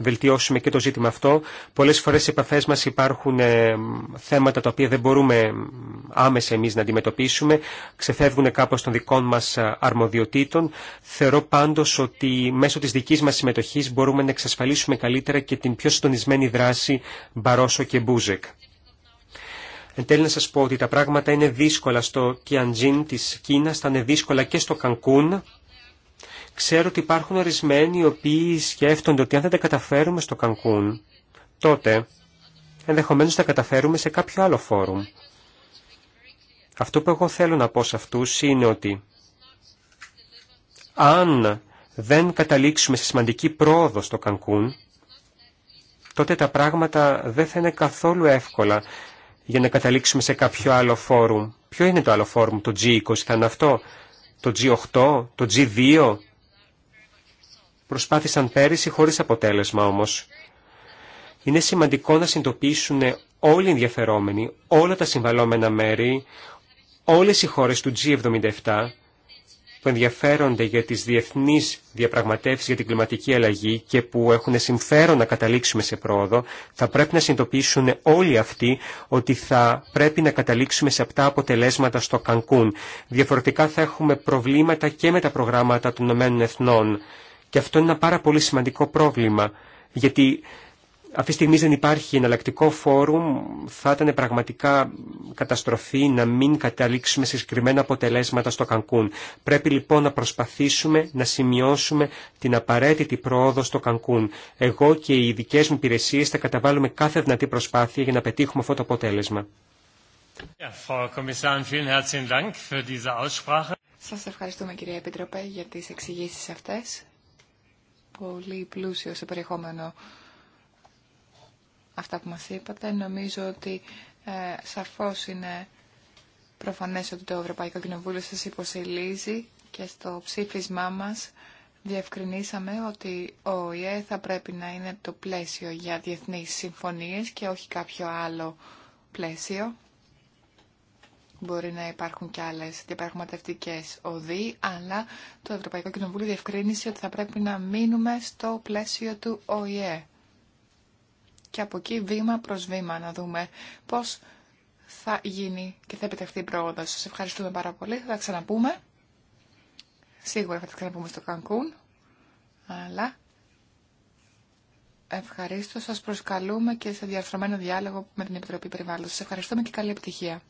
βελτιώσουμε και το ζήτημα αυτό. Πολλές φορές σε επαφές μας υπάρχουν ε, θέματα τα οποία δεν μπορούμε άμεσα εμείς να αντιμετωπίσουμε, ξεφεύγουν κάπως των δικών μας ε, αρμοδιοτήτων. Θεωρώ πάντως ότι μέσω της δικής μας συμμετοχής μπορούμε να εξασφαλίσουμε καλύτερα και την πιο συντονισμένη δράση Μπαρόσο και Μπούζεκ. Εν τέλει να σας πω ότι τα πράγματα είναι δύσκολα στο Κιάντζιν της Κίνας, θα είναι δύσκολα και στο Κανκούν. Ξέρω ότι υπάρχουν ορισμένοι οι οποίοι σκέφτονται ότι αν δεν τα καταφέρουμε στο Κανκούν, τότε ενδεχομένως τα καταφέρουμε σε κάποιο άλλο φόρουμ. Αυτό που εγώ θέλω να πω σε αυτούς είναι ότι αν δεν καταλήξουμε σε σημαντική πρόοδο στο Κανκούν, τότε τα πράγματα δεν θα είναι καθόλου εύκολα για να καταλήξουμε σε κάποιο άλλο φόρουμ. Ποιο είναι το άλλο φόρουμ, το G20 θα είναι αυτό, το G8, το G2, Προσπάθησαν πέρυσι χωρίς αποτέλεσμα όμως. Είναι σημαντικό να συνειδητοποιήσουν όλοι οι ενδιαφερόμενοι, όλα τα συμβαλόμενα μέρη, όλες οι χώρες του G77 που ενδιαφέρονται για τις διεθνείς διαπραγματεύσεις για την κλιματική αλλαγή και που έχουν συμφέρον να καταλήξουμε σε πρόοδο, θα πρέπει να συνειδητοποιήσουν όλοι αυτοί ότι θα πρέπει να καταλήξουμε σε αυτά αποτελέσματα στο Κανκούν. Διαφορετικά θα έχουμε προβλήματα και με τα προγράμματα των ΗΕ. Εθνών και αυτό είναι ένα πάρα πολύ σημαντικό πρόβλημα, γιατί αυτή τη στιγμή δεν υπάρχει εναλλακτικό φόρουμ, θα ήταν πραγματικά καταστροφή να μην καταλήξουμε σε συγκεκριμένα αποτελέσματα στο Κανκούν. Πρέπει λοιπόν να προσπαθήσουμε να σημειώσουμε την απαραίτητη πρόοδο στο Κανκούν. Εγώ και οι ειδικέ μου υπηρεσίε θα καταβάλουμε κάθε δυνατή προσπάθεια για να πετύχουμε αυτό το αποτέλεσμα. Σας ευχαριστούμε κυρία Επιτροπέ για τις εξηγήσεις αυτές πολύ πλούσιο σε περιεχόμενο αυτά που μας είπατε. Νομίζω ότι ε, σαφώς είναι προφανές ότι το Ευρωπαϊκό Κοινοβούλιο σας υποσελίζει και στο ψήφισμά μας διευκρινίσαμε ότι ο ΙΕ θα πρέπει να είναι το πλαίσιο για διεθνείς συμφωνίες και όχι κάποιο άλλο πλαίσιο. Μπορεί να υπάρχουν και άλλες διαπραγματευτικές οδοί, αλλά το Ευρωπαϊκό Κοινοβούλιο διευκρίνησε ότι θα πρέπει να μείνουμε στο πλαίσιο του ΟΗΕ. Και από εκεί βήμα προς βήμα να δούμε πώς θα γίνει και θα επιτευχθεί η πρόοδος. Σας ευχαριστούμε πάρα πολύ. Θα τα ξαναπούμε. Σίγουρα θα τα ξαναπούμε στο Κανκούν. Αλλά ευχαρίστω σας προσκαλούμε και σε διαρθρωμένο διάλογο με την Επιτροπή Περιβάλλοντος. Σας ευχαριστούμε και καλή επιτυχία.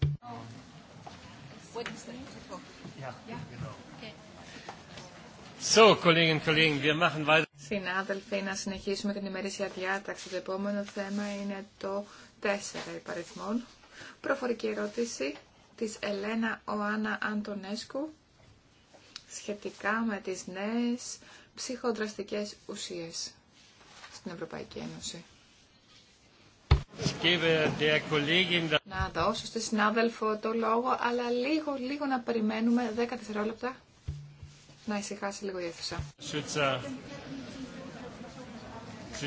Συνάδελφοι, να συνεχίσουμε την ημερήσια διάταξη. Το επόμενο θέμα είναι το 4 υπαριθμών. Προφορική ερώτηση της Ελένα Οάννα Αντωνέσκου σχετικά με τις νέες ψυχοδραστικές ουσίες στην Ευρωπαϊκή Ένωση. Να δώσω στη συνάδελφο το λόγο, αλλά λίγο, λίγο να περιμένουμε 10 δευτερόλεπτα να ησυχάσει λίγο η αίθουσα.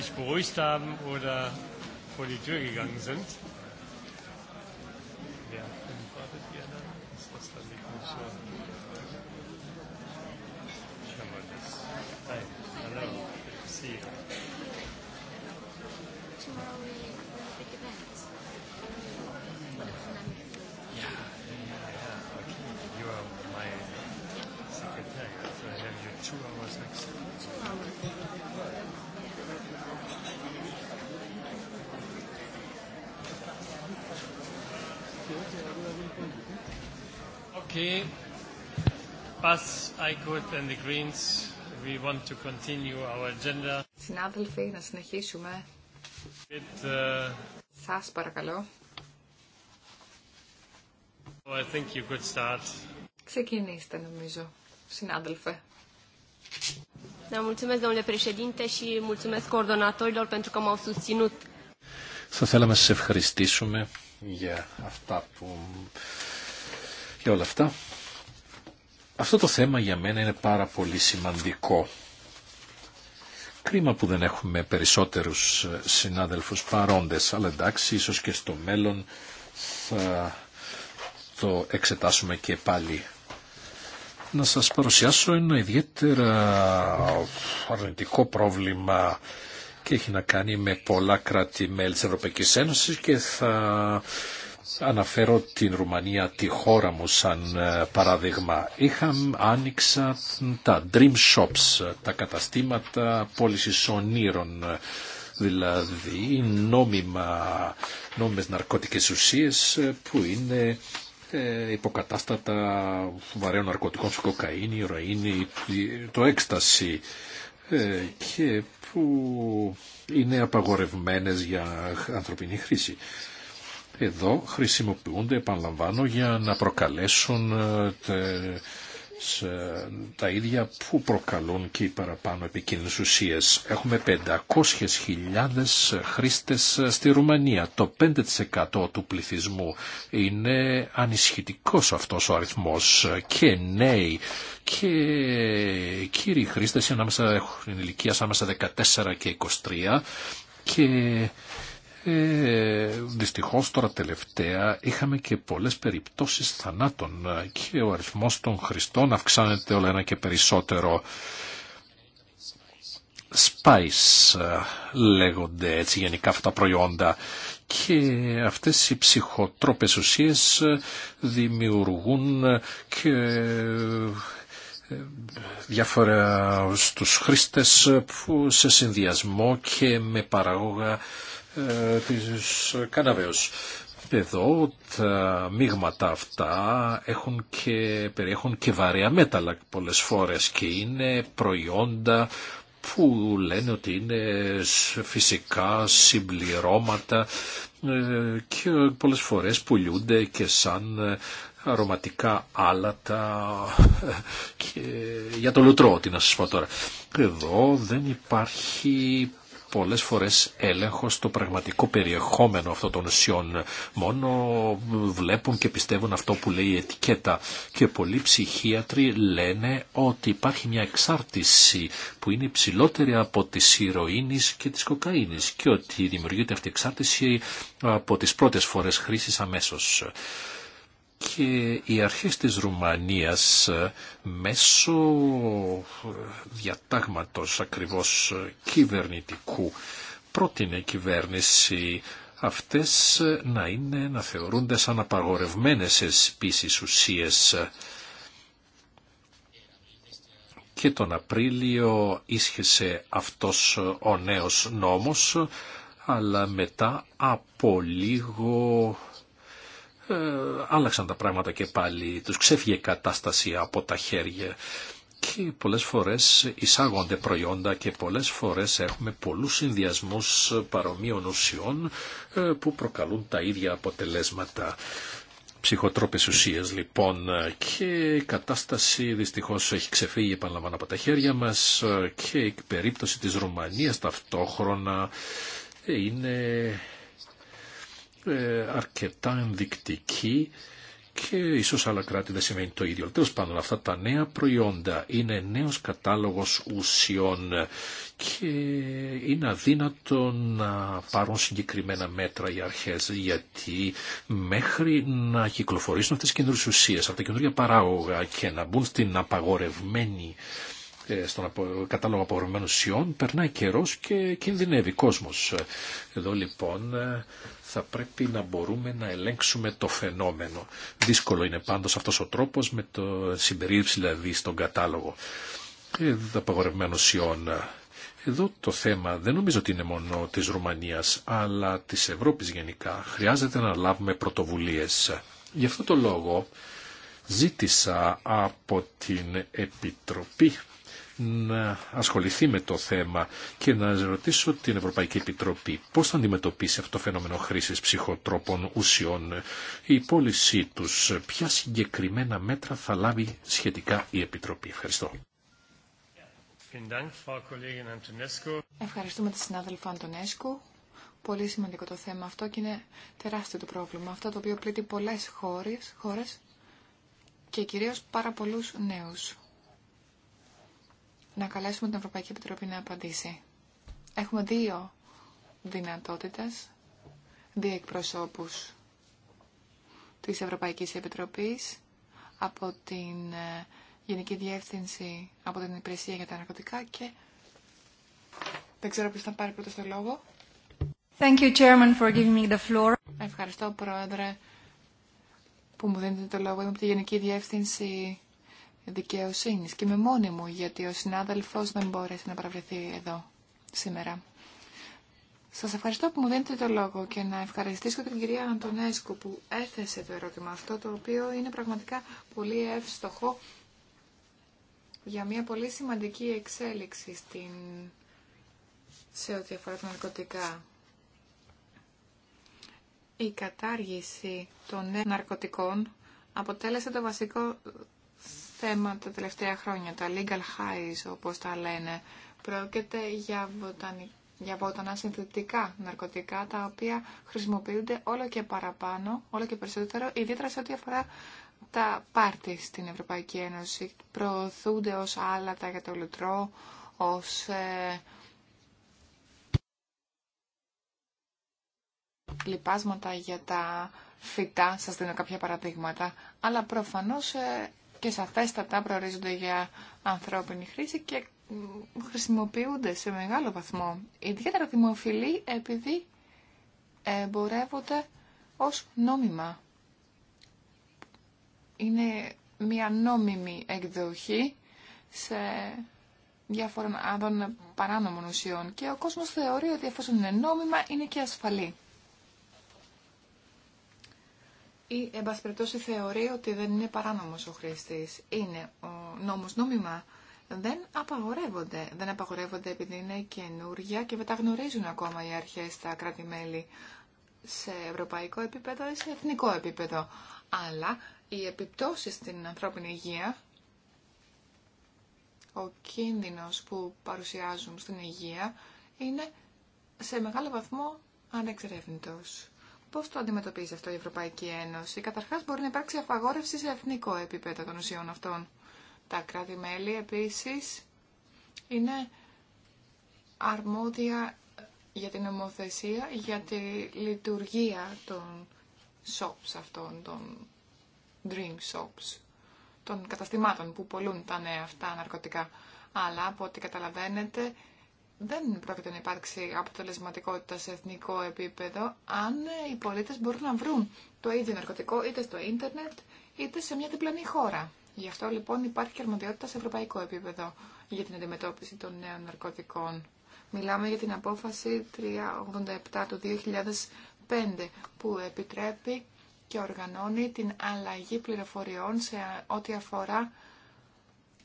sich beruhigt haben oder vor die Tür gegangen sind. Συνάδελφοι, να συνεχίσουμε. Σα uh, Σας παρακαλώ. Oh, Ξεκινήστε νομίζω, συνάδελφε. Θα θέλαμε να σας ευχαριστήσουμε για αυτά που... για όλα αυτά αυτό το θέμα για μένα είναι πάρα πολύ σημαντικό. Κρίμα που δεν έχουμε περισσότερους ε, συνάδελφους παρόντες, αλλά εντάξει, ίσως και στο μέλλον θα το εξετάσουμε και πάλι. Να σας παρουσιάσω ένα ιδιαίτερα αρνητικό πρόβλημα και έχει να κάνει με πολλά κράτη-μέλη της Ευρωπαϊκής Ένωσης και θα αναφέρω την Ρουμανία, τη χώρα μου σαν ε, παράδειγμα. είχαν άνοιξα τα dream shops, τα καταστήματα πώληση ονείρων, δηλαδή νόμιμα, νόμιμες ναρκωτικές ουσίες ε, που είναι ε, υποκατάστατα βαρέων ναρκωτικών κοκαίνη, ροήνη, το έκσταση και που είναι απαγορευμένες για ανθρωπινή χρήση εδώ χρησιμοποιούνται, επαναλαμβάνω, για να προκαλέσουν ε, ε, τα ίδια που προκαλούν και οι παραπάνω επικίνδυνες ουσίες. Έχουμε 500.000 χρήστες ε, στη Ρουμανία. Το 5% του πληθυσμού είναι ανισχυτικός αυτός ο αριθμός και νέοι και κύριοι χρήστες ανάμεσα, έχουν ηλικίας ανάμεσα 14 και 23 και ε, δυστυχώς τώρα τελευταία είχαμε και πολλές περιπτώσεις θανάτων και ο αριθμός των χρηστών αυξάνεται όλα ένα και περισσότερο. Spice ε, λέγονται έτσι γενικά αυτά τα προϊόντα και αυτές οι ψυχοτρόπες ουσίες ε, δημιουργούν ε, και διάφορα στους χρήστες που σε συνδυασμό και με παραγόγα ε, της Καναβέως. Εδώ τα μείγματα αυτά έχουν και, περιέχουν και βαρέα μέταλλα πολλές φορές και είναι προϊόντα που λένε ότι είναι φυσικά συμπληρώματα ε, και πολλές φορές πουλιούνται και σαν ε, αρωματικά άλατα για το λουτρό, τι να σας πω τώρα. Εδώ δεν υπάρχει πολλές φορές έλεγχος στο πραγματικό περιεχόμενο αυτών των ουσιών. Μόνο βλέπουν και πιστεύουν αυτό που λέει η ετικέτα. Και πολλοί ψυχίατροι λένε ότι υπάρχει μια εξάρτηση που είναι υψηλότερη από της ηρωίνης και της κοκαίνης και ότι δημιουργείται αυτή η εξάρτηση από τις πρώτες φορές χρήσης αμέσως και οι αρχές της Ρουμανίας ε, μέσω ε, διατάγματος ακριβώς ε, κυβερνητικού πρότεινε η κυβέρνηση αυτές να είναι να θεωρούνται σαν απαγορευμένες εσπίσεις ουσίες. Και τον Απρίλιο ίσχυσε αυτός ο νέος νόμος, αλλά μετά από λίγο ε, άλλαξαν τα πράγματα και πάλι, τους ξέφυγε κατάσταση από τα χέρια και πολλές φορές εισάγονται προϊόντα και πολλές φορές έχουμε πολλούς συνδυασμούς παρομοίων ουσιών ε, που προκαλούν τα ίδια αποτελέσματα. Ψυχοτρόπες ουσίες λοιπόν ε, και η κατάσταση δυστυχώς έχει ξεφύγει επαναλαμβάνω από τα χέρια μας και η περίπτωση της Ρουμανίας ταυτόχρονα είναι ε, αρκετά ενδεικτική και ίσως άλλα κράτη δεν σημαίνει το ίδιο. Τέλο πάντων αυτά τα νέα προϊόντα είναι νέος κατάλογος ουσιών και είναι αδύνατο να πάρουν συγκεκριμένα μέτρα οι αρχές γιατί μέχρι να κυκλοφορήσουν αυτές τις καινούριες ουσίες, αυτά τα καινούργια παράγωγα και να μπουν στην απαγορευμένη ε, στον κατάλογο απαγορευμένων ουσιών περνάει καιρός και κινδυνεύει κόσμος. Εδώ λοιπόν ε, θα πρέπει να μπορούμε να ελέγξουμε το φαινόμενο. Δύσκολο είναι πάντως αυτός ο τρόπος με το συμπερίληψη δηλαδή στον κατάλογο ε, απαγορευμένων σιών. Εδώ το θέμα δεν νομίζω ότι είναι μόνο της Ρουμανίας αλλά της Ευρώπης γενικά. Χρειάζεται να λάβουμε πρωτοβουλίες. Γι' αυτό το λόγο ζήτησα από την Επιτροπή να ασχοληθεί με το θέμα και να ρωτήσω την Ευρωπαϊκή Επιτροπή πώς θα αντιμετωπίσει αυτό το φαινόμενο χρήσης ψυχοτρόπων ουσιών, η πώλησή τους, ποια συγκεκριμένα μέτρα θα λάβει σχετικά η Επιτροπή. Ευχαριστώ. Ευχαριστούμε τη συνάδελφα Αντωνέσκου. Πολύ σημαντικό το θέμα αυτό και είναι τεράστιο το πρόβλημα. Αυτό το οποίο πλήττει πολλές χώρες, χώρες και κυρίως πάρα πολλούς νέους να καλέσουμε την Ευρωπαϊκή Επιτροπή να απαντήσει. Έχουμε δύο δυνατότητες, δύο εκπροσώπους της Ευρωπαϊκής Επιτροπής από την ε, Γενική Διεύθυνση, από την Υπηρεσία για τα Ναρκωτικά και δεν ξέρω ποιος θα πάρει πρώτο το λόγο. Thank you, Chairman, for giving me the floor. Ευχαριστώ, Πρόεδρε, που μου δίνετε το λόγο. Είμαι από τη Γενική Διεύθυνση δικαιοσύνης και με μόνη μου γιατί ο συνάδελφος δεν μπόρεσε να παραβρεθεί εδώ σήμερα. Σας ευχαριστώ που μου δίνετε το λόγο και να ευχαριστήσω την κυρία Αντωνέσκου που έθεσε το ερώτημα αυτό το οποίο είναι πραγματικά πολύ εύστοχο για μια πολύ σημαντική εξέλιξη στην... σε ό,τι αφορά τα ναρκωτικά. Η κατάργηση των ναρκωτικών αποτέλεσε το βασικό θέμα τα τελευταία χρόνια, τα legal highs όπως τα λένε. Πρόκειται για, βοτανι... για βότανα συνθετικά ναρκωτικά τα οποία χρησιμοποιούνται όλο και παραπάνω, όλο και περισσότερο, ιδιαίτερα σε ό,τι αφορά τα πάρτι στην Ευρωπαϊκή Ένωση. Προωθούνται ως άλατα για το λουτρό, ως... Ε... για τα φυτά, σας δίνω κάποια παραδείγματα, αλλά προφανώς ε, και σαφέστατα προορίζονται για ανθρώπινη χρήση και χρησιμοποιούνται σε μεγάλο βαθμό. Ιδιαίτερα δημοφιλή επειδή ε, εμπορεύονται ως νόμιμα. Είναι μια νόμιμη εκδοχή σε διάφορων άδων παράνομων ουσιών και ο κόσμος θεωρεί ότι εφόσον είναι νόμιμα είναι και ασφαλή. ή εν θεωρεί ότι δεν είναι παράνομος ο χρήστης. Είναι ο νόμος νόμιμα. Δεν απαγορεύονται. Δεν απαγορεύονται επειδή είναι καινούργια και τα γνωρίζουν ακόμα οι αρχές τα κρατη σε ευρωπαϊκό επίπεδο ή σε εθνικό επίπεδο. Αλλά οι επιπτώσεις στην ανθρώπινη υγεία, ο κίνδυνος που παρουσιάζουν στην υγεία, είναι σε μεγάλο βαθμό ανεξερεύνητος. Πώ το αντιμετωπίζει αυτό η Ευρωπαϊκή Ένωση. Καταρχά, μπορεί να υπάρξει απαγόρευση σε εθνικό επίπεδο των ουσιών αυτών. Τα κράτη-μέλη επίση είναι αρμόδια για την νομοθεσία, για τη λειτουργία των shops αυτών, των drink shops, των καταστημάτων που πολλούν τα νέα αυτά ναρκωτικά. Αλλά από ό,τι καταλαβαίνετε δεν πρόκειται να υπάρξει αποτελεσματικότητα σε εθνικό επίπεδο αν οι πολίτες μπορούν να βρουν το ίδιο ναρκωτικό είτε στο ίντερνετ είτε σε μια διπλανή χώρα. Γι' αυτό λοιπόν υπάρχει και αρμοδιότητα σε ευρωπαϊκό επίπεδο για την αντιμετώπιση των νέων ναρκωτικών. Μιλάμε για την απόφαση 387 του 2005 που επιτρέπει και οργανώνει την αλλαγή πληροφοριών σε ό,τι αφορά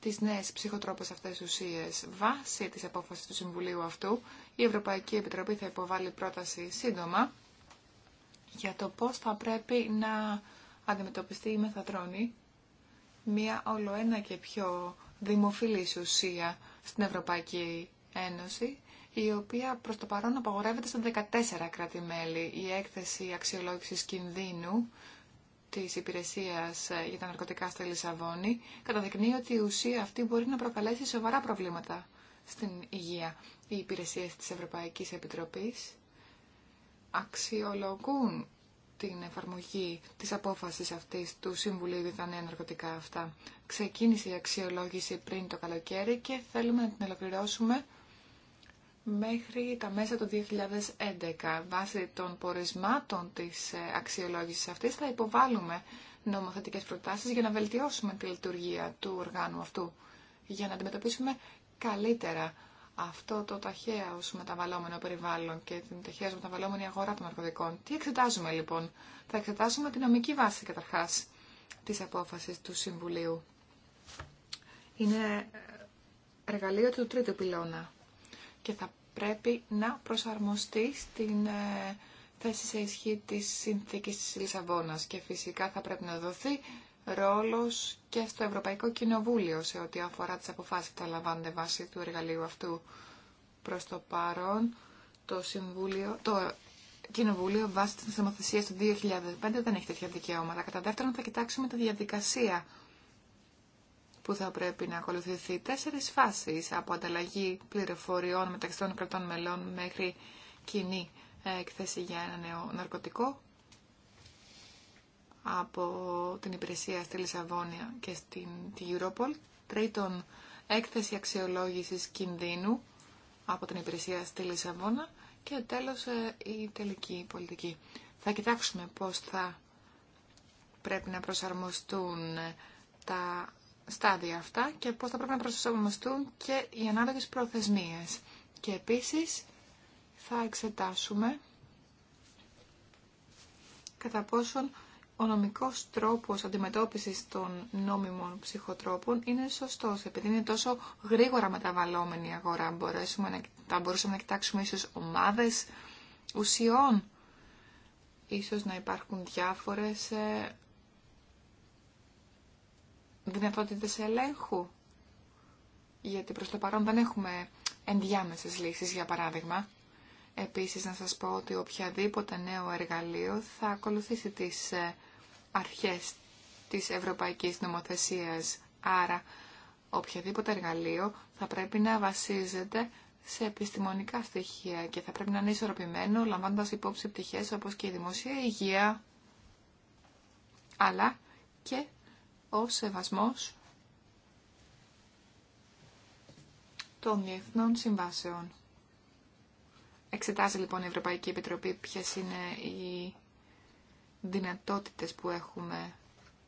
τις νέε ψυχοτρόπε αυτές ουσίε. Βάσει τη απόφαση του Συμβουλίου αυτού, η Ευρωπαϊκή Επιτροπή θα υποβάλει πρόταση σύντομα για το πώ θα πρέπει να αντιμετωπιστεί η μεθατρόνη, μια ολοένα και πιο δημοφιλή ουσία στην Ευρωπαϊκή Ένωση, η οποία προ το παρόν απαγορεύεται στα 14 κράτη-μέλη. Η έκθεση αξιολόγηση κινδύνου της Υπηρεσίας ε, για τα Ναρκωτικά στη Λισαβόνη καταδεικνύει ότι η ουσία αυτή μπορεί να προκαλέσει σοβαρά προβλήματα στην υγεία. Οι υπηρεσίες της Ευρωπαϊκής Επιτροπής αξιολογούν την εφαρμογή της απόφασης αυτής του Συμβουλίου για τα νέα ναρκωτικά αυτά. Ξεκίνησε η αξιολόγηση πριν το καλοκαίρι και θέλουμε να την ολοκληρώσουμε μέχρι τα μέσα του 2011. Βάσει των πορισμάτων της ε, αξιολόγησης αυτής θα υποβάλουμε νομοθετικές προτάσεις για να βελτιώσουμε τη λειτουργία του οργάνου αυτού, για να αντιμετωπίσουμε καλύτερα αυτό το ταχαίο μεταβαλλόμενο περιβάλλον και την ταχαία μεταβαλλόμενη αγορά των ναρκωτικών. Τι εξετάζουμε λοιπόν. Θα εξετάσουμε τη νομική βάση καταρχάς της απόφασης του Συμβουλίου. Είναι ε, εργαλείο του τρίτου πυλώνα και θα πρέπει να προσαρμοστεί στην ε, θέση σε ισχύ της συνθήκης της Λισαβόνας και φυσικά θα πρέπει να δοθεί ρόλος και στο Ευρωπαϊκό Κοινοβούλιο σε ό,τι αφορά τις αποφάσεις που θα λαμβάνονται βάσει του εργαλείου αυτού προς το παρόν. Το, συμβούλιο, το Κοινοβούλιο βάσει της νομοθεσίας του 2005 δεν έχει τέτοια δικαιώματα. Κατά δεύτερον θα κοιτάξουμε τη διαδικασία που θα πρέπει να ακολουθηθεί τέσσερις φάσεις από ανταλλαγή πληροφοριών μεταξύ των κρατών μελών μέχρι κοινή έκθεση για ένα νέο ναρκωτικό από την υπηρεσία στη Λισαβόνια και στην τη Europol. Τρίτον, έκθεση αξιολόγησης κινδύνου από την υπηρεσία στη Λισαβόνα και τέλος ε, η τελική πολιτική. Θα κοιτάξουμε πώς θα πρέπει να προσαρμοστούν ε, τα στάδια αυτά και πώς θα πρέπει να προσαρμοστούν και οι ανάλογες προθεσμίες. Και επίσης θα εξετάσουμε κατά πόσον ο νομικός τρόπος αντιμετώπισης των νόμιμων ψυχοτρόπων είναι σωστός. Επειδή είναι τόσο γρήγορα μεταβαλλόμενη η αγορά, μπορέσουμε να, θα μπορούσαμε να κοιτάξουμε ίσως ομάδες ουσιών. Ίσως να υπάρχουν διάφορες ε, δυνατότητες ελέγχου. Γιατί προς το παρόν δεν έχουμε ενδιάμεσες λύσεις, για παράδειγμα. Επίσης, να σας πω ότι οποιαδήποτε νέο εργαλείο θα ακολουθήσει τις ε, αρχές της ευρωπαϊκής νομοθεσίας. Άρα, οποιαδήποτε εργαλείο θα πρέπει να βασίζεται σε επιστημονικά στοιχεία και θα πρέπει να είναι ισορροπημένο, λαμβάνοντας υπόψη πτυχές όπως και η δημόσια υγεία, αλλά και ο σεβασμός των διεθνών συμβάσεων. Εξετάζει λοιπόν η Ευρωπαϊκή Επιτροπή ποιες είναι οι δυνατότητες που έχουμε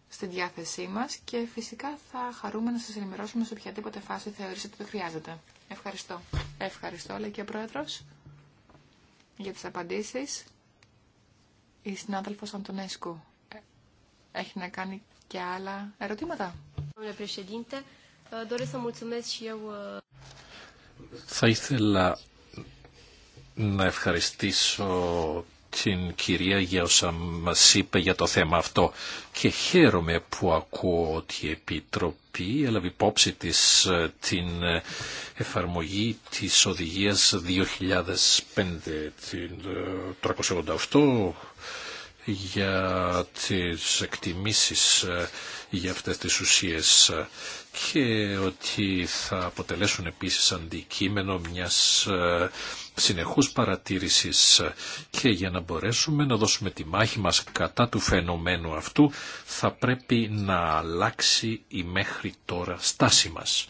στη διάθεσή μας και φυσικά θα χαρούμε να σας ενημερώσουμε σε οποιαδήποτε φάση θεωρήσετε ότι χρειάζεται. Ευχαριστώ. Ευχαριστώ, λέει και ο Πρόεδρος, για τις απαντήσεις. Η συνάδελφος Αντωνέσκου ε, έχει να κάνει και άλλα ερωτήματα. Uh, Θα ήθελα να ευχαριστήσω την κυρία για όσα μας είπε για το θέμα αυτό και χαίρομαι που ακούω ότι η Επιτροπή έλαβε υπόψη της ε, την ε, εφαρμογή της οδηγίας 2005 την 388 ε, για τις εκτιμήσεις ε, για αυτές τις ουσίες ε, και ότι θα αποτελέσουν επίσης αντικείμενο μιας ε, συνεχούς παρατήρησης και για να μπορέσουμε να δώσουμε τη μάχη μας κατά του φαινομένου αυτού θα πρέπει να αλλάξει η μέχρι τώρα στάση μας.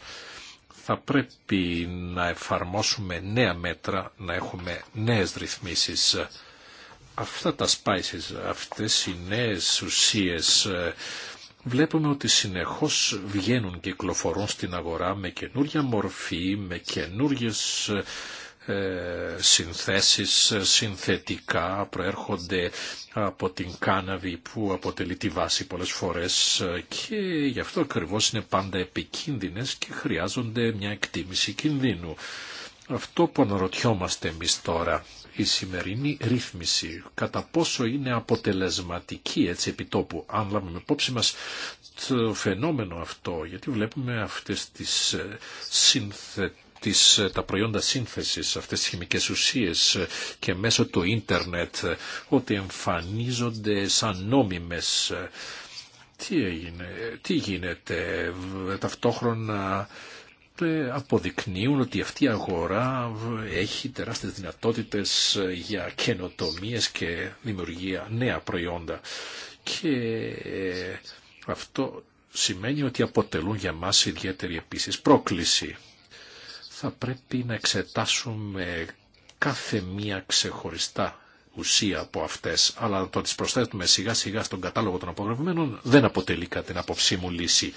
Θα πρέπει να εφαρμόσουμε νέα μέτρα, να έχουμε νέες ρυθμίσεις αυτά τα spices, αυτές οι νέες ουσίες ε, βλέπουμε ότι συνεχώς βγαίνουν και κυκλοφορούν στην αγορά με καινούρια μορφή, με καινούριες ε, συνθέσεις ε, συνθετικά προέρχονται από την κάναβη που αποτελεί τη βάση πολλές φορές ε, και γι' αυτό ακριβώς είναι πάντα επικίνδυνες και χρειάζονται μια εκτίμηση κινδύνου. Αυτό που αναρωτιόμαστε εμείς τώρα η σημερινή ρύθμιση, κατά πόσο είναι αποτελεσματική έτσι επιτόπου, αν λάβουμε υπόψη μας το φαινόμενο αυτό, γιατί βλέπουμε αυτές τις ε, ε, τα προϊόντα σύνθεσης, αυτές τις χημικές ουσίες ε, και μέσω του ίντερνετ ότι εμφανίζονται σαν νόμιμες. Τι, έγινε, τι γίνεται, ταυτόχρονα αποδεικνύουν ότι αυτή η αγορά έχει τεράστιες δυνατότητες για καινοτομίες και δημιουργία νέα προϊόντα. Και ε, αυτό σημαίνει ότι αποτελούν για μας ιδιαίτερη επίσης πρόκληση. Θα πρέπει να εξετάσουμε κάθε μία ξεχωριστά ουσία από αυτές, αλλά το τι προσθέτουμε σιγά σιγά στον κατάλογο των απογραφημένων δεν αποτελεί κατά την απόψή μου λύση.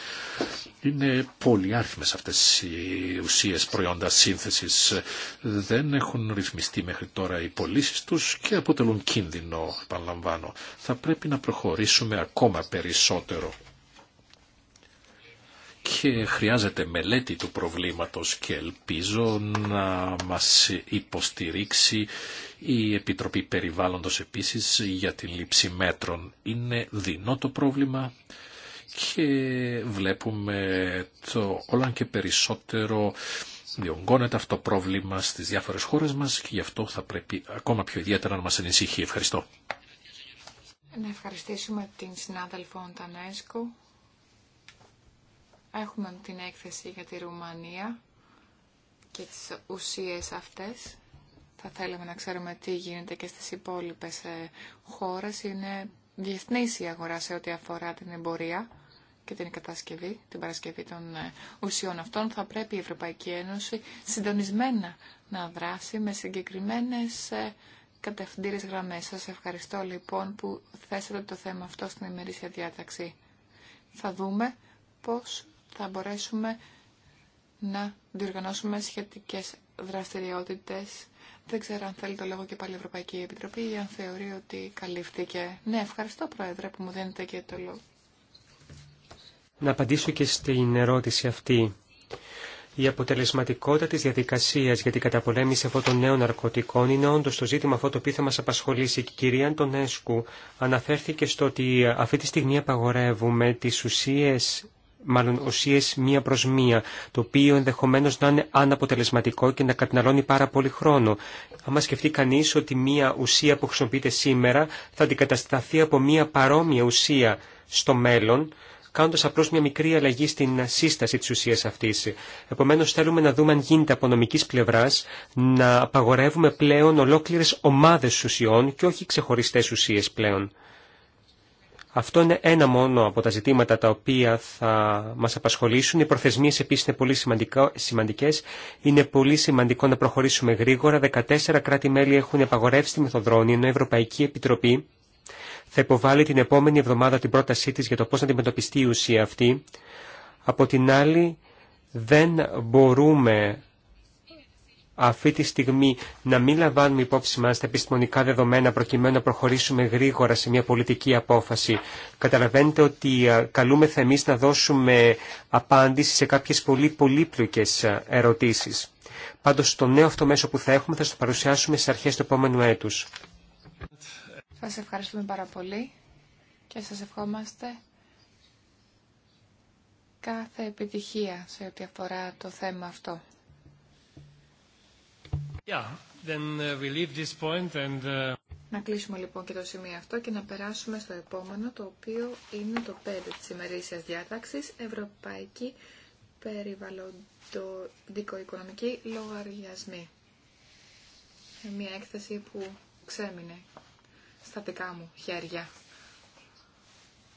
Είναι πολύ άριθμες αυτές οι ουσίες προϊόντα σύνθεσης. Δεν έχουν ρυθμιστεί μέχρι τώρα οι πωλήσει τους και αποτελούν κίνδυνο, επαναλαμβάνω. Θα πρέπει να προχωρήσουμε ακόμα περισσότερο και χρειάζεται μελέτη του προβλήματος και ελπίζω να μας υποστηρίξει η Επιτροπή Περιβάλλοντος επίσης για την λήψη μέτρων. Είναι δεινό το πρόβλημα και βλέπουμε το όλα και περισσότερο διονγκώνεται αυτό το πρόβλημα στις διάφορες χώρες μας και γι' αυτό θα πρέπει ακόμα πιο ιδιαίτερα να μας ανησυχεί. Ευχαριστώ. Να ευχαριστήσουμε την συνάδελφο Έχουμε την έκθεση για τη Ρουμανία και τις ουσίες αυτές. Θα θέλαμε να ξέρουμε τι γίνεται και στις υπόλοιπες ε, χώρες. Είναι διεθνής η αγορά σε ό,τι αφορά την εμπορία και την κατασκευή, την παρασκευή των ε, ουσιών αυτών. Θα πρέπει η Ευρωπαϊκή Ένωση συντονισμένα να δράσει με συγκεκριμένες ε, κατευθυντήρες γραμμές. Σας ευχαριστώ λοιπόν που θέσατε το θέμα αυτό στην ημερήσια διάταξη. Θα δούμε πώς θα μπορέσουμε να διοργανώσουμε σχετικές δραστηριότητες. Δεν ξέρω αν θέλει το λόγο και πάλι η Ευρωπαϊκή Επιτροπή ή αν θεωρεί ότι καλύφθηκε. Ναι, ευχαριστώ Πρόεδρε που μου δίνετε και το λόγο. Να απαντήσω και στην ερώτηση αυτή. Η αποτελεσματικότητα της διαδικασίας για την καταπολέμηση αυτών των νέων ναρκωτικών είναι όντως το ζήτημα αυτό το οποίο θα μας απασχολήσει. Η κυρία Αντωνέσκου αναφέρθηκε στο ότι αυτή τη στιγμή απαγορεύουμε τις ουσίε μάλλον ουσίες μία προς μία, το οποίο ενδεχομένως να είναι αναποτελεσματικό και να καταναλώνει πάρα πολύ χρόνο. Άμα σκεφτεί κανείς ότι μία ουσία που χρησιμοποιείται σήμερα θα αντικατασταθεί από μία παρόμοια ουσία στο μέλλον, κάνοντα απλώ μια μικρή αλλαγή στην σύσταση τη ουσία αυτή. Επομένω, θέλουμε να δούμε αν γίνεται από νομική πλευρά να απαγορεύουμε πλέον ολόκληρε ομάδε ουσιών και όχι ξεχωριστέ ουσίε πλέον. Αυτό είναι ένα μόνο από τα ζητήματα τα οποία θα μας απασχολήσουν. Οι προθεσμίες επίσης είναι πολύ σημαντικές. Είναι πολύ σημαντικό να προχωρήσουμε γρήγορα. 14 κράτη-μέλη έχουν απαγορεύσει τη μεθοδρόνη, ενώ η Ευρωπαϊκή Επιτροπή θα υποβάλει την επόμενη εβδομάδα την πρότασή της για το πώς να αντιμετωπιστεί η ουσία αυτή. Από την άλλη, δεν μπορούμε αυτή τη στιγμή να μην λαμβάνουμε υπόψη μας τα επιστημονικά δεδομένα προκειμένου να προχωρήσουμε γρήγορα σε μια πολιτική απόφαση. Καταλαβαίνετε ότι ε, καλούμεθα εμείς να δώσουμε απάντηση σε κάποιες πολύ πολύπλοκες ε, ερωτήσεις. Πάντως το νέο αυτό μέσο που θα έχουμε θα το παρουσιάσουμε στις αρχές του επόμενου έτους. Σας ευχαριστούμε πάρα πολύ και σας ευχόμαστε κάθε επιτυχία σε ό,τι αφορά το θέμα αυτό. Uh, uh, να κλείσουμε λοιπόν και το σημείο αυτό και να περάσουμε στο επόμενο, το οποίο είναι το 5 της ημερήσιας διάταξης, Ευρωπαϊκή Περιβαλλοντικο-Οικονομική Λογαριασμή. Ε, μια έκθεση που ξέμεινε στα δικά μου χέρια,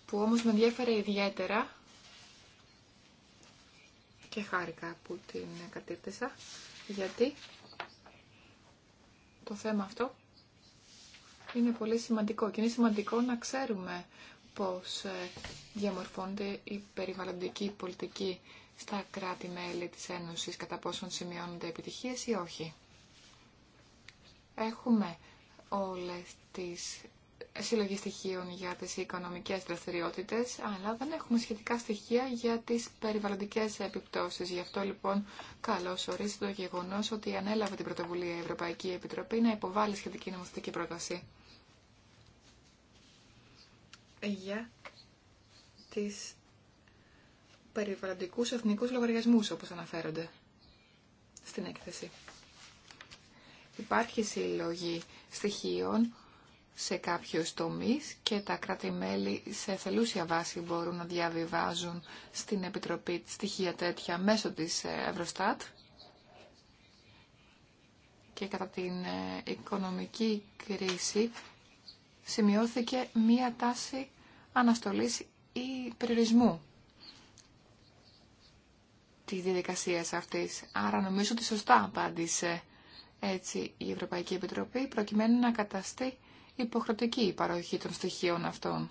που όμως με ενδιαφέρε ιδιαίτερα και χάρηκα που την κατήρτισα, γιατί το θέμα αυτό είναι πολύ σημαντικό και είναι σημαντικό να ξέρουμε πώς ε, διαμορφώνεται η περιβαλλοντική πολιτική στα κράτη-μέλη της Ένωσης, κατά πόσον σημειώνονται επιτυχίες ή όχι. Έχουμε όλες τις συλλογή στοιχείων για τις οικονομικές δραστηριότητες, αλλά δεν έχουμε σχετικά στοιχεία για τις περιβαλλοντικές επιπτώσεις. Γι' αυτό λοιπόν καλώς ορίζει το γεγονός ότι ανέλαβε την πρωτοβουλία η Ευρωπαϊκή Επιτροπή να υποβάλει σχετική νομοθετική πρόταση. Για τις περιβαλλοντικούς εθνικούς λογαριασμούς, όπως αναφέρονται στην έκθεση. Υπάρχει συλλογή στοιχείων σε κάποιους τομείς και τα κράτη-μέλη σε θελούσια βάση μπορούν να διαβιβάζουν στην Επιτροπή στοιχεία τέτοια μέσω της ε, Ευρωστάτ και κατά την ε, οικονομική κρίση σημειώθηκε μία τάση αναστολής ή περιορισμού της διαδικασίας αυτής. Άρα νομίζω ότι σωστά απάντησε έτσι η περιορισμου τη διαδικασια αυτη αρα Επιτροπή προκειμένου να καταστεί υποχρεωτική η παροχή των στοιχείων αυτών.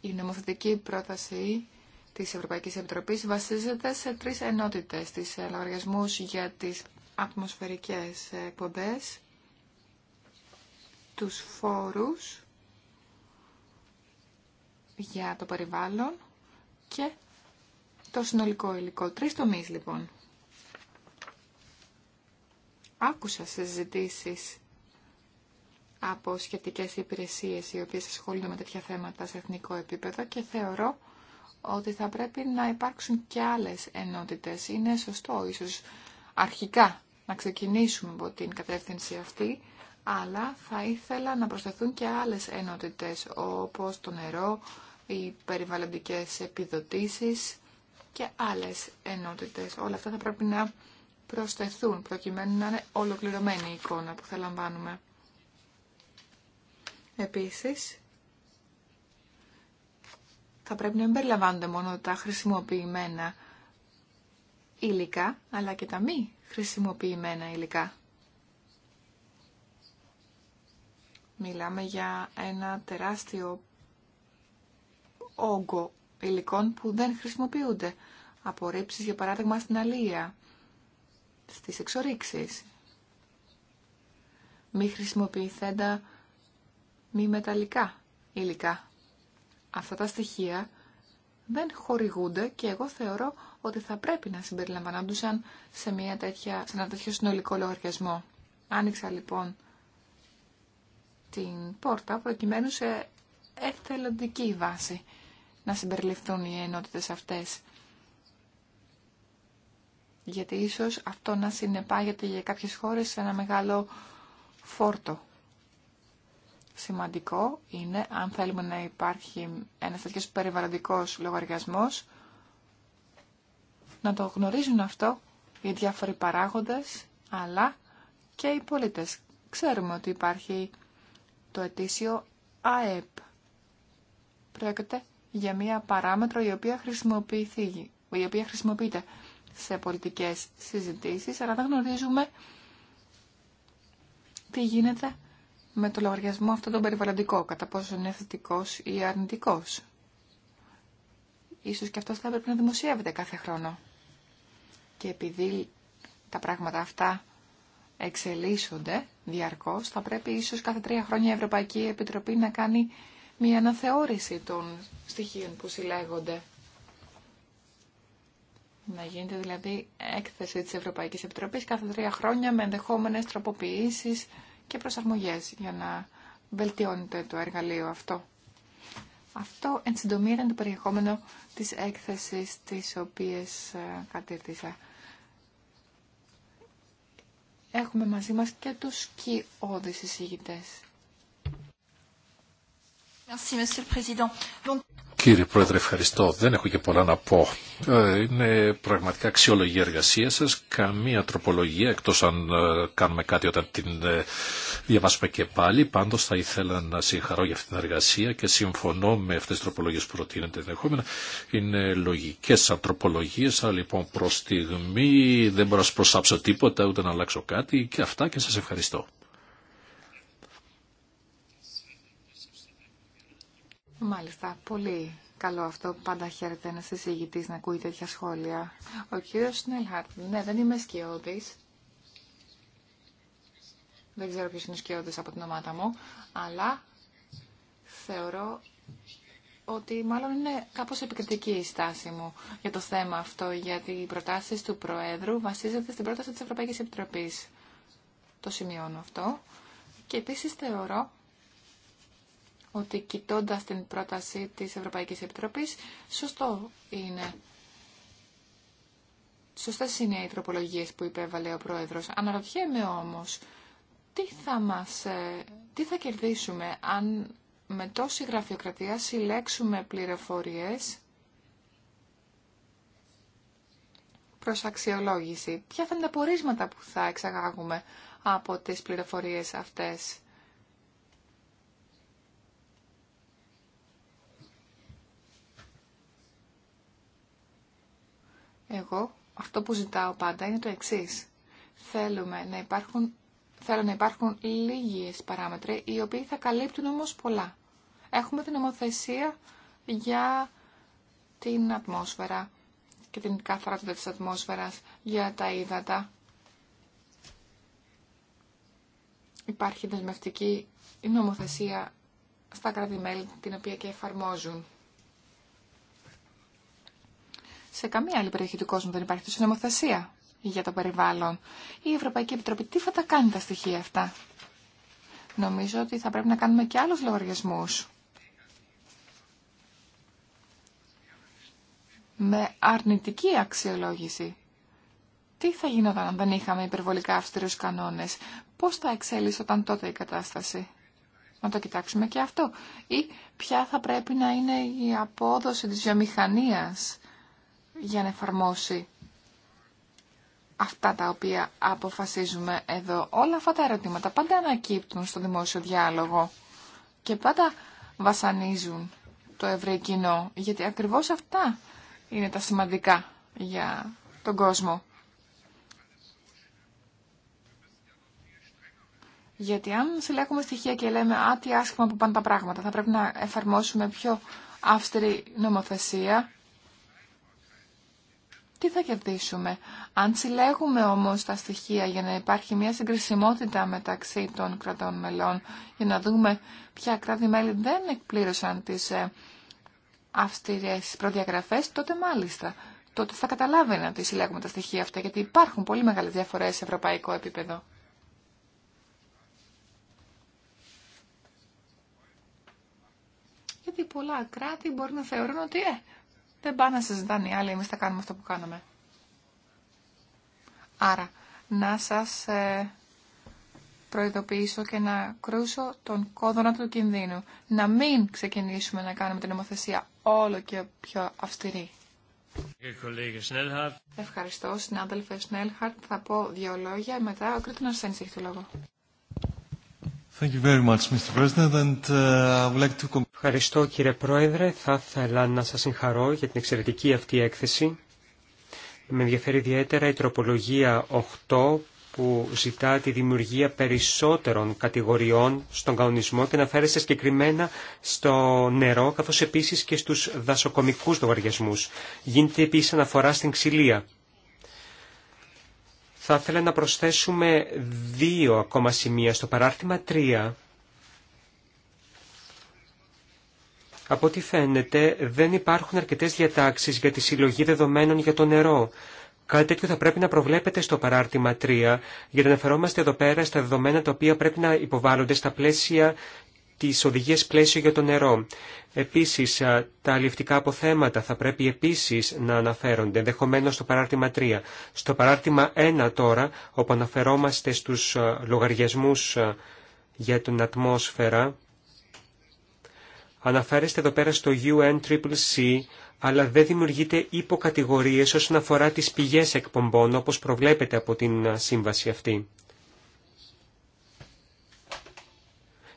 Η νομοθετική πρόταση της Ευρωπαϊκής Επιτροπής βασίζεται σε τρεις ενότητες της ε, λογαριασμού για τις ατμοσφαιρικές εκπομπές, τους φόρους για το περιβάλλον και το συνολικό υλικό. Τρεις τομείς λοιπόν. Άκουσα συζητήσεις από σχετικές υπηρεσίες οι οποίες ασχολούνται με τέτοια θέματα σε εθνικό επίπεδο και θεωρώ ότι θα πρέπει να υπάρξουν και άλλες ενότητες. Είναι σωστό ίσως αρχικά να ξεκινήσουμε από την κατεύθυνση αυτή, αλλά θα ήθελα να προσθεθούν και άλλες ενότητες όπως το νερό, οι περιβαλλοντικές επιδοτήσεις και άλλες ενότητες. Όλα αυτά θα πρέπει να προσθεθούν προκειμένου να είναι ολοκληρωμένη η εικόνα που θα λαμβάνουμε. Επίσης, θα πρέπει να εμπεριλαμβάνονται μόνο τα χρησιμοποιημένα υλικά, αλλά και τα μη χρησιμοποιημένα υλικά. Μιλάμε για ένα τεράστιο όγκο υλικών που δεν χρησιμοποιούνται. Απορρίψεις, για παράδειγμα, στην αλία, στις εξορίξεις. Μη χρησιμοποιηθέντα μη μεταλλικά υλικά. Αυτά τα στοιχεία δεν χορηγούνται και εγώ θεωρώ ότι θα πρέπει να συμπεριλαμβανόντουσαν σε, μια τέτοια, σε ένα τέτοιο συνολικό λογαριασμό. Άνοιξα λοιπόν την πόρτα προκειμένου σε εθελοντική βάση να συμπεριληφθούν οι ενότητες αυτές. Γιατί ίσως αυτό να συνεπάγεται για κάποιες χώρες σε ένα μεγάλο φόρτο σημαντικό είναι αν θέλουμε να υπάρχει ένας τέτοιος περιβαλλοντικός λογαριασμός να το γνωρίζουν αυτό οι διάφοροι παράγοντες αλλά και οι πολίτες. Ξέρουμε ότι υπάρχει το ετήσιο ΑΕΠ. Πρόκειται για μία παράμετρο η οποία, η οποία χρησιμοποιείται σε πολιτικές συζητήσεις αλλά δεν γνωρίζουμε τι γίνεται με το λογαριασμό αυτό τον περιβαλλοντικό, κατά πόσο είναι θετικός ή αρνητικός. Ίσως και αυτός θα έπρεπε να δημοσιεύεται κάθε χρόνο. Και επειδή τα πράγματα αυτά εξελίσσονται διαρκώς, θετικό η Ευρωπαϊκή αυτό θα επρεπε να κάνει μια αναθεώρηση των στοιχείων που συλλέγονται. Να γίνεται δηλαδή έκθεση της Ευρωπαϊκής Επιτροπής κάθε τρία χρόνια με ενδεχόμενες τροποποιήσεις και προσαρμογές για να βελτιώνεται το εργαλείο αυτό. Αυτό εν συντομία ήταν το περιεχόμενο της έκθεσης της οποίας ε, κατήρτισα. Έχουμε μαζί μας και τους σκιώδεις εισηγητές. Merci, Monsieur Κύριε Πρόεδρε, ευχαριστώ. Δεν έχω και πολλά να πω. Ε, είναι πραγματικά αξιόλογη εργασία σα Καμία τροπολογία, εκτό αν ε, κάνουμε κάτι όταν την ε, διαβάσουμε και πάλι. Πάντω θα ήθελα να συγχαρώ για αυτή την εργασία και συμφωνώ με αυτέ τι τροπολογίε που προτείνετε ενδεχόμενα. Είναι λογικέ σαν τροπολογίες, αλλά λοιπόν προ στιγμή δεν μπορώ να σα προσάψω τίποτα, ούτε να αλλάξω κάτι και αυτά και σα ευχαριστώ. Μάλιστα, πολύ καλό αυτό. Πάντα χαίρεται ένα εισηγητή να ακούει τέτοια σχόλια. Ο κύριο Σνέλχαρτ, ναι, δεν είμαι σκιώδη. Δεν ξέρω ποιο είναι σκιώδη από την ομάδα μου, αλλά θεωρώ ότι μάλλον είναι κάπως επικριτική η στάση μου για το θέμα αυτό, γιατί οι προτάσει του Προέδρου βασίζονται στην πρόταση τη Ευρωπαϊκή Επιτροπή. Το σημειώνω αυτό. Και επίση θεωρώ ότι κοιτώντα την πρόταση της Ευρωπαϊκής Επιτροπής, σωστό είναι. Σωστές είναι οι τροπολογίε που υπέβαλε ο Πρόεδρος. Αναρωτιέμαι όμως, τι θα, μας, ε, τι θα κερδίσουμε αν με τόση γραφειοκρατία συλλέξουμε πληροφορίες προς αξιολόγηση. Ποια θα είναι τα πορίσματα που θα εξαγάγουμε από τις πληροφορίες αυτές. Εγώ αυτό που ζητάω πάντα είναι το εξή. Θέλουμε να υπάρχουν, θέλω να υπάρχουν λίγες παράμετροι οι οποίοι θα καλύπτουν όμως πολλά. Έχουμε την νομοθεσία για την ατμόσφαιρα και την του της ατμόσφαιρας για τα ύδατα. Υπάρχει δεσμευτική νομοθεσία στα κράτη-μέλη την οποία και εφαρμόζουν. Σε καμία άλλη περιοχή του κόσμου δεν υπάρχει τόσο νομοθεσία για το περιβάλλον. Η Ευρωπαϊκή Επιτροπή τι θα τα κάνει τα στοιχεία αυτά. Νομίζω ότι θα πρέπει να κάνουμε και άλλους λογαριασμούς. Με αρνητική αξιολόγηση. Τι θα γινόταν αν δεν είχαμε υπερβολικά αυστηρούς κανόνες. Πώς θα όταν τότε η κατάσταση. Να το κοιτάξουμε και αυτό. Ή ποια θα πρέπει να είναι η απόδοση της βιομηχανίας για να εφαρμόσει αυτά τα οποία αποφασίζουμε εδώ. Όλα αυτά τα ερωτήματα πάντα ανακύπτουν στο δημόσιο διάλογο και πάντα βασανίζουν το ευρύ κοινό, γιατί ακριβώς αυτά είναι τα σημαντικά για τον κόσμο. Γιατί αν συλλέγουμε στοιχεία και λέμε «Α, τι άσχημα που πάνε τα πράγματα», θα πρέπει να εφαρμόσουμε πιο αύστηρη νομοθεσία τι θα κερδίσουμε. Αν συλλέγουμε όμως τα στοιχεία για να υπάρχει μια συγκρισιμότητα μεταξύ των κρατών μελών, για να δούμε ποια κράτη-μέλη δεν εκπλήρωσαν τις ε, αυστηρές προδιαγραφές, τότε μάλιστα, τότε θα καταλάβαινα ότι συλλέγουμε τα στοιχεία αυτά, γιατί υπάρχουν πολύ μεγάλες διαφορές σε ευρωπαϊκό επίπεδο. Γιατί πολλά κράτη μπορεί να θεωρούν ότι ε, δεν πάνε να σας ζητάνε οι άλλοι, εμείς θα κάνουμε αυτό που κάνουμε. Άρα, να σας ε, προειδοποιήσω και να κρούσω τον κόδωνα του κινδύνου. Να μην ξεκινήσουμε να κάνουμε την νομοθεσία όλο και πιο αυστηρή. Ευχαριστώ, συνάδελφε Σνέλχαρτ. Θα πω δύο λόγια, μετά ο Κρήτονας θα έχει το λόγο. Ευχαριστώ κύριε Πρόεδρε. Θα ήθελα να σας συγχαρώ για την εξαιρετική αυτή έκθεση. Με ενδιαφέρει ιδιαίτερα η τροπολογία 8 που ζητά τη δημιουργία περισσότερων κατηγοριών στον κανονισμό και αναφέρεστε συγκεκριμένα στο νερό καθώς επίσης και στους δασοκομικούς λογαριασμού. Γίνεται επίσης αναφορά στην ξυλία θα ήθελα να προσθέσουμε δύο ακόμα σημεία στο παράρτημα 3. Από ό,τι φαίνεται δεν υπάρχουν αρκετές διατάξεις για τη συλλογή δεδομένων για το νερό. Κάτι τέτοιο θα πρέπει να προβλέπετε στο παράρτημα 3, γιατί αναφερόμαστε εδώ πέρα στα δεδομένα τα οποία πρέπει να υποβάλλονται στα πλαίσια τις οδηγίες πλαίσιο για το νερό. Επίσης, τα αλληλευτικά αποθέματα θα πρέπει επίσης να αναφέρονται, ενδεχομένως στο παράρτημα 3. Στο παράρτημα 1 τώρα, όπου αναφερόμαστε στους λογαριασμούς για την ατμόσφαιρα, αναφέρεστε εδώ πέρα στο UNCCC, αλλά δεν δημιουργείται υποκατηγορίες όσον αφορά τις πηγές εκπομπών, όπως προβλέπεται από την σύμβαση αυτή.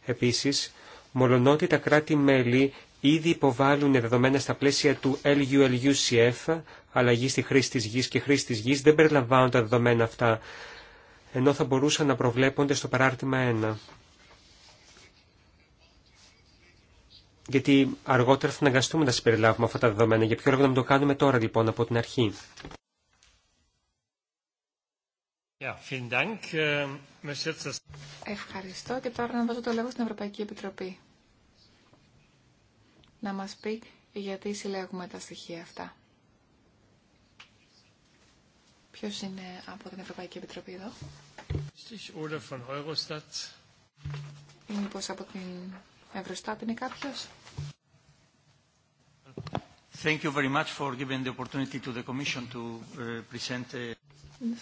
Επίσης, μολονότι τα κράτη-μέλη ήδη υποβάλλουν δεδομένα στα πλαίσια του LULUCF, αλλαγή στη χρήση της γης και χρήση της γης, δεν περιλαμβάνουν τα δεδομένα αυτά, ενώ θα μπορούσαν να προβλέπονται στο παράρτημα 1. Γιατί αργότερα θα αναγκαστούμε να συμπεριλάβουμε αυτά τα δεδομένα. Για ποιο λόγο να μην το κάνουμε τώρα λοιπόν από την αρχή. Ähm, Ευχαριστώ και τώρα να δώσω το λόγο στην Ευρωπαϊκή Επιτροπή. Να μας πει γιατί συλλέγουμε τα στοιχεία αυτά. Ποιος είναι από την Ευρωπαϊκή Επιτροπή εδώ. Είναι μήπως από την Ευρωστάτ είναι κάποιος. Thank you very much for giving the opportunity to uh, uh,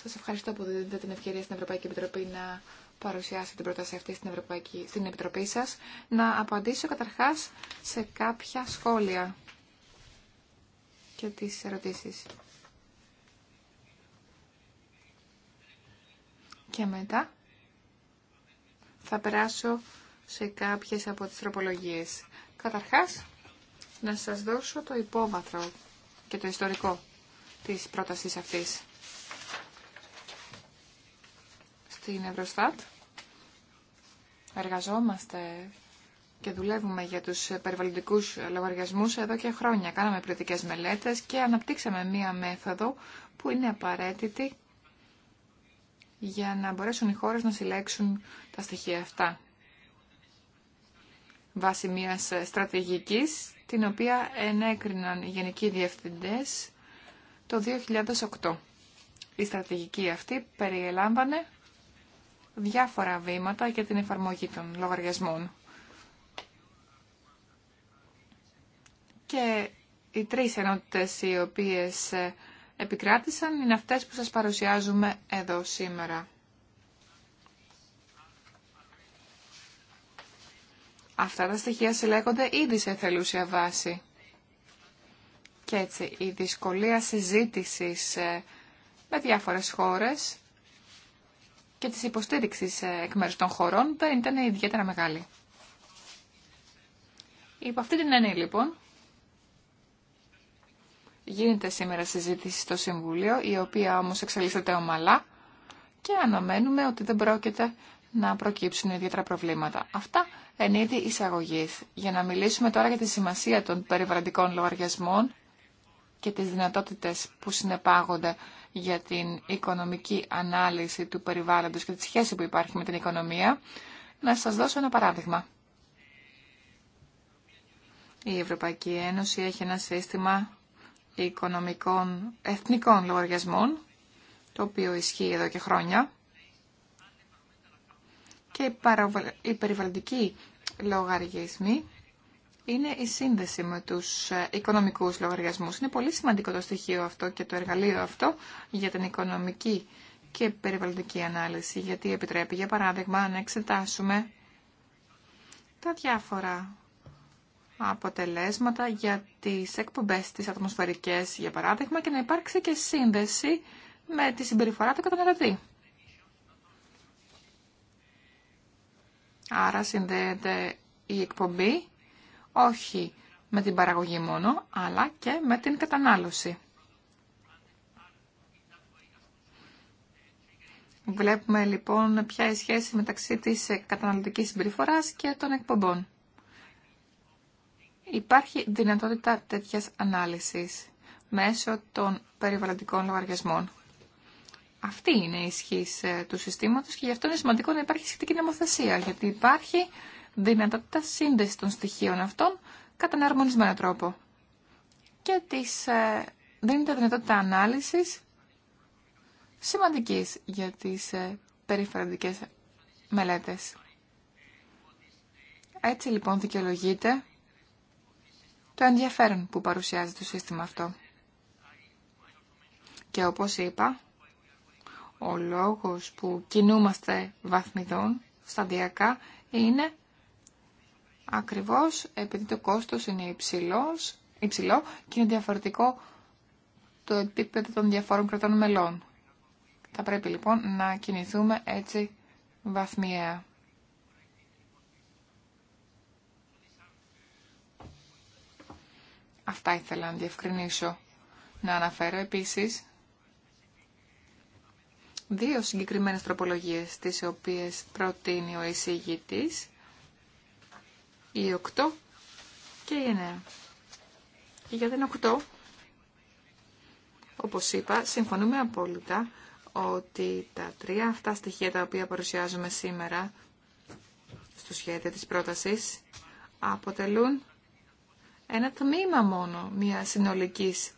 σας ευχαριστώ που δίνετε την ευκαιρία στην Ευρωπαϊκή Επιτροπή να παρουσιάσετε την πρόταση αυτή στην, Ευρωπαϊκή, στην Επιτροπή σας. Να απαντήσω καταρχάς σε κάποια σχόλια και τις ερωτήσεις. Και μετά θα περάσω σε κάποιες από τις τροπολογίες. Καταρχάς, να σας δώσω το υπόβαθρο και το ιστορικό της πρότασης αυτής. στην Ευρωστάτ. Εργαζόμαστε και δουλεύουμε για τους περιβαλλοντικούς λογαριασμούς εδώ και χρόνια. Κάναμε πληροτικές μελέτες και αναπτύξαμε μία μέθοδο που είναι απαραίτητη για να μπορέσουν οι χώρες να συλλέξουν τα στοιχεία αυτά βάσει μιας στρατηγικής την οποία ενέκριναν οι γενικοί διευθυντές το 2008. Η στρατηγική αυτή περιελάμβανε διάφορα βήματα για την εφαρμογή των λογαριασμών. Και οι τρεις ενότητες οι οποίες ε, επικράτησαν είναι αυτές που σας παρουσιάζουμε εδώ σήμερα. Αυτά τα στοιχεία συλλέγονται ήδη σε θελούσια βάση. Και έτσι η δυσκολία συζήτησης ε, με διάφορες χώρες και της υποστήριξης ε, εκ μέρους των χωρών δεν ήταν ιδιαίτερα μεγάλη. Υπό αυτή την έννοια λοιπόν γίνεται σήμερα συζήτηση στο Συμβούλιο η οποία όμως εξελίσσεται ομαλά και αναμένουμε ότι δεν πρόκειται να προκύψουν ιδιαίτερα προβλήματα. Αυτά εν είδη εισαγωγής. Για να μιλήσουμε τώρα για τη σημασία των περιβαλλοντικών λογαριασμών και τις δυνατότητες που συνεπάγονται για την οικονομική ανάλυση του περιβάλλοντος και τη σχέση που υπάρχει με την οικονομία, να σας δώσω ένα παράδειγμα. Η Ευρωπαϊκή Ένωση έχει ένα σύστημα οικονομικών εθνικών λογαριασμών, το οποίο ισχύει εδώ και χρόνια, και οι περιβαλλοντικοί λογαριασμοί είναι η σύνδεση με τους ε, οικονομικούς λογαριασμούς. Είναι πολύ σημαντικό το στοιχείο αυτό και το εργαλείο αυτό για την οικονομική και περιβαλλοντική ανάλυση, γιατί επιτρέπει, για παράδειγμα, να εξετάσουμε τα διάφορα αποτελέσματα για τις εκπομπές της ατμοσφαιρικές, για παράδειγμα, και να υπάρξει και σύνδεση με τη συμπεριφορά του καταναλωτή. Άρα συνδέεται η εκπομπή όχι με την παραγωγή μόνο, αλλά και με την κατανάλωση. Βλέπουμε λοιπόν ποια είναι η σχέση μεταξύ της καταναλωτικής συμπεριφοράς και των εκπομπών. Υπάρχει δυνατότητα τέτοιας ανάλυσης μέσω των περιβαλλοντικών λογαριασμών. Αυτή είναι η ισχύ ε, του συστήματος και γι' αυτό είναι σημαντικό να υπάρχει σχετική νομοθεσία, γιατί υπάρχει δυνατότητα σύνδεση των στοιχείων αυτών κατά ένα αρμονισμένο τρόπο. Και της ε, δίνεται δυνατότητα ανάλυσης σημαντικής για τις ε, περιφερειακές μελέτες. Έτσι λοιπόν δικαιολογείται το ενδιαφέρον που παρουσιάζει το σύστημα αυτό. Και όπως είπα, ο λόγος που κινούμαστε βαθμιδών σταδιακά είναι ακριβώς επειδή το κόστος είναι υψηλός, υψηλό και είναι διαφορετικό το επίπεδο των διαφόρων κρατών μελών. Θα πρέπει λοιπόν να κινηθούμε έτσι βαθμιαία. Αυτά ήθελα να διευκρινίσω. Να αναφέρω επίσης δύο συγκεκριμένες τροπολογίες τις οποίες προτείνει ο εισηγητής οι 8 και οι 9. για την 8, όπως είπα, συμφωνούμε απόλυτα ότι τα τρία αυτά στοιχεία τα οποία παρουσιάζουμε σήμερα στο σχέδιο της πρότασης αποτελούν ένα τμήμα μόνο μια συνολικής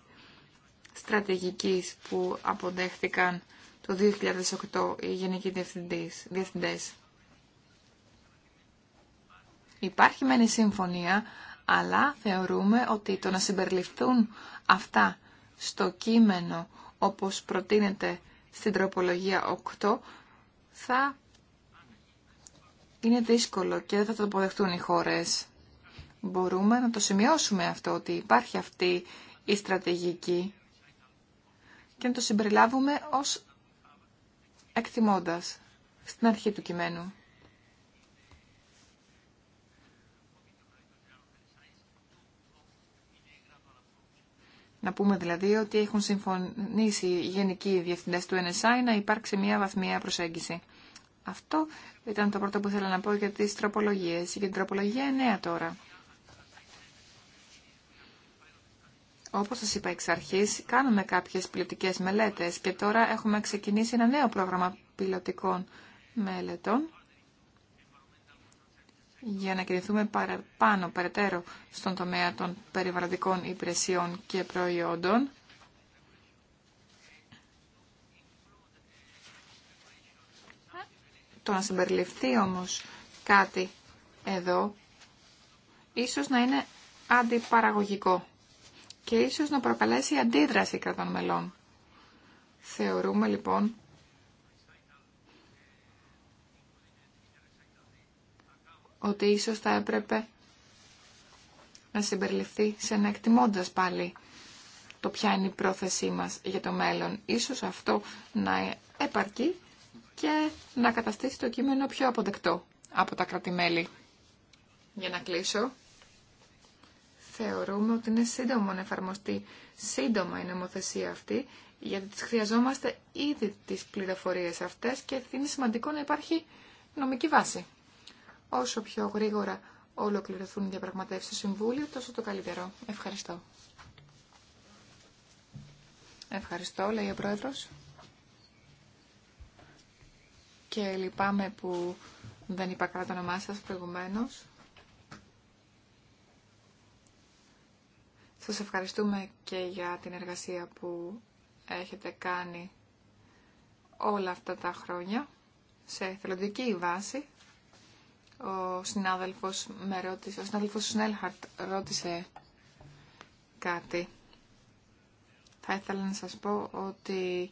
στρατηγικής που αποδέχτηκαν το 2008 οι γενικοί διευθυντές. Υπάρχει μεν η συμφωνία, αλλά θεωρούμε ότι το να συμπεριληφθούν αυτά στο κείμενο όπως προτείνεται στην τροπολογία 8 θα είναι δύσκολο και δεν θα το αποδεχτούν οι χώρες. Μπορούμε να το σημειώσουμε αυτό ότι υπάρχει αυτή η στρατηγική και να το συμπεριλάβουμε ως εκτιμώντας στην αρχή του κειμένου. Να πούμε δηλαδή ότι έχουν συμφωνήσει οι γενικοί διευθυντέ του NSI να υπάρξει μια βαθμιαία προσέγγιση. Αυτό ήταν το πρώτο που ήθελα να πω για τις τροπολογίες. Για την τροπολογία 9 τώρα. Όπως σας είπα εξ αρχής, κάνουμε κάποιες πιλωτικές μελέτες και τώρα έχουμε ξεκινήσει ένα νέο πρόγραμμα πιλωτικών μελετών για να κινηθούμε παραπάνω, περαιτέρω στον τομέα των περιβαλλοντικών υπηρεσιών και προϊόντων. Το να συμπεριληφθεί όμως κάτι εδώ, ίσως να είναι αντιπαραγωγικό και ίσως να προκαλέσει αντίδραση κρατών μελών. Θεωρούμε λοιπόν ότι ίσως θα έπρεπε να συμπεριληφθεί σε ένα εκτιμώντας πάλι το ποια είναι η πρόθεσή μας για το μέλλον. Ίσως αυτό να επαρκεί και να καταστήσει το κείμενο πιο αποδεκτό από τα κρατημέλη. Για να κλείσω, θεωρούμε ότι είναι σύντομο να εφαρμοστεί σύντομα η νομοθεσία αυτή, γιατί τις χρειαζόμαστε ήδη τις πληροφορίες αυτές και είναι σημαντικό να υπάρχει νομική βάση. Όσο πιο γρήγορα ολοκληρωθούν οι διαπραγματεύσεις στο Συμβούλιο, τόσο το καλύτερο. Ευχαριστώ. Ευχαριστώ, λέει ο Πρόεδρος. Και λυπάμαι που δεν είπα καλά το όνομά σας Σας ευχαριστούμε και για την εργασία που έχετε κάνει όλα αυτά τα χρόνια σε εθελοντική βάση ο συνάδελφος με ρώτησε, ο συνάδελφος Σνέλχαρτ ρώτησε κάτι. Θα ήθελα να σας πω ότι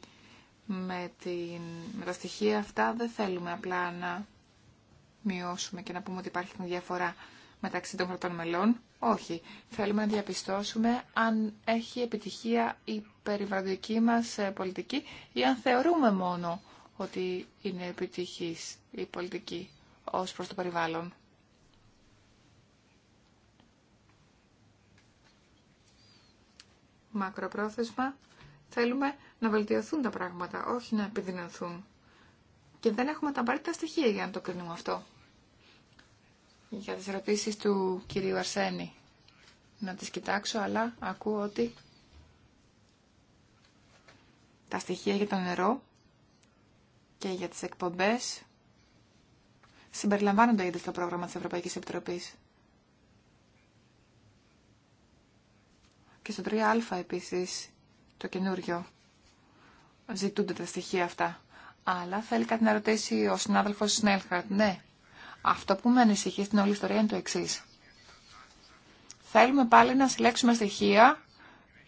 με, την, με τα στοιχεία αυτά δεν θέλουμε απλά να μειώσουμε και να πούμε ότι υπάρχει μια διαφορά μεταξύ των κρατών μελών. Όχι. Θέλουμε να διαπιστώσουμε αν έχει επιτυχία η περιβαλλοντική μας ε, πολιτική ή αν θεωρούμε μόνο ότι είναι επιτυχής η πολιτική ως προς το περιβάλλον. Μακροπρόθεσμα θέλουμε να βελτιωθούν τα πράγματα, όχι να επιδεινωθούν. Και δεν έχουμε τα απαραίτητα στοιχεία για να το κρίνουμε αυτό. Για τις ερωτήσεις του κυρίου Αρσένη. Να τις κοιτάξω, αλλά ακούω ότι τα στοιχεία για το νερό και για τις εκπομπές συμπεριλαμβάνονται ήδη στο πρόγραμμα της Ευρωπαϊκής Επιτροπής. Και στο 3α επίσης το καινούριο ζητούνται τα στοιχεία αυτά. Αλλά θέλει κάτι να ρωτήσει ο συνάδελφος Σνέλχαρτ. Ναι, αυτό που με ανησυχεί στην όλη ιστορία είναι το εξή. Θέλουμε πάλι να συλλέξουμε στοιχεία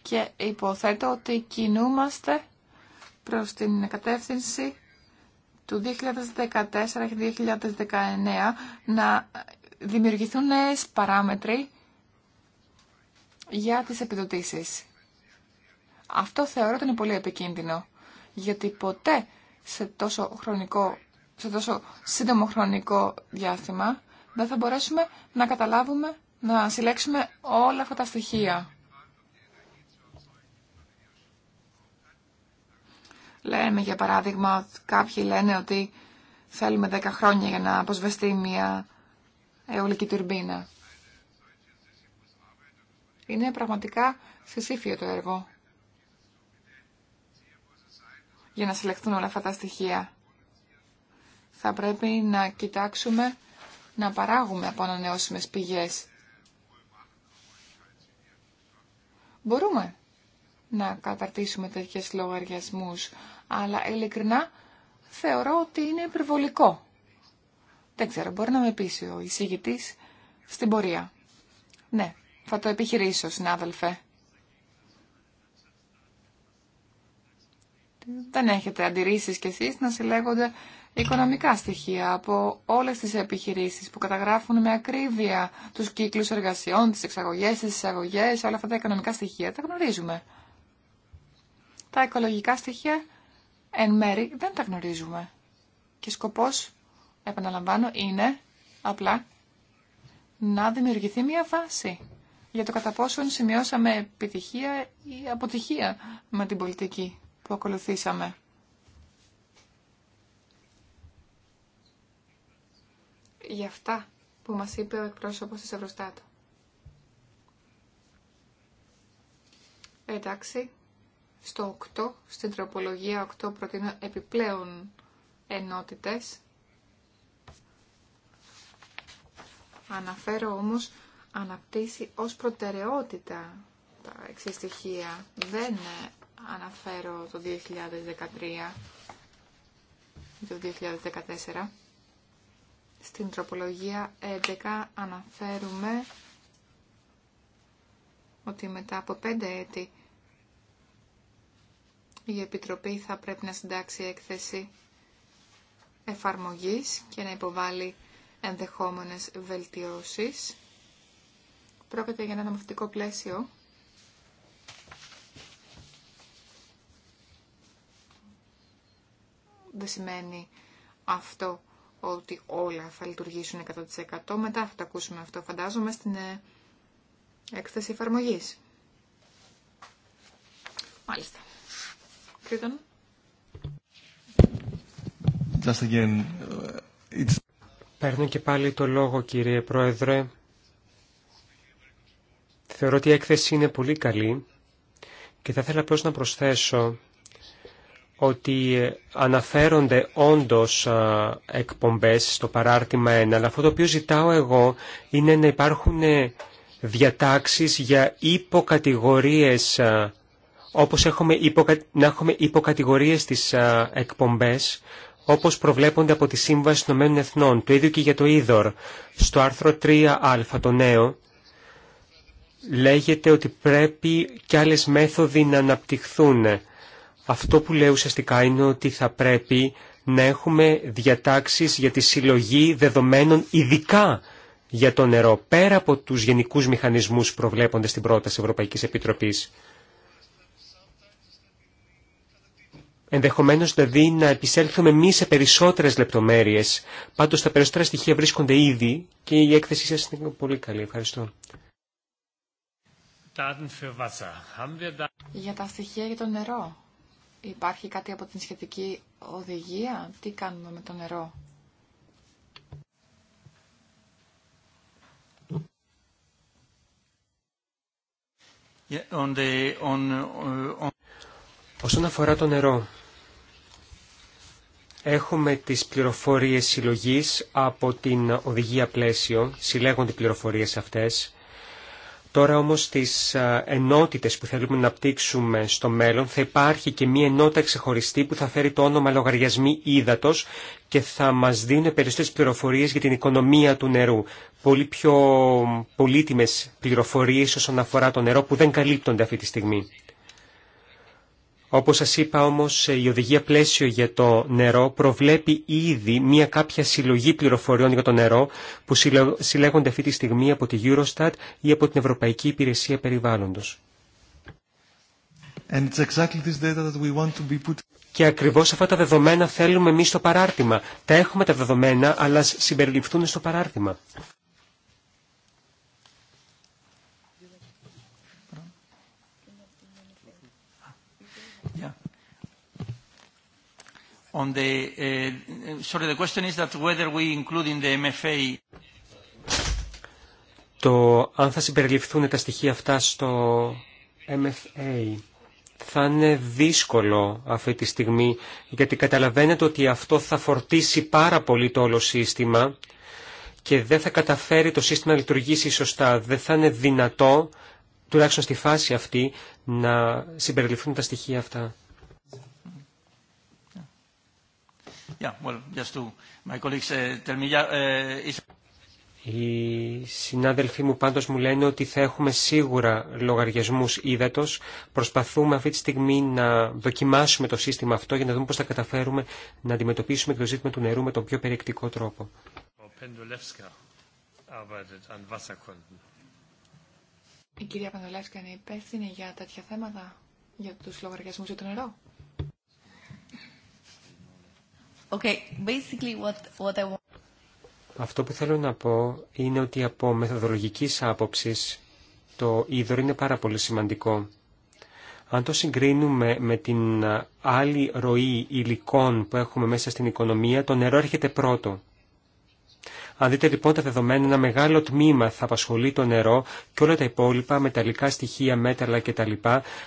και υποθέτω ότι κινούμαστε προς την κατεύθυνση του 2014 και 2019 να δημιουργηθούν νέες παράμετροι για τις επιδοτήσεις. Αυτό θεωρώ ότι είναι πολύ επικίνδυνο, γιατί ποτέ σε τόσο, χρονικό, σε τόσο σύντομο χρονικό διάστημα δεν θα μπορέσουμε να καταλάβουμε, να συλλέξουμε όλα αυτά τα στοιχεία. Λέμε για παράδειγμα, κάποιοι λένε ότι θέλουμε 10 χρόνια για να αποσβεστεί μια αιωλική τουρμπίνα. Είναι πραγματικά συσήφιο το έργο για να συλλεχθούν όλα αυτά τα στοιχεία. Θα πρέπει να κοιτάξουμε να παράγουμε από ανανεώσιμες πηγές. Μπορούμε να καταρτήσουμε τέτοιες λογαριασμούς, αλλά ειλικρινά θεωρώ ότι είναι υπερβολικό. Δεν ξέρω, μπορεί να με πείσει ο εισηγητή στην πορεία. Ναι, θα το επιχειρήσω, συνάδελφε. Δεν έχετε αντιρρήσεις κι εσείς να συλλέγονται οικονομικά στοιχεία από όλες τις επιχειρήσεις που καταγράφουν με ακρίβεια τους κύκλους εργασιών, τις εξαγωγές, τις εισαγωγές, όλα αυτά τα οικονομικά στοιχεία τα γνωρίζουμε. Τα οικολογικά στοιχεία εν μέρη δεν τα γνωρίζουμε. Και σκοπός, επαναλαμβάνω, είναι απλά να δημιουργηθεί μια βάση για το κατά πόσον σημειώσαμε επιτυχία ή αποτυχία με την πολιτική που ακολουθήσαμε. Για αυτά που μας είπε ο εκπρόσωπος της Ευρωστάτου. Εντάξει, στο 8, στην τροπολογία 8 προτείνω επιπλέον ενότητες. Αναφέρω όμως αναπτύσσει ως προτεραιότητα τα εξή στοιχεία. Δεν αναφέρω το 2013 ή το 2014. Στην τροπολογία 11 αναφέρουμε ότι μετά από 5 έτη η Επιτροπή θα πρέπει να συντάξει έκθεση εφαρμογής και να υποβάλει ενδεχόμενες βελτιώσεις. Πρόκειται για ένα νομοθετικό πλαίσιο δεν σημαίνει αυτό ότι όλα θα λειτουργήσουν 100%. Μετά θα το ακούσουμε αυτό, φαντάζομαι, στην ε, έκθεση εφαρμογής. Μάλιστα. Uh, Παίρνω και πάλι το λόγο κύριε Πρόεδρε. Θεωρώ ότι η έκθεση είναι πολύ καλή και θα ήθελα απλώς να προσθέσω ότι ε, αναφέρονται όντως εκπομπές στο παράρτημα 1, αλλά αυτό το οποίο ζητάω εγώ είναι να υπάρχουν ε, διατάξεις για υποκατηγορίες όπως έχουμε να έχουμε υποκατηγορίες στις α, εκπομπές, όπως προβλέπονται από τη Σύμβαση των Ηνωμένων Εθνών, το ίδιο και για το Ίδωρ, Στο άρθρο 3α, το νέο, λέγεται ότι πρέπει και άλλες μέθοδοι να αναπτυχθούν. Αυτό που λέω ουσιαστικά είναι ότι θα πρέπει να έχουμε διατάξεις για τη συλλογή δεδομένων ειδικά για το νερό, πέρα από τους γενικούς μηχανισμούς προβλέπονται στην πρόταση Ευρωπαϊκής Επιτροπής. ενδεχομένως δηλαδή να επισέλθουμε εμεί σε περισσότερες λεπτομέρειες. Πάντως τα περισσότερα στοιχεία βρίσκονται ήδη και η έκθεσή σας είναι πολύ καλή. Ευχαριστώ. Για τα στοιχεία για το νερό. Υπάρχει κάτι από την σχετική οδηγία. Τι κάνουμε με το νερό. Yeah, uh, Όσον αφορά το νερό, Έχουμε τις πληροφορίες συλλογής από την οδηγία πλαίσιο, συλλέγονται οι πληροφορίες αυτές. Τώρα όμως τις ενότητες που θέλουμε να πτύξουμε στο μέλλον θα υπάρχει και μία ενότητα ξεχωριστή που θα φέρει το όνομα Λογαριασμή ύδατος και θα μας δίνει περισσότερες πληροφορίες για την οικονομία του νερού. Πολύ πιο πολύτιμες πληροφορίες όσον αφορά το νερό που δεν καλύπτονται αυτή τη στιγμή. Όπως σας είπα όμως ε, η οδηγία πλαίσιο για το νερό προβλέπει ήδη μια κάποια συλλογή πληροφοριών για το νερό που συλλέγονται αυτή τη στιγμή από τη Eurostat ή από την Ευρωπαϊκή Υπηρεσία Περιβάλλοντος. And it's exactly data that we want to be put... Και ακριβώς αυτά τα δεδομένα θέλουμε εμείς στο παράρτημα. Τα έχουμε τα δεδομένα αλλά συμπεριληφθούν στο παράρτημα. the, uh, sorry, the question is Το αν θα συμπεριληφθούν τα στοιχεία αυτά στο MFA θα είναι δύσκολο αυτή τη στιγμή γιατί καταλαβαίνετε ότι αυτό θα φορτίσει πάρα πολύ το όλο σύστημα και δεν θα καταφέρει το σύστημα να λειτουργήσει σωστά. Δεν θα είναι δυνατό, τουλάχιστον στη φάση αυτή, να συμπεριληφθούν τα στοιχεία αυτά. Οι συνάδελφοί μου πάντως μου λένε ότι θα έχουμε σίγουρα λογαριασμούς ύδατος. Προσπαθούμε αυτή τη στιγμή να δοκιμάσουμε το σύστημα αυτό για να δούμε πώς θα καταφέρουμε να αντιμετωπίσουμε το ζήτημα του νερού με τον πιο περιεκτικό τρόπο. Η κυρία Παντολεύσκα είναι υπεύθυνη για τέτοια θέματα, για τους λογαριασμούς για το νερό. Αυτό που θέλω να πω είναι ότι από μεθοδολογικής άποψης το είδωρο είναι πάρα πολύ σημαντικό. Αν το συγκρίνουμε με την άλλη ροή υλικών που έχουμε μέσα στην οικονομία, το νερό έρχεται πρώτο. Αν δείτε λοιπόν τα δεδομένα, ένα μεγάλο τμήμα θα απασχολεί το νερό και όλα τα υπόλοιπα, μεταλλικά στοιχεία, μέταλλα κτλ.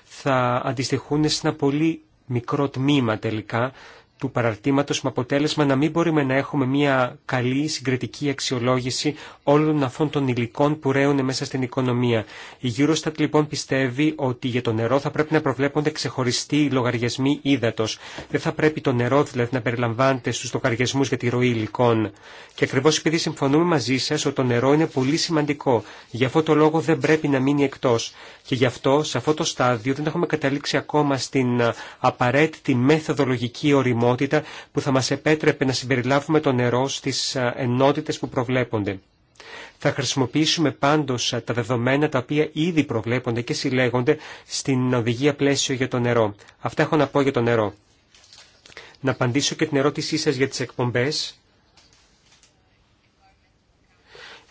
θα αντιστοιχούν σε ένα πολύ μικρό τμήμα τελικά του παραρτήματος με αποτέλεσμα να μην μπορούμε να έχουμε μια καλή συγκριτική αξιολόγηση όλων αυτών των υλικών που ρέουν μέσα στην οικονομία. Η Eurostat λοιπόν πιστεύει ότι για το νερό θα πρέπει να προβλέπονται ξεχωριστοί λογαριασμοί ύδατος. Δεν θα πρέπει το νερό δηλαδή να περιλαμβάνεται στους λογαριασμού για τη ροή υλικών. Και ακριβώς επειδή συμφωνούμε μαζί σας ότι το νερό είναι πολύ σημαντικό. Γι' αυτό το λόγο δεν πρέπει να μείνει εκτός. Και γι' αυτό σε αυτό το στάδιο δεν έχουμε καταλήξει ακόμα στην ε, απαραίτητη μεθοδολογική οριμότητα που θα μας επέτρεπε να συμπεριλάβουμε το νερό στις ενότητες που προβλέπονται. Θα χρησιμοποιήσουμε πάντως τα δεδομένα τα οποία ήδη προβλέπονται και συλλέγονται στην οδηγία πλαίσιο για το νερό. Αυτά έχω να πω για το νερό. Να απαντήσω και την ερώτησή σας για τις εκπομπές.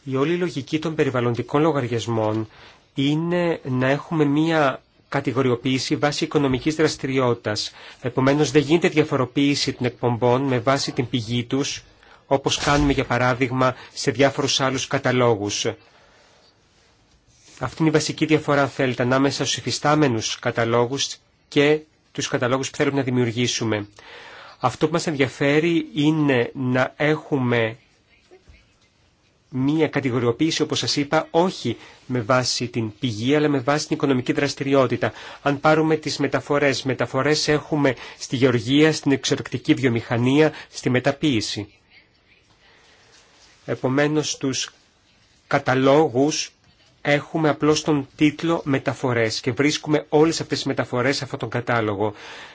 Η όλη λογική των περιβαλλοντικών λογαριασμών είναι να έχουμε μία κατηγοριοποίηση βάσει οικονομικής δραστηριότητας. Επομένως δεν γίνεται διαφοροποίηση των εκπομπών με βάση την πηγή τους, όπως κάνουμε για παράδειγμα σε διάφορους άλλους καταλόγους. Αυτή είναι η βασική διαφορά, αν θέλετε, ανάμεσα στους υφιστάμενους καταλόγους και τους καταλόγους που θέλουμε να δημιουργήσουμε. Αυτό που μας ενδιαφέρει είναι να έχουμε μία κατηγοριοποίηση, όπως σας είπα, όχι με βάση την πηγή, αλλά με βάση την οικονομική δραστηριότητα. Αν πάρουμε τις μεταφορές, μεταφορές έχουμε στη γεωργία, στην εξωτερική βιομηχανία, στη μεταποίηση. Επομένως, τους καταλόγους έχουμε απλώς τον τίτλο «Μεταφορές» και βρίσκουμε όλες αυτές τις μεταφορές σε αυτόν τον κατάλογο.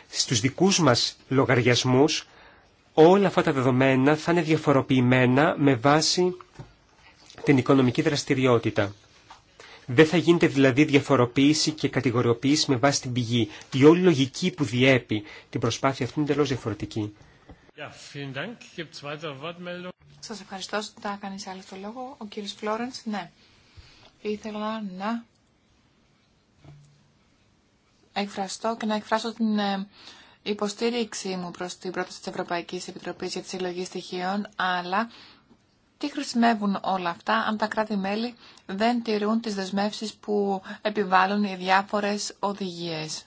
Στους δικούς μας λογαριασμούς, όλα αυτά τα δεδομένα θα είναι διαφοροποιημένα με βάση την οικονομική δραστηριότητα. Δεν θα γίνεται δηλαδή διαφοροποίηση και κατηγοριοποίηση με βάση την πηγή. Η όλη λογική που διέπει την προσπάθεια αυτή είναι τελώς διαφορετική. Σας ευχαριστώ. Θα κάνεις άλλο το λόγο. Ο κύριος Φλόρενς, ναι. Ήθελα να εκφραστώ και να εκφράσω την ε, υποστήριξή μου προς την πρόταση της Ευρωπαϊκής Επιτροπής για τη συλλογή στοιχείων, αλλά τι χρησιμεύουν όλα αυτά αν τα κράτη-μέλη δεν τηρούν τις δεσμεύσεις που επιβάλλουν οι διάφορες οδηγίες.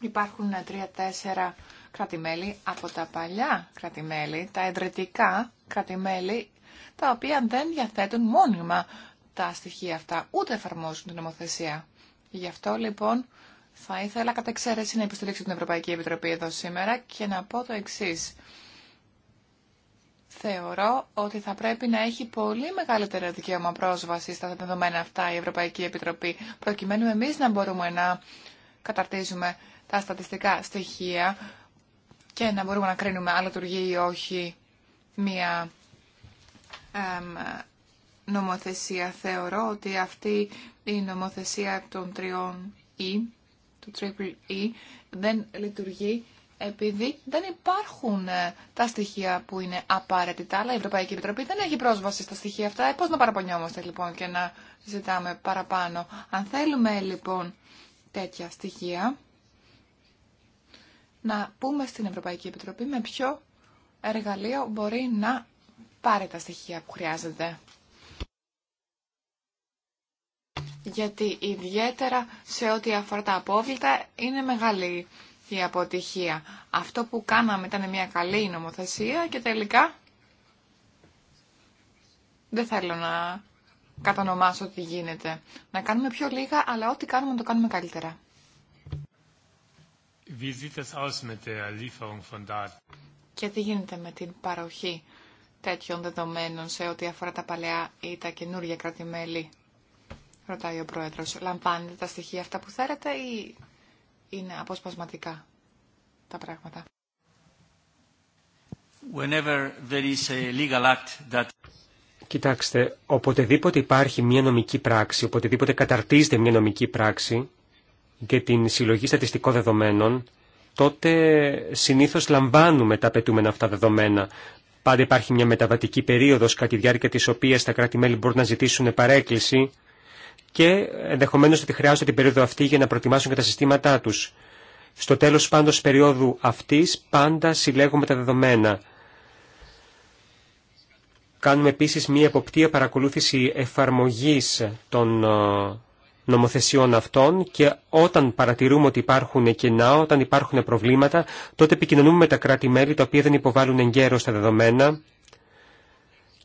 Υπάρχουν τρία-τέσσερα κράτη-μέλη από τα παλιά κράτη-μέλη, τα εντρετικά κράτη-μέλη, τα οποία δεν διαθέτουν μόνιμα τα στοιχεία αυτά, ούτε εφαρμόζουν την νομοθεσία. Γι' αυτό λοιπόν θα ήθελα κατά εξαίρεση να υποστηρίξω την Ευρωπαϊκή Επιτροπή εδώ σήμερα και να πω το εξή θεωρώ ότι θα πρέπει να έχει πολύ μεγαλύτερο δικαίωμα πρόσβαση στα δεδομένα αυτά η Ευρωπαϊκή Επιτροπή, προκειμένου εμείς να μπορούμε να καταρτίζουμε τα στατιστικά στοιχεία και να μπορούμε να κρίνουμε αν λειτουργεί ή όχι μία νομοθεσία. Θεωρώ ότι αυτή η νομοθεσία των τριών E, του triple E, δεν λειτουργεί επειδή δεν υπάρχουν ε, τα στοιχεία που είναι απαραίτητα, αλλά η Ευρωπαϊκή Επιτροπή δεν έχει πρόσβαση στα στοιχεία αυτά. Ε, πώς να παραπονιόμαστε λοιπόν και να ζητάμε παραπάνω. Αν θέλουμε λοιπόν τέτοια στοιχεία, να πούμε στην Ευρωπαϊκή Επιτροπή με ποιο εργαλείο μπορεί να πάρει τα στοιχεία που χρειάζεται. Γιατί ιδιαίτερα σε ό,τι αφορά τα απόβλητα είναι μεγάλη η αποτυχία. Αυτό που κάναμε ήταν μια καλή νομοθεσία και τελικά δεν θέλω να κατανομάσω τι γίνεται. Να κάνουμε πιο λίγα, αλλά ό,τι κάνουμε να το κάνουμε καλύτερα. Και τι γίνεται με την παροχή τέτοιων δεδομένων σε ό,τι αφορά τα παλαιά ή τα καινούργια κρατημέλη. Ρωτάει ο Πρόεδρος, λαμβάνετε τα στοιχεία αυτά που θέλετε ή είναι αποσπασματικά τα πράγματα. there Κοιτάξτε, οποτεδήποτε υπάρχει μια νομική πράξη, οποτεδήποτε καταρτίζεται μια νομική πράξη για την συλλογή στατιστικών δεδομένων, τότε συνήθως λαμβάνουμε τα απαιτούμενα αυτά δεδομένα. Πάντα υπάρχει μια μεταβατική περίοδος κατά τη διάρκεια της οποίας τα κράτη-μέλη μπορούν να ζητήσουν παρέκκληση και ενδεχομένως ότι χρειάζονται την περίοδο αυτή για να προετοιμάσουν και τα συστήματά τους. Στο τέλος πάντως περίοδου αυτής πάντα συλλέγουμε τα δεδομένα. Κάνουμε επίσης μία εποπτεία παρακολούθηση εφαρμογής των ε, νομοθεσιών αυτών και όταν παρατηρούμε ότι υπάρχουν κενά, όταν υπάρχουν προβλήματα, τότε επικοινωνούμε με τα κράτη-μέλη τα οποία δεν υποβάλλουν εγκαίρως τα δεδομένα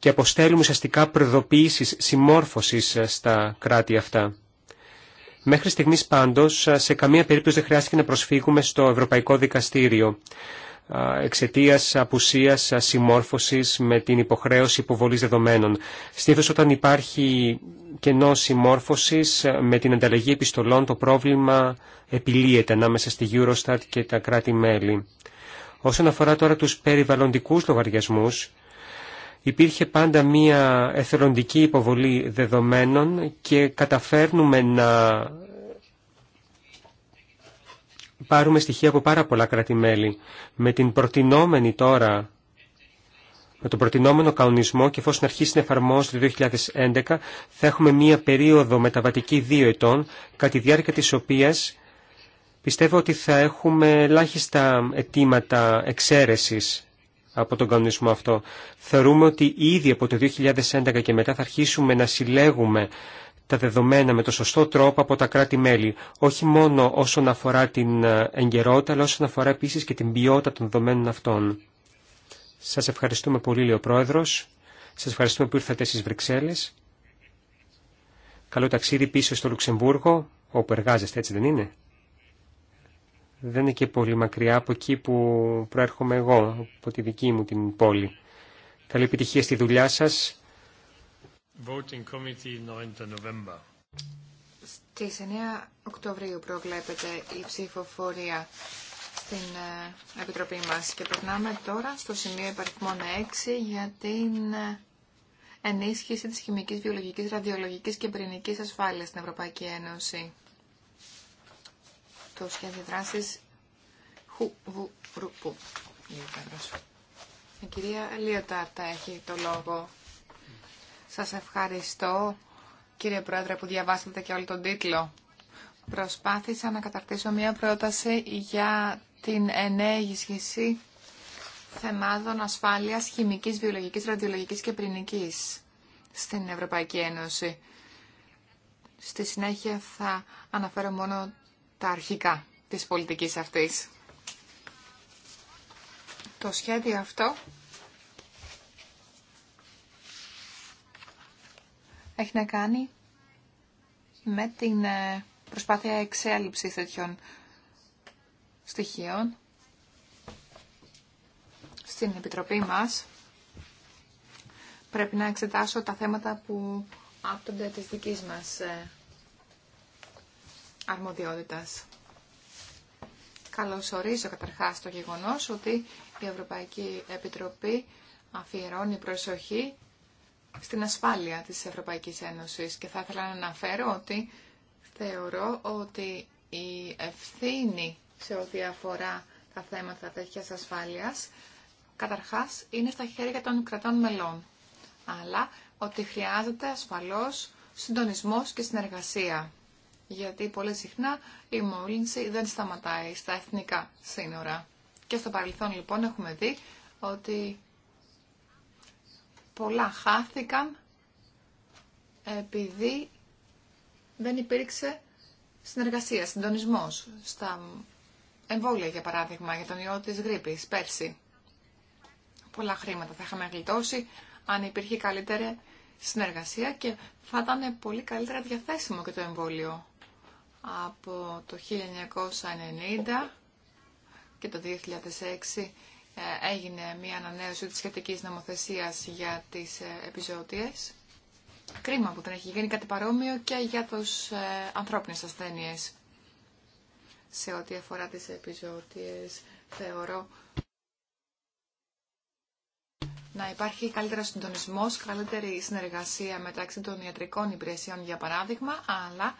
και αποστέλουμε ουσιαστικά προειδοποιήσει συμμόρφωση ε, στα κράτη αυτά. Μέχρι στιγμή πάντω, ε, σε καμία περίπτωση δεν χρειάστηκε να προσφύγουμε στο Ευρωπαϊκό Δικαστήριο ε, εξαιτία απουσία συμμόρφωση με την υποχρέωση υποβολή δεδομένων. Συνήθω όταν υπάρχει κενό συμμόρφωση με την ανταλλαγή επιστολών, το πρόβλημα επιλύεται ανάμεσα στη Eurostat και τα κράτη-μέλη. Όσον αφορά τώρα τους περιβαλλοντικούς λογαριασμούς, υπήρχε πάντα μία εθελοντική υποβολή δεδομένων και καταφέρνουμε να πάρουμε στοιχεία από πάρα πολλά κράτη-μέλη. Με την προτινόμενη τώρα, με τον προτινόμενο καονισμό και εφόσον αρχίσει να εφαρμόζεται το 2011, θα έχουμε μία περίοδο μεταβατική δύο ετών, κατά τη διάρκεια της οποίας πιστεύω ότι θα έχουμε ελάχιστα αιτήματα εξαίρεσης από τον κανονισμό αυτό. Θεωρούμε ότι ήδη από το 2011 και μετά θα αρχίσουμε να συλλέγουμε τα δεδομένα με το σωστό τρόπο από τα κράτη-μέλη, όχι μόνο όσον αφορά την ε, εγκαιρότητα, αλλά όσον αφορά επίσης και την ποιότητα των δεδομένων αυτών. Σας ευχαριστούμε πολύ, λέει ο Πρόεδρος. Σας ευχαριστούμε που ήρθατε στις Βρυξέλλες. Καλό ταξίδι πίσω στο Λουξεμβούργο, όπου εργάζεστε, έτσι δεν είναι δεν είναι και πολύ μακριά από εκεί που προέρχομαι εγώ, από τη δική μου την πόλη. Καλή επιτυχία στη δουλειά σας. Voting 9 Στις 9 Οκτωβρίου προβλέπεται η ψηφοφορία στην ε, Επιτροπή μας και περνάμε τώρα στο σημείο υπαριθμών 6 για την ε, ενίσχυση της χημικής, βιολογικής, ραδιολογικής και πυρηνικής ασφάλειας στην Ευρωπαϊκή Ένωση το σχέδιο ρου, Η κυρία Λιωτάρτα έχει το λόγο. Σας ευχαριστώ, κύριε Πρόεδρε, που διαβάσατε και όλο τον τίτλο. Προσπάθησα να καταρτήσω μια πρόταση για την ενέγισχυση θεμάτων ασφάλειας χημικής, βιολογικής, ραδιολογικής και πρινικής στην Ευρωπαϊκή Ένωση. Στη συνέχεια θα αναφέρω μόνο τα αρχικά της πολιτικής αυτής. Το σχέδιο αυτό έχει να κάνει με την ε, προσπάθεια εξέλιψη τέτοιων στοιχείων στην Επιτροπή μας. Πρέπει να εξετάσω τα θέματα που άπτονται της δικής μας ε, αρμοδιότητας. Καλωσορίζω καταρχάς το γεγονός ότι η Ευρωπαϊκή Επιτροπή αφιερώνει προσοχή στην ασφάλεια της Ευρωπαϊκής Ένωσης και θα ήθελα να αναφέρω ότι θεωρώ ότι η ευθύνη σε ό,τι αφορά τα θέματα τέτοια ασφάλειας καταρχάς είναι στα χέρια των κρατών μελών, αλλά ότι χρειάζεται ασφαλώς συντονισμός και συνεργασία γιατί πολύ συχνά η μόλυνση δεν σταματάει στα εθνικά σύνορα. Και στο παρελθόν λοιπόν έχουμε δει ότι πολλά χάθηκαν επειδή δεν υπήρξε συνεργασία, συντονισμός στα εμβόλια για παράδειγμα για τον ιό της γρήπης πέρσι. Πολλά χρήματα θα είχαμε γλιτώσει αν υπήρχε καλύτερη συνεργασία και θα ήταν πολύ καλύτερα διαθέσιμο και το εμβόλιο από το 1990 και το 2006 ε, έγινε μια ανανέωση της σχετικής νομοθεσίας για τις ε, επιζώτιες. Κρίμα που δεν έχει γίνει κάτι παρόμοιο και για τους ε, ανθρώπινες ασθένειες. Σε ό,τι αφορά τις επιζώτιες θεωρώ να υπάρχει καλύτερο συντονισμό, καλύτερη συνεργασία μεταξύ των ιατρικών υπηρεσιών για παράδειγμα, αλλά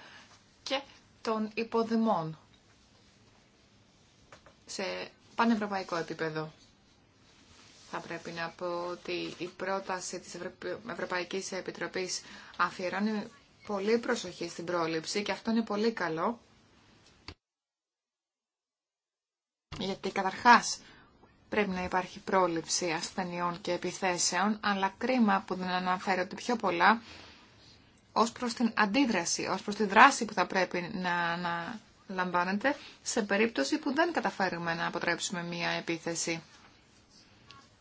και των υποδημών σε πανευρωπαϊκό επίπεδο. Θα πρέπει να πω ότι η πρόταση της Ευρωπαϊκής Επιτροπής αφιερώνει πολύ προσοχή στην πρόληψη και αυτό είναι πολύ καλό. Γιατί καταρχάς πρέπει να υπάρχει πρόληψη ασθενειών και επιθέσεων, αλλά κρίμα που δεν αναφέρονται πιο πολλά ως προς την αντίδραση, ως προς τη δράση που θα πρέπει να, να σε περίπτωση που δεν καταφέρουμε να αποτρέψουμε μία επίθεση.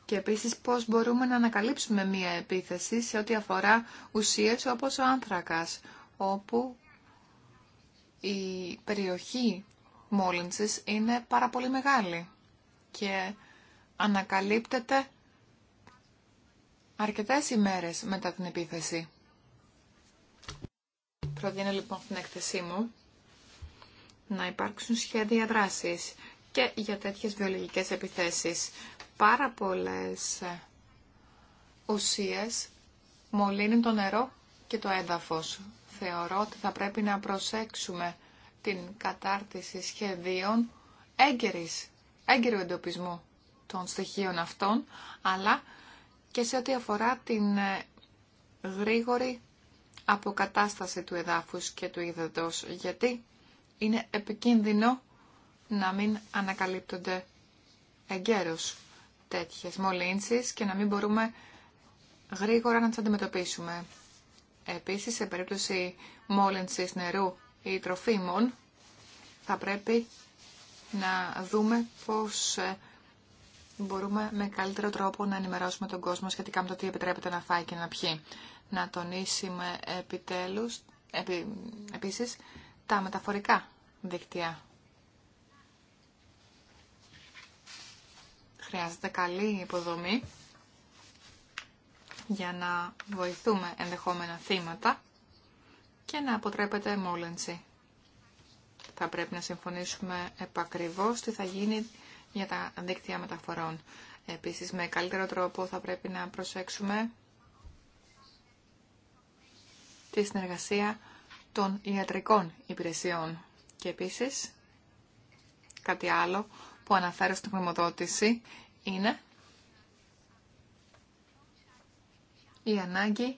Και επίσης πώς μπορούμε να ανακαλύψουμε μία επίθεση σε ό,τι αφορά ουσίες όπως ο άνθρακας, όπου η περιοχή μόλυνσης είναι πάρα πολύ μεγάλη και ανακαλύπτεται αρκετές ημέρες μετά την επίθεση. Προδίνω λοιπόν στην έκθεσή μου να υπάρξουν σχέδια δράσης και για τέτοιες βιολογικές επιθέσεις. Πάρα πολλές ουσίες μολύνουν το νερό και το έδαφος. Θεωρώ ότι θα πρέπει να προσέξουμε την κατάρτιση σχεδίων έγκαιρης, έγκαιρου εντοπισμού των στοιχείων αυτών, αλλά και σε ό,τι αφορά την ε, γρήγορη αποκατάσταση του εδάφους και του ύδατος, γιατί είναι επικίνδυνο να μην ανακαλύπτονται εγκαίρως τέτοιες μολύνσεις και να μην μπορούμε γρήγορα να τις αντιμετωπίσουμε. Επίσης, σε περίπτωση μόλυνσης νερού ή τροφίμων, θα πρέπει να δούμε πώς ε, μπορούμε με καλύτερο τρόπο να ενημερώσουμε τον κόσμο σχετικά με το τι επιτρέπεται να φάει και να πιει να τονίσουμε επιτέλους, επί, επίσης, τα μεταφορικά δίκτυα. Χρειάζεται καλή υποδομή για να βοηθούμε ενδεχόμενα θύματα και να αποτρέπεται μόλυνση Θα πρέπει να συμφωνήσουμε επακριβώς τι θα γίνει για τα δίκτυα μεταφορών. Επίσης, με καλύτερο τρόπο θα πρέπει να προσέξουμε τη συνεργασία των ιατρικών υπηρεσιών. Και επίσης, κάτι άλλο που αναφέρω στην χρηματοδότηση είναι η ανάγκη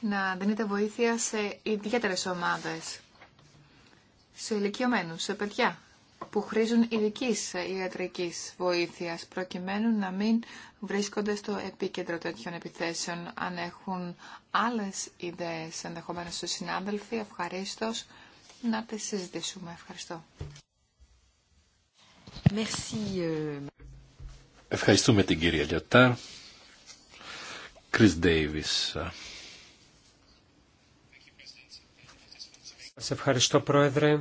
να δίνεται βοήθεια σε ιδιαίτερες ομάδες, σε ηλικιωμένους, σε παιδιά, που χρήζουν ειδική ιατρικής βοήθειας προκειμένου να μην βρίσκονται στο επίκεντρο τέτοιων επιθέσεων. Αν έχουν άλλες ιδέες ενδεχομένω στους συνάδελφοι, ευχαρίστω να τις συζητήσουμε. Ευχαριστώ. Euh, Ευχαριστούμε την κυρία Λιωτάρ. Chris Davis. Σας ευχαριστώ Πρόεδρε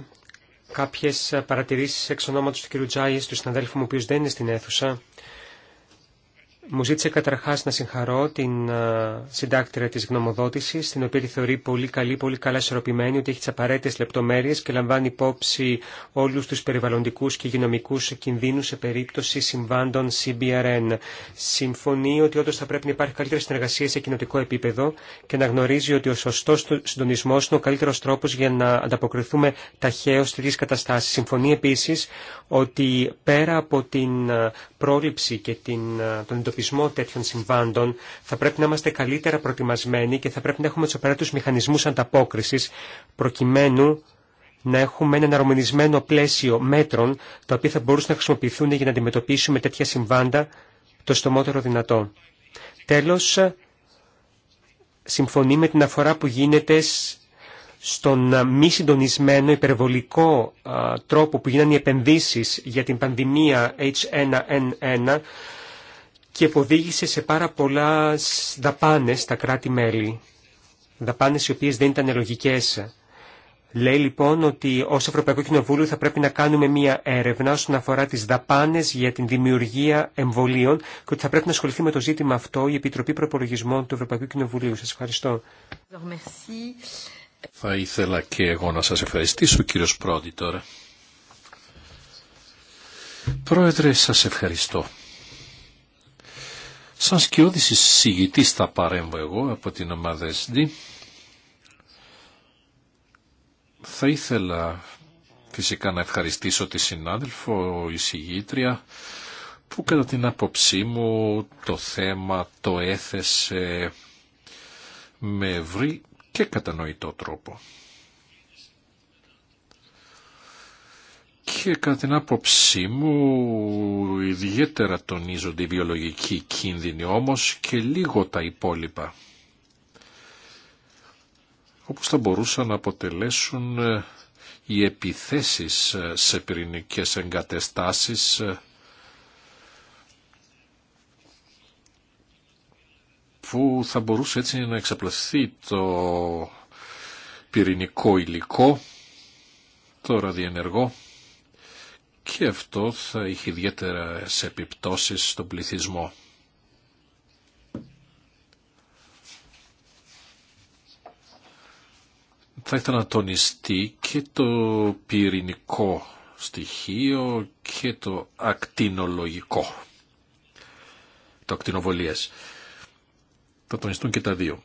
κάποιες παρατηρήσεις εξ ονόματος του κ. Τζάιες, του συναδέλφου μου, ο οποίος δεν είναι στην αίθουσα. Μου ζήτησε καταρχάς να συγχαρώ την ε, συντάκτρια της γνωμοδότησης, την οποία τη θεωρεί πολύ καλή, πολύ καλά ισορροπημένη, ότι έχει τις απαραίτητες λεπτομέρειες και λαμβάνει υπόψη όλους τους περιβαλλοντικούς και υγειονομικού κινδύνους σε περίπτωση συμβάντων CBRN. Συμφωνεί ότι όντως θα πρέπει να υπάρχει καλύτερη συνεργασία σε κοινοτικό επίπεδο και να γνωρίζει ότι ο σωστός συντονισμός είναι ο καλύτερος τρόπος για να ανταποκριθούμε ταχαίως στις καταστάσεις. Συμφωνεί επίσης ότι πέρα από την ε, πρόληψη και ε, τον εντοπισμό τέτοιων συμβάντων θα πρέπει να είμαστε καλύτερα προετοιμασμένοι και θα πρέπει να έχουμε του απαραίτητου μηχανισμού ανταπόκριση προκειμένου να έχουμε ένα αναρμονισμένο πλαίσιο μέτρων τα οποία θα μπορούσαν να χρησιμοποιηθούν για να αντιμετωπίσουμε τέτοια συμβάντα το στομότερο δυνατό. Τέλος, ε, συμφωνεί με την αφορά που γίνεται στον μη συντονισμένο υπερβολικό τρόπο που γίνανε οι επενδύσεις για την πανδημία H1N1 και που οδήγησε σε πάρα πολλά δαπάνες στα κράτη-μέλη, δαπάνες οι οποίες δεν ήταν λογικές. Λέει λοιπόν ότι ως Ευρωπαϊκό Κοινοβούλιο θα πρέπει να κάνουμε μία έρευνα όσον αφορά τις δαπάνες για την δημιουργία εμβολίων και ότι θα πρέπει να ασχοληθεί με το ζήτημα αυτό η Επιτροπή Προπολογισμών του Ευρωπαϊκού Κοινοβουλίου. Σας ευχαριστώ. Θα ήθελα και εγώ να σας ευχαριστήσω κύριος Πρόντι τώρα. Πρόεδρε, σας ευχαριστώ. Σαν σκιώδης εισηγητής θα παρέμβω εγώ από την ομάδα SD. Θα ήθελα φυσικά να ευχαριστήσω τη συνάδελφο εισηγήτρια που κατά την άποψή μου το θέμα το έθεσε με ευρύ και κατανοητό τρόπο. Και κατά την άποψή μου ιδιαίτερα τονίζονται οι βιολογικοί κίνδυνοι όμως και λίγο τα υπόλοιπα. Όπως θα μπορούσαν να αποτελέσουν ε, οι επιθέσεις ε, σε πυρηνικές εγκατεστάσεις ε, αφού θα μπορούσε έτσι να εξαπλαστεί το πυρηνικό υλικό, το ραδιενεργό και αυτό θα είχε ιδιαίτερα σε επιπτώσεις στον πληθυσμό. Θα ήθελα να τονιστεί και το πυρηνικό στοιχείο και το ακτινολογικό, το ακτινοβολίες. Θα τονιστούν και τα δύο.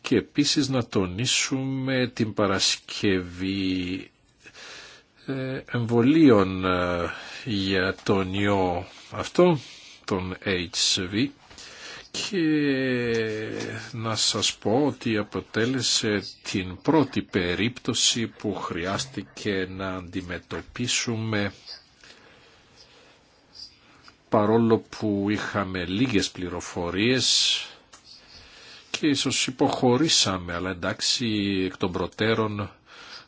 Και επίσης να τονίσουμε την Παρασκευή ε, εμβολίων ε, για τον ιό αυτό, τον HV, και να σας πω ότι αποτέλεσε την πρώτη περίπτωση που χρειάστηκε να αντιμετωπίσουμε παρόλο που είχαμε λίγες πληροφορίες και ίσως υποχωρήσαμε, αλλά εντάξει εκ των προτέρων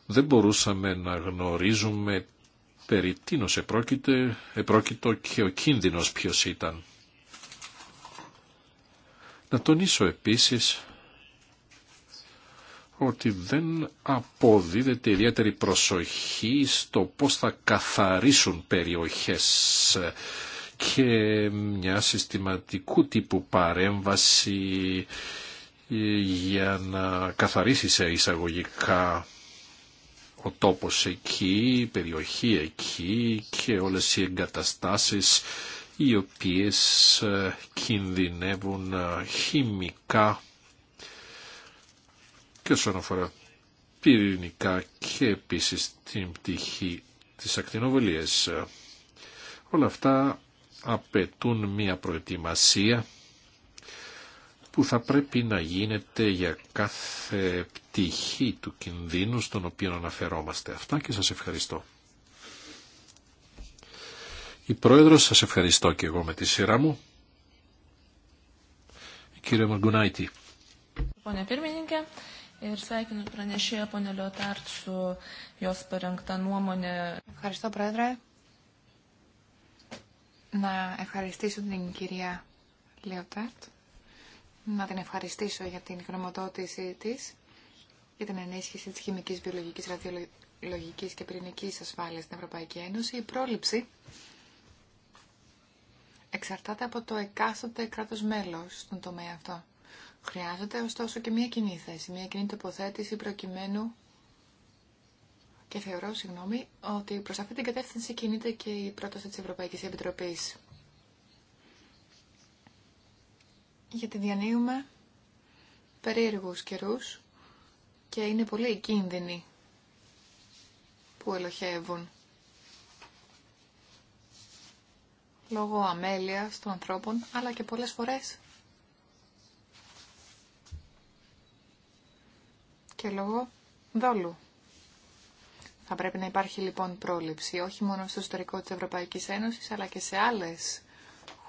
δεν μπορούσαμε να γνωρίζουμε περί τίνος επρόκειται, επρόκειτο και ο κίνδυνος ποιος ήταν. Να τονίσω επίσης ότι δεν αποδίδεται ιδιαίτερη προσοχή στο πώς θα καθαρίσουν περιοχές και μια συστηματικού τύπου παρέμβαση ε, για να καθαρίσει σε εισαγωγικά ο τόπος εκεί, η περιοχή εκεί και όλες οι εγκαταστάσεις οι οποίες ε, κινδυνεύουν ε, χημικά και όσον αφορά πυρηνικά και επίσης την πτυχή της ακτινοβολίας. Όλα αυτά απαιτούν μία προετοιμασία που θα πρέπει να γίνεται για κάθε πτυχή του κινδύνου στον οποίο αναφερόμαστε. Αυτά και σας ευχαριστώ. Η Πρόεδρος, σας ευχαριστώ και εγώ με τη σειρά μου. Η κύριε Μαγκουνάιτη. Ευχαριστώ, Πρόεδρε να ευχαριστήσω την κυρία Λεωτάρτ, να την ευχαριστήσω για την γνωμοδότησή της, για την ενίσχυση της χημικής, βιολογικής, ραδιολογικής και πυρηνικής ασφάλειας στην Ευρωπαϊκή Ένωση. Η πρόληψη εξαρτάται από το εκάστοτε κράτος μέλος στον τομέα αυτό. Χρειάζεται ωστόσο και μια κοινή θέση, μια κοινή τοποθέτηση προκειμένου και θεωρώ, συγγνώμη, ότι προ αυτή την κατεύθυνση κινείται και η πρόταση της Ευρωπαϊκής Επιτροπή. Γιατί διανύουμε περίεργους καιρούς και είναι πολύ οι κίνδυνοι που ελοχεύουν. Λόγω αμέλειας των ανθρώπων, αλλά και πολλές φορές. Και λόγω δόλου. Θα πρέπει να υπάρχει λοιπόν πρόληψη, όχι μόνο στο ιστορικό της Ευρωπαϊκής Ένωσης, αλλά και σε άλλες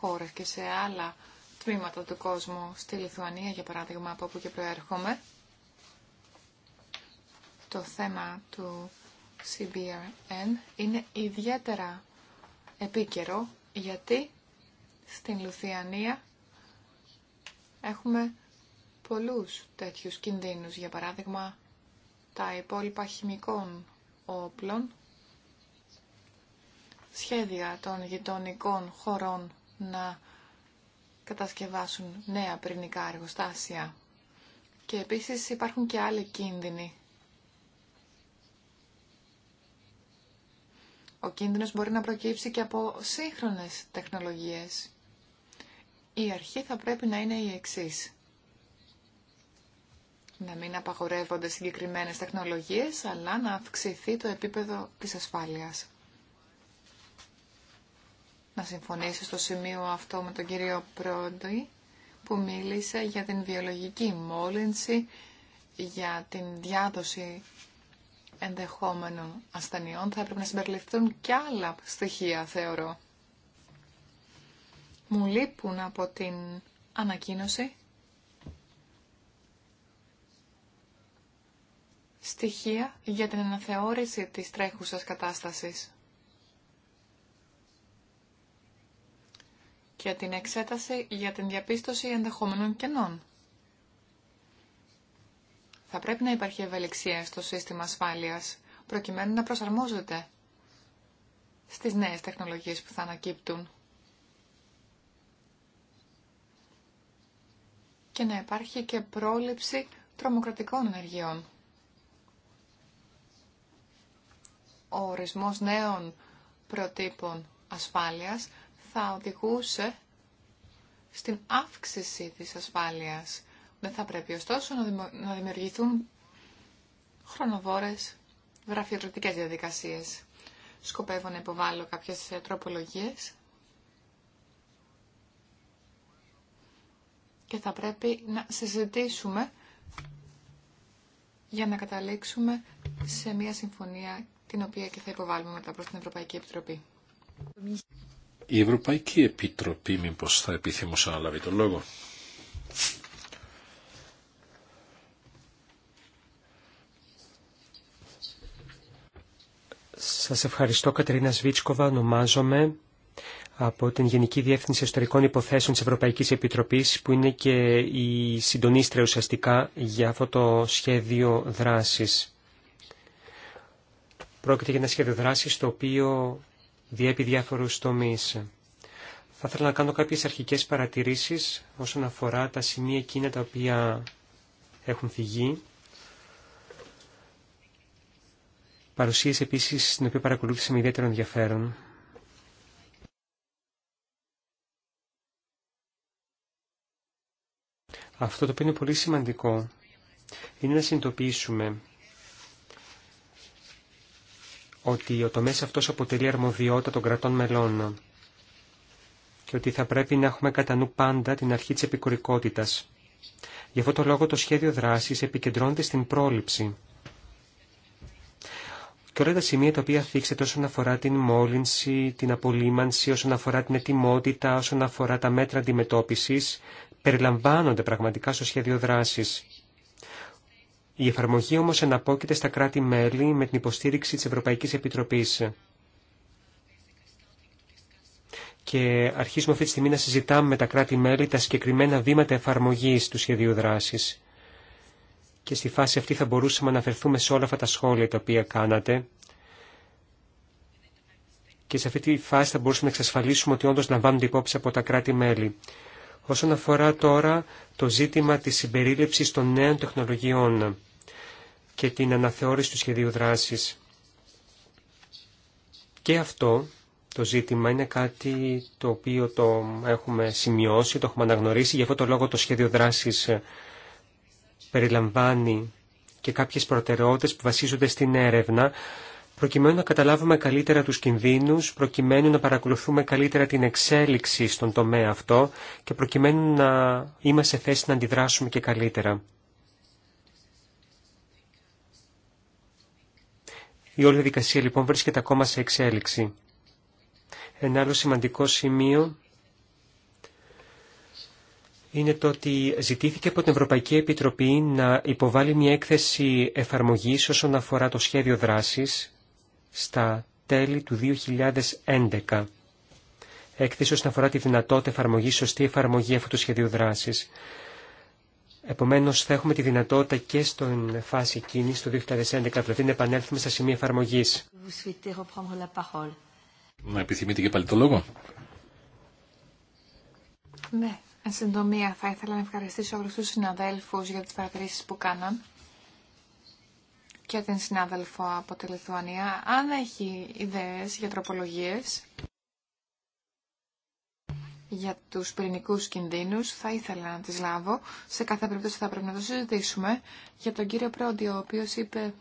χώρες και σε άλλα τμήματα του κόσμου, στη Λιθουανία για παράδειγμα, από όπου και προέρχομαι. Το θέμα του CBRN είναι ιδιαίτερα επίκαιρο, γιατί στην Λουθιανία έχουμε πολλούς τέτοιους κινδύνους, για παράδειγμα τα υπόλοιπα χημικών όπλων σχέδια των γειτονικών χωρών να κατασκευάσουν νέα πυρηνικά εργοστάσια. Και επίσης υπάρχουν και άλλοι κίνδυνοι. Ο κίνδυνος μπορεί να προκύψει και από σύγχρονες τεχνολογίες. Η αρχή θα πρέπει να είναι η εξής να μην απαγορεύονται συγκεκριμένες τεχνολογίες, αλλά να αυξηθεί το επίπεδο της ασφάλειας. Να συμφωνήσω στο σημείο αυτό με τον κύριο Πρόντι, που μίλησε για την βιολογική μόλυνση, για την διάδοση ενδεχόμενων ασθενειών. Θα έπρεπε να συμπεριληφθούν και άλλα στοιχεία, θεωρώ. Μου λείπουν από την ανακοίνωση στοιχεία για την αναθεώρηση της τρέχουσας κατάστασης και την εξέταση για την διαπίστωση ενδεχόμενων κενών. Θα πρέπει να υπάρχει ευελιξία στο σύστημα ασφάλειας, προκειμένου να προσαρμόζεται στις νέες τεχνολογίες που θα ανακύπτουν. Και να υπάρχει και πρόληψη τρομοκρατικών ενεργειών. ο ορισμός νέων προτύπων ασφάλειας θα οδηγούσε στην αύξηση της ασφάλειας. Δεν θα πρέπει ωστόσο να δημιουργηθούν χρονοβόρες γραφειοκρατικές διαδικασίες. Σκοπεύω να υποβάλω κάποιες τροπολογίες και θα πρέπει να συζητήσουμε για να καταλήξουμε σε μια συμφωνία την οποία και θα υποβάλουμε μετά προς την Ευρωπαϊκή Επιτροπή. Η Ευρωπαϊκή Επιτροπή μήπως θα επιθυμούσε να λάβει τον λόγο. Σας ευχαριστώ Κατερίνα Σβίτσκοβα, ονομάζομαι από την Γενική Διεύθυνση Ιστορικών Υποθέσεων της Ευρωπαϊκής Επιτροπής που είναι και η συντονίστρια ουσιαστικά για αυτό το σχέδιο δράσης. Πρόκειται για ένα σχέδιο δράσης το οποίο διέπει διάφορους τομεί. Θα ήθελα να κάνω κάποιες αρχικές παρατηρήσεις όσον αφορά τα σημεία εκείνα τα οποία έχουν φύγει, Παρουσίες επίσης την οποία παρακολούθησα με ιδιαίτερο ενδιαφέρον. Αυτό το οποίο είναι πολύ σημαντικό είναι να συνειδητοποιήσουμε ότι ο τομέας αυτός αποτελεί αρμοδιότητα των κρατών μελών και ότι θα πρέπει να έχουμε κατά νου πάντα την αρχή της επικουρικότητας. Γι' αυτό το λόγο το σχέδιο δράσης επικεντρώνεται στην πρόληψη. Και όλα τα σημεία τα οποία θίξετε όσον αφορά την μόλυνση, την απολύμανση, όσον αφορά την ετοιμότητα, όσον αφορά τα μέτρα αντιμετώπισης, περιλαμβάνονται πραγματικά στο σχέδιο δράσης. Η εφαρμογή όμως αναπόκειται στα κράτη-μέλη με την υποστήριξη της Ευρωπαϊκής Επιτροπής. Και αρχίζουμε αυτή τη στιγμή να συζητάμε με τα κράτη-μέλη τα συγκεκριμένα βήματα εφαρμογής του σχεδίου δράσης. Και στη φάση αυτή θα μπορούσαμε να αναφερθούμε σε όλα αυτά τα σχόλια τα οποία κάνατε. Και σε αυτή τη φάση θα μπορούσαμε να εξασφαλίσουμε ότι όντως λαμβάνονται υπόψη από τα κράτη-μέλη. Όσον αφορά τώρα το ζήτημα της συμπερίληψης των νέων τεχνολογιών και την αναθεώρηση του σχεδίου δράσης. Και αυτό το ζήτημα είναι κάτι το οποίο το έχουμε σημειώσει, το έχουμε αναγνωρίσει. Γι' αυτό το λόγο το σχέδιο δράσης ε, περιλαμβάνει και κάποιες προτεραιότητες που βασίζονται στην έρευνα, προκειμένου να καταλάβουμε καλύτερα τους κινδύνους, προκειμένου να παρακολουθούμε καλύτερα την εξέλιξη στον τομέα αυτό και προκειμένου να είμαστε σε θέση να αντιδράσουμε και καλύτερα. Η όλη διαδικασία λοιπόν βρίσκεται ακόμα σε εξέλιξη. Ένα άλλο σημαντικό σημείο είναι το ότι ζητήθηκε από την Ευρωπαϊκή Επιτροπή να υποβάλει μια έκθεση εφαρμογής όσον αφορά το σχέδιο δράσης στα τέλη του 2011. Έκθεση όσον αφορά τη δυνατότητα εφαρμογή, σωστή εφαρμογή αυτού του σχεδίου δράσης. Επομένως θα έχουμε τη δυνατότητα και στην φάση εκείνη στο 2011 δηλαδή να επανέλθουμε στα σημεία εφαρμογή. Να επιθυμείτε και πάλι το λόγο. Ναι, εν συντομία θα ήθελα να ευχαριστήσω όλους τους συναδέλφους για τις παρατηρήσεις που κάναν και την συνάδελφο από τη Λιθουανία. Αν έχει ιδέες για τροπολογίες για τους πυρηνικούς κινδύνους. Θα ήθελα να τις λάβω. Σε κάθε περίπτωση θα πρέπει να το συζητήσουμε. Για τον κύριο Πρόντι, ο οποίος είπε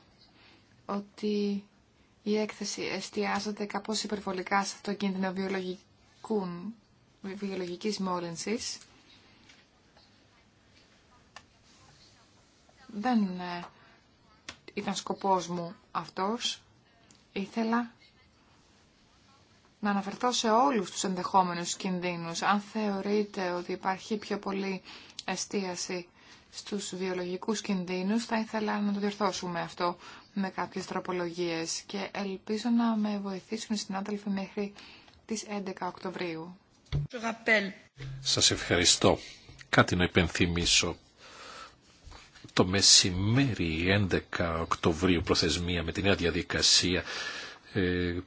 ότι η έκθεση εστιάζεται κάπως υπερβολικά σε αυτό το κίνδυνο βιολογικής μόλυνσης. Δεν ε, ήταν σκοπός μου αυτός. Ήθελα να αναφερθώ σε όλους τους ενδεχόμενους κινδύνους. Αν θεωρείτε ότι υπάρχει πιο πολύ εστίαση στους βιολογικούς κινδύνους, θα ήθελα να το διορθώσουμε αυτό με κάποιες τροπολογίες και ελπίζω να με βοηθήσουν οι συνάδελφοι μέχρι τις 11 Οκτωβρίου. Σας ευχαριστώ. Κάτι να υπενθυμίσω. Το μεσημέρι 11 Οκτωβρίου προθεσμία με τη νέα διαδικασία ε,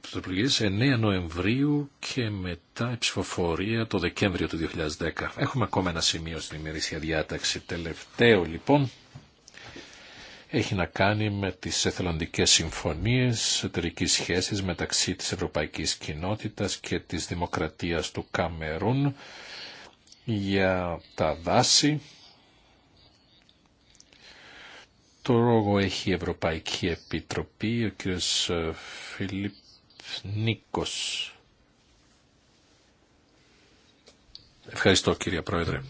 9 Νοεμβρίου και μετά η ψηφοφορία το Δεκέμβριο του 2010. Έχουμε ακόμα ένα σημείο στην ημερήσια διάταξη. Τελευταίο λοιπόν έχει να κάνει με τις εθελοντικές συμφωνίες εταιρική σχέσης μεταξύ της Ευρωπαϊκής Κοινότητας και της Δημοκρατίας του Καμερούν για τα δάση το ρόγο έχει η Ευρωπαϊκή Επιτροπή, ο κύριος ε, Φιλίπ Νίκος. Ευχαριστώ κύριε Πρόεδρε.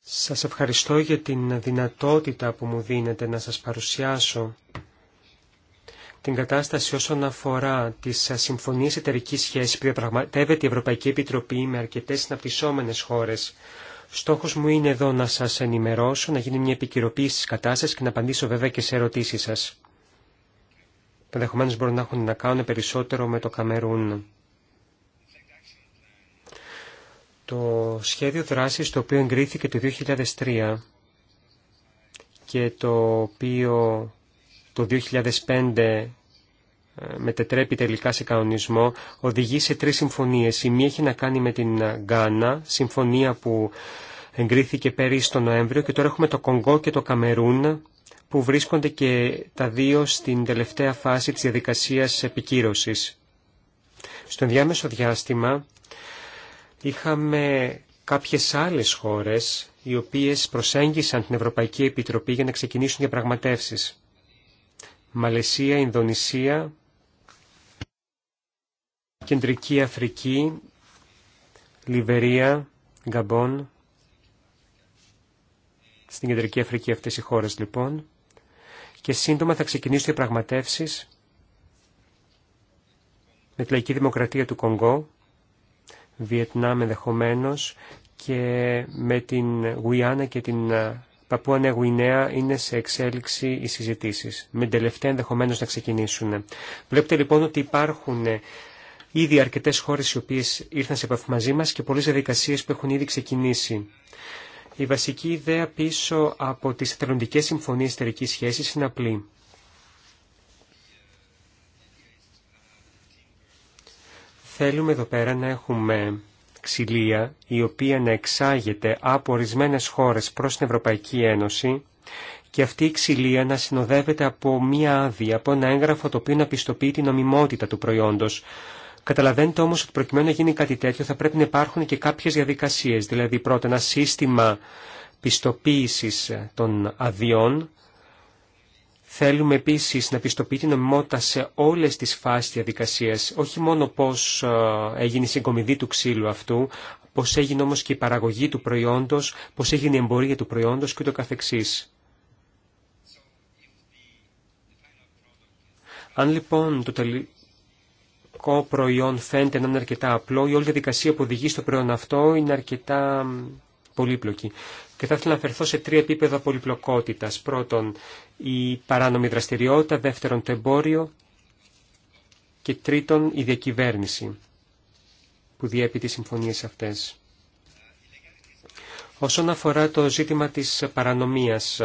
Σας ευχαριστώ για την δυνατότητα που μου δίνετε να σας παρουσιάσω την κατάσταση όσον αφορά τις συμφωνίες εταιρικής σχέσης που διαπραγματεύεται η Ευρωπαϊκή Επιτροπή με αρκετές συναπτυσσόμενες χώρες. Στόχος μου είναι εδώ να σας ενημερώσω, να γίνει μια επικυροποίηση της κατάστασης και να απαντήσω βέβαια και σε ερωτήσεις σας. Ενδεχομένω μπορούν να έχουν να κάνουν περισσότερο με το Καμερούν. Το σχέδιο δράσης το οποίο εγκρίθηκε το 2003 και το οποίο το 2005 μετετρέπει τελικά σε κανονισμό, οδηγεί σε τρεις συμφωνίες. Η μία έχει να κάνει με την Γκάνα, συμφωνία που εγκρίθηκε πέρυσι τον Νοέμβριο και τώρα έχουμε το Κονγκό και το Καμερούν που βρίσκονται και τα δύο στην τελευταία φάση της διαδικασίας επικύρωσης. Στο διάμεσο διάστημα είχαμε κάποιες άλλες χώρες οι οποίες προσέγγισαν την Ευρωπαϊκή Επιτροπή για να ξεκινήσουν διαπραγματεύσεις. Μαλαισία, Ινδονησία, Κεντρική Αφρική, Λιβερία, Γκαμπόν. Στην Κεντρική Αφρική αυτές οι χώρες λοιπόν. Και σύντομα θα ξεκινήσουν οι πραγματεύσεις με τη Λαϊκή Δημοκρατία του Κονγκό, Βιετνάμ ενδεχομένω και με την Γουιάννα και την Παππού Νέα είναι σε εξέλιξη οι συζητήσεις. Με τελευταία ενδεχομένω να ξεκινήσουν. Βλέπετε λοιπόν ότι υπάρχουν ήδη αρκετέ χώρε οι οποίε ήρθαν σε επαφή μαζί μα και πολλέ διαδικασίε που έχουν ήδη ξεκινήσει. Η βασική ιδέα πίσω από τι εθελοντικέ συμφωνίε εταιρική σχέση είναι απλή. Θέλουμε εδώ πέρα να έχουμε ξυλία η οποία να εξάγεται από ορισμένε χώρε προ την Ευρωπαϊκή Ένωση και αυτή η ξυλία να συνοδεύεται από μία άδεια, από ένα έγγραφο το οποίο να πιστοποιεί την νομιμότητα του προϊόντος. Καταλαβαίνετε όμως ότι προκειμένου να γίνει κάτι τέτοιο θα πρέπει να υπάρχουν και κάποιες διαδικασίες, δηλαδή πρώτα ένα σύστημα πιστοποίησης ε, των αδειών. Θέλουμε επίσης να πιστοποιεί την νομιμότητα σε όλες τις φάσεις διαδικασίας, όχι μόνο πώς ε, έγινε η συγκομιδή του ξύλου αυτού, πώς έγινε όμως και η παραγωγή του προϊόντος, πώς έγινε η εμπορία του προϊόντος και το καθεξής. Αν λοιπόν τελικό προϊόν φαίνεται να είναι αρκετά απλό, η όλη διαδικασία που οδηγεί στο προϊόν αυτό είναι αρκετά πολύπλοκη. Και θα ήθελα να αφαιρθώ σε τρία επίπεδα πολυπλοκότητας. Πρώτον, η παράνομη δραστηριότητα, δεύτερον, το εμπόριο και τρίτον, η διακυβέρνηση που διέπει τις συμφωνίες αυτές. Όσον αφορά το ζήτημα της παρανομίας,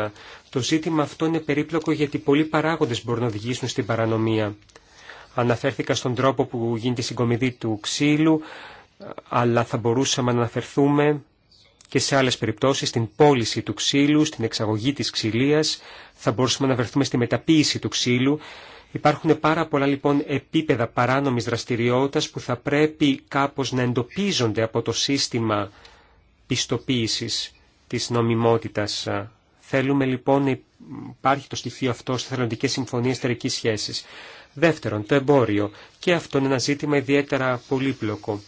το ζήτημα αυτό είναι περίπλοκο γιατί πολλοί παράγοντες μπορούν να οδηγήσουν στην παρανομία αναφέρθηκα στον τρόπο που γίνεται η συγκομιδή του ξύλου, αλλά θα μπορούσαμε να αναφερθούμε και σε άλλες περιπτώσεις, στην πώληση του ξύλου, στην εξαγωγή της ξυλίας, θα μπορούσαμε να βρεθούμε στη μεταποίηση του ξύλου. Υπάρχουν πάρα πολλά λοιπόν επίπεδα παράνομης δραστηριότητας που θα πρέπει κάπως να εντοπίζονται από το σύστημα πιστοποίησης της νομιμότητας Θέλουμε λοιπόν να υπάρχει το στοιχείο αυτό στι θελοντικέ συμφωνίε τερική σχέση. Δεύτερον, το εμπόριο. Και αυτό είναι ένα ζήτημα ιδιαίτερα πολύπλοκο.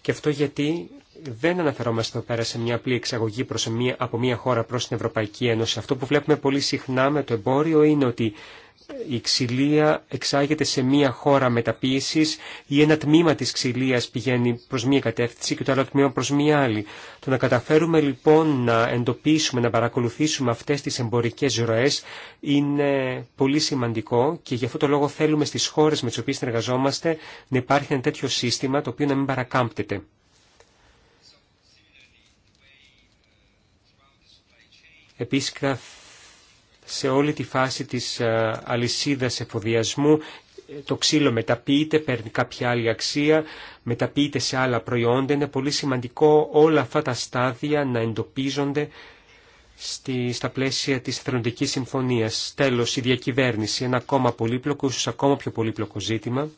Και αυτό γιατί δεν αναφερόμαστε εδώ πέρα σε μια απλή εξαγωγή προς μια, από μια χώρα προς την Ευρωπαϊκή Ένωση. Αυτό που βλέπουμε πολύ συχνά με το εμπόριο είναι ότι η ξυλία εξάγεται σε μία χώρα μεταποίησης ή ένα τμήμα της ξυλίας πηγαίνει προς μία κατεύθυνση και το άλλο τμήμα προς μία άλλη. Το να καταφέρουμε λοιπόν να εντοπίσουμε, να παρακολουθήσουμε αυτές τις εμπορικές ροές είναι πολύ σημαντικό και γι' αυτό το λόγο θέλουμε στις χώρες με τις οποίες συνεργαζόμαστε να υπάρχει ένα τέτοιο σύστημα το οποίο να μην παρακάμπτεται. Επίσης σε όλη τη φάση της ε, αλυσίδας εφοδιασμού. Το ξύλο μεταποιείται, παίρνει κάποια άλλη αξία, μεταποιείται σε άλλα προϊόντα. Είναι πολύ σημαντικό όλα αυτά τα στάδια να εντοπίζονται στη, στα πλαίσια της εθελοντικής Συμφωνίας. Τέλος, η διακυβέρνηση, ένα ακόμα πολύπλοκο, ίσως ακόμα πιο πολύπλοκο ζήτημα.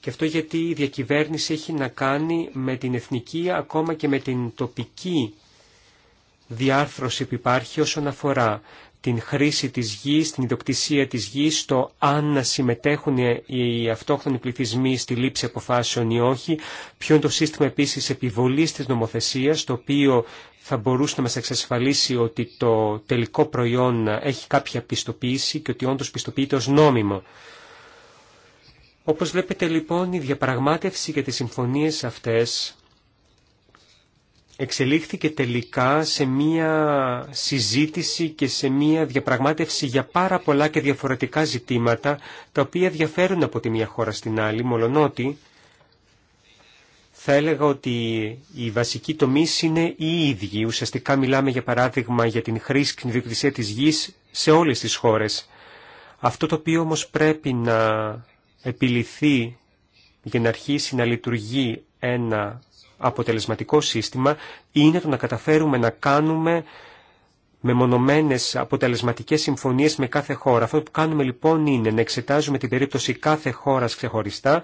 Και αυτό γιατί η διακυβέρνηση έχει να κάνει με την εθνική, ακόμα και με την τοπική διάρθρωση που υπάρχει όσον αφορά την χρήση της γης, την ιδιοκτησία της γης, το αν να συμμετέχουν οι αυτόχθονοι πληθυσμοί στη λήψη αποφάσεων ή όχι, ποιο είναι το σύστημα επίσης επιβολής της νομοθεσίας, το οποίο θα μπορούσε να μας εξασφαλίσει ότι το τελικό προϊόν έχει κάποια πιστοποίηση και ότι όντως πιστοποιείται ως νόμιμο. Όπως βλέπετε λοιπόν η διαπραγμάτευση για τις συμφωνίες αυτές εξελίχθηκε τελικά σε μία συζήτηση και σε μία διαπραγμάτευση για πάρα πολλά και διαφορετικά ζητήματα, τα οποία διαφέρουν από τη μία χώρα στην άλλη, μολονότι θα έλεγα ότι η βασική τομή είναι οι ίδιοι. Ουσιαστικά μιλάμε για παράδειγμα για την χρήση και την διοκτησία της γης σε όλες τις χώρες. Αυτό το οποίο όμως πρέπει να επιληθεί για να αρχίσει να λειτουργεί ένα αποτελεσματικό σύστημα είναι το να καταφέρουμε να κάνουμε μεμονωμένες αποτελεσματικές συμφωνίες με κάθε χώρα. Αυτό που κάνουμε λοιπόν είναι να εξετάζουμε την περίπτωση κάθε χώρας ξεχωριστά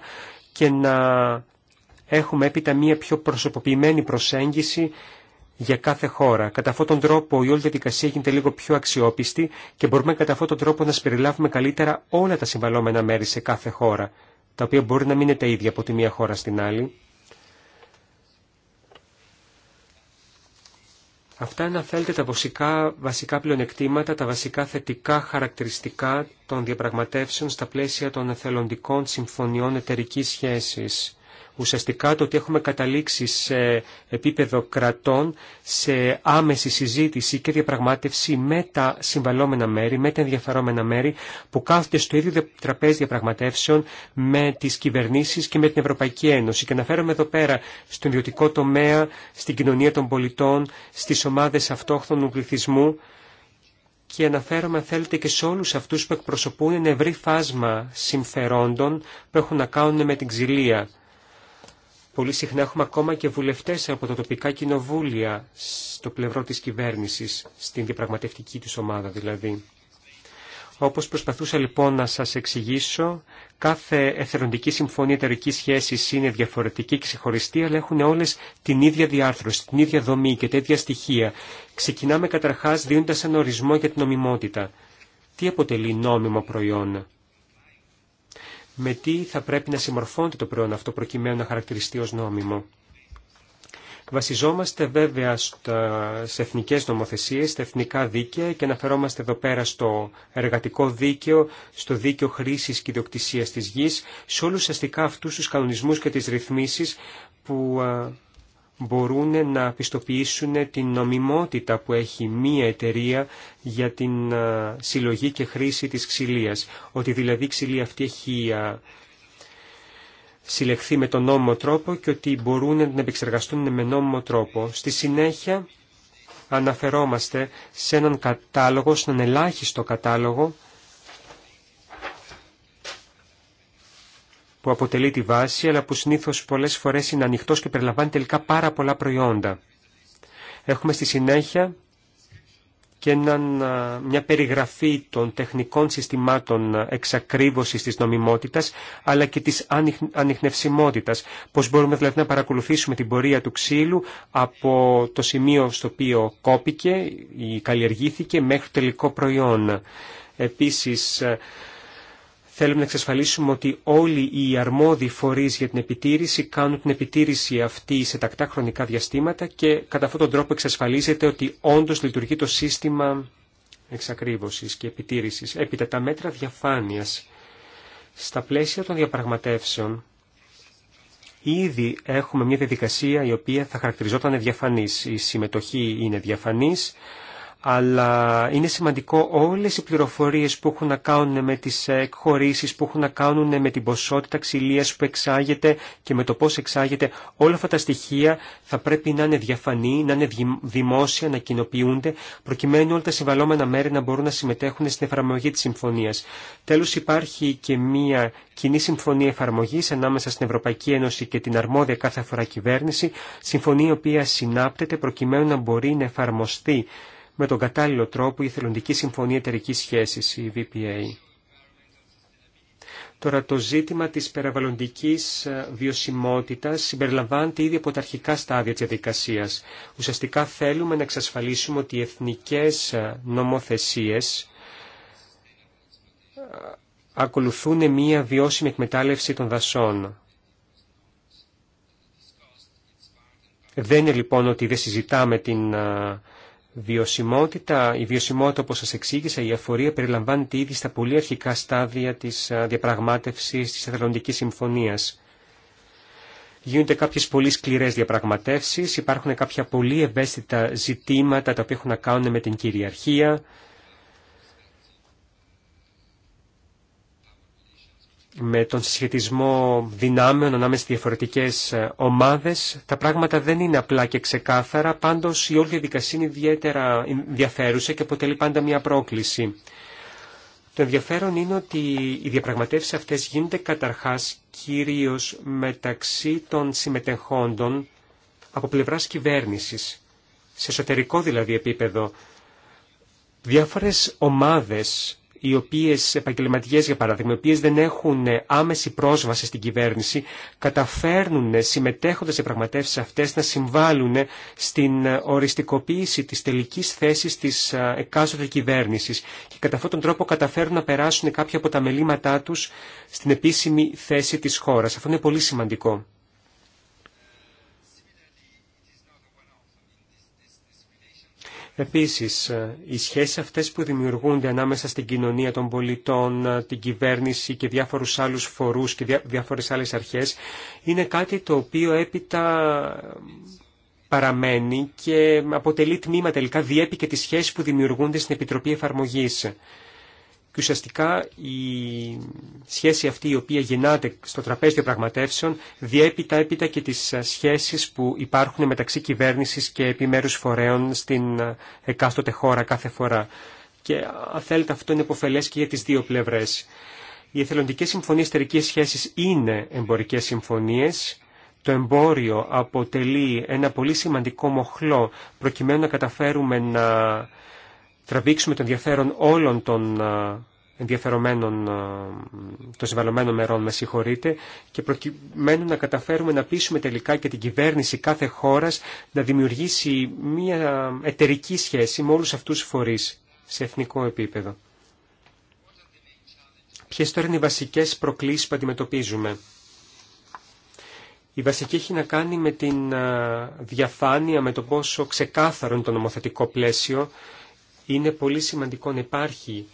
και να έχουμε έπειτα μια πιο προσωποποιημένη προσέγγιση για κάθε χώρα. Κατά αυτόν τον τρόπο η όλη διαδικασία γίνεται λίγο πιο αξιόπιστη και μπορούμε κατά αυτόν τον τρόπο να συμπεριλάβουμε καλύτερα όλα τα συμβαλώμενα μέρη σε κάθε χώρα, τα οποία μπορεί να μην είναι τα ίδια από τη μία χώρα στην άλλη. Αυτά είναι, αν τα βασικά, βασικά πλεονεκτήματα, τα βασικά θετικά χαρακτηριστικά των διαπραγματεύσεων στα πλαίσια των εθελοντικών συμφωνιών εταιρική σχέσης ουσιαστικά το ότι έχουμε καταλήξει σε επίπεδο κρατών σε άμεση συζήτηση και διαπραγμάτευση με τα συμβαλόμενα μέρη, με τα ενδιαφερόμενα μέρη που κάθονται στο ίδιο τραπέζι διαπραγματεύσεων με τις κυβερνήσεις και με την Ευρωπαϊκή Ένωση. Και αναφέρομαι εδώ πέρα στον ιδιωτικό τομέα, στην κοινωνία των πολιτών, στις ομάδες αυτόχθονου πληθυσμού και αναφέρομαι θέλετε και σε όλους αυτούς που εκπροσωπούν ένα ευρύ φάσμα συμφερόντων που έχουν να κάνουν με την ξυλία. Πολύ συχνά έχουμε ακόμα και βουλευτές από τα τοπικά κοινοβούλια στο πλευρό της κυβέρνησης, στην διαπραγματευτική τους ομάδα δηλαδή. Όπως προσπαθούσα λοιπόν να σας εξηγήσω, κάθε εθελοντική συμφωνία εταιρική σχέση είναι διαφορετική και ξεχωριστή, αλλά έχουν όλες την ίδια διάρθρωση, την ίδια δομή και τέτοια στοιχεία. Ξεκινάμε καταρχάς δίνοντας ένα ορισμό για την νομιμότητα. Τι αποτελεί νόμιμο προϊόν με τι θα πρέπει να συμμορφώνεται το προϊόν αυτό προκειμένου να χαρακτηριστεί ως νόμιμο. Βασιζόμαστε βέβαια στα, σε εθνικές νομοθεσίες, στα εθνικά δίκαια και αναφερόμαστε εδώ πέρα στο εργατικό δίκαιο, στο δίκαιο χρήσης και ιδιοκτησίας της γης, σε όλους αστικά αυτούς τους κανονισμούς και τις ρυθμίσεις που μπορούν να πιστοποιήσουν την νομιμότητα που έχει μία εταιρεία για την συλλογή και χρήση της ξυλίας. Ότι δηλαδή η ξυλία αυτή έχει συλλεχθεί με τον νόμιμο τρόπο και ότι μπορούν να την επεξεργαστούν με νόμιμο τρόπο. Στη συνέχεια αναφερόμαστε σε έναν κατάλογο, σε έναν ελάχιστο κατάλογο που αποτελεί τη βάση, αλλά που συνήθως πολλές φορές είναι ανοιχτός και περιλαμβάνει τελικά πάρα πολλά προϊόντα. Έχουμε στη συνέχεια και μια περιγραφή των τεχνικών συστημάτων εξακρίβωσης της νομιμότητας αλλά και της ανοιχνευσιμότητας, Πώς μπορούμε δηλαδή να παρακολουθήσουμε την πορεία του ξύλου από το σημείο στο οποίο κόπηκε ή καλλιεργήθηκε μέχρι το τελικό προϊόν. Επίσης, Θέλουμε να εξασφαλίσουμε ότι όλοι οι αρμόδιοι φορείς για την επιτήρηση κάνουν την επιτήρηση αυτή σε τακτά χρονικά διαστήματα και κατά αυτόν τον τρόπο εξασφαλίζεται ότι όντως λειτουργεί το σύστημα εξακρίβωσης και επιτήρησης. Έπειτα τα μέτρα διαφάνειας στα πλαίσια των διαπραγματεύσεων ήδη έχουμε μια διαδικασία η οποία θα χαρακτηριζόταν διαφανής. Η συμμετοχή είναι διαφανής, αλλά είναι σημαντικό όλες οι πληροφορίες που έχουν να κάνουν με τις εκχωρήσεις, που έχουν να κάνουν με την ποσότητα ξυλίας που εξάγεται και με το πώς εξάγεται, όλα αυτά τα στοιχεία θα πρέπει να είναι διαφανή, να είναι δημόσια, να κοινοποιούνται, προκειμένου όλα τα συμβαλόμενα μέρη να μπορούν να συμμετέχουν στην εφαρμογή της συμφωνίας. Τέλος υπάρχει και μία κοινή συμφωνία εφαρμογής ανάμεσα στην Ευρωπαϊκή Ένωση και την αρμόδια κάθε φορά κυβέρνηση, συμφωνία η οποία συνάπτεται προκειμένου να μπορεί να εφαρμοστεί με τον κατάλληλο τρόπο η Θελοντική Συμφωνία Εταιρική Σχέση, η VPA. Τώρα το ζήτημα της περιβαλλοντικής ε, βιωσιμότητας συμπεριλαμβάνεται ήδη από τα αρχικά στάδια της διαδικασίας. Ουσιαστικά θέλουμε να εξασφαλίσουμε ότι οι εθνικές ε, νομοθεσίες ε, ακολουθούν μία βιώσιμη εκμετάλλευση των δασών. Δεν είναι λοιπόν ότι δεν συζητάμε την η βιωσιμότητα όπως σας εξήγησα, η αφορία περιλαμβάνεται ήδη στα πολύ αρχικά στάδια της διαπραγμάτευσης της Εθελοντικής Συμφωνίας. Γίνονται κάποιες πολύ σκληρές διαπραγματεύσεις, υπάρχουν κάποια πολύ ευαίσθητα ζητήματα τα οποία έχουν να κάνουν με την κυριαρχία, με τον συσχετισμό δυνάμεων ανάμεσα στις διαφορετικές ε, ομάδες. Τα πράγματα δεν είναι απλά και ξεκάθαρα, πάντως η όλη διαδικασία είναι ιδιαίτερα ενδιαφέρουσα και αποτελεί πάντα μια πρόκληση. Το ενδιαφέρον είναι ότι οι διαπραγματεύσεις αυτές γίνονται καταρχάς κυρίως μεταξύ των συμμετεχόντων από πλευράς κυβέρνησης, σε εσωτερικό δηλαδή επίπεδο. Διάφορες ομάδες οι οποίε, επαγγελματικέ, για παράδειγμα, οι οποίε δεν έχουν άμεση πρόσβαση στην κυβέρνηση, καταφέρνουν συμμετέχοντα σε πραγματεύσει αυτές να συμβάλλουν στην οριστικοποίηση της τελικής θέσης της εκάστοτε κυβέρνησης και κατά αυτόν τον τρόπο καταφέρνουν να περάσουν κάποια από τα μελήματά τους στην επίσημη θέση τη χώρα. Αυτό είναι πολύ σημαντικό. Επίσης, ε, οι σχέσεις αυτές που δημιουργούνται ανάμεσα στην κοινωνία των πολιτών, ε, την κυβέρνηση και διάφορους άλλους φορούς και διάφορες άλλες αρχές είναι κάτι το οποίο έπειτα ε, παραμένει και αποτελεί τμήμα τελικά διέπει και τις σχέσεις που δημιουργούνται στην Επιτροπή Εφαρμογής. Και ουσιαστικά η σχέση αυτή η οποία γεννάται στο τραπέζι των πραγματεύσεων διέπει τα έπειτα και τις σχέσεις που υπάρχουν μεταξύ κυβέρνησης και επιμέρους φορέων στην εκάστοτε χώρα κάθε φορά. Και αν θέλετε αυτό είναι υποφελές και για τις δύο πλευρές. Οι εθελοντικές συμφωνίες τερικέ σχέσεις είναι εμπορικές συμφωνίες. Το εμπόριο αποτελεί ένα πολύ σημαντικό μοχλό προκειμένου να καταφέρουμε να τραβήξουμε το ενδιαφέρον όλων των ενδιαφερομένων, των συμβαλωμένων μερών, με συγχωρείτε, και προκειμένου να καταφέρουμε να πείσουμε τελικά και την κυβέρνηση κάθε χώρας να δημιουργήσει μια εταιρική σχέση με όλους αυτούς τους φορείς σε εθνικό επίπεδο. Ποιες τώρα είναι οι βασικές προκλήσεις που αντιμετωπίζουμε. Η βασική έχει να κάνει με την διαφάνεια, με το πόσο ξεκάθαρο είναι το νομοθετικό πλαίσιο, είναι πολύ σημαντικό να υπάρχει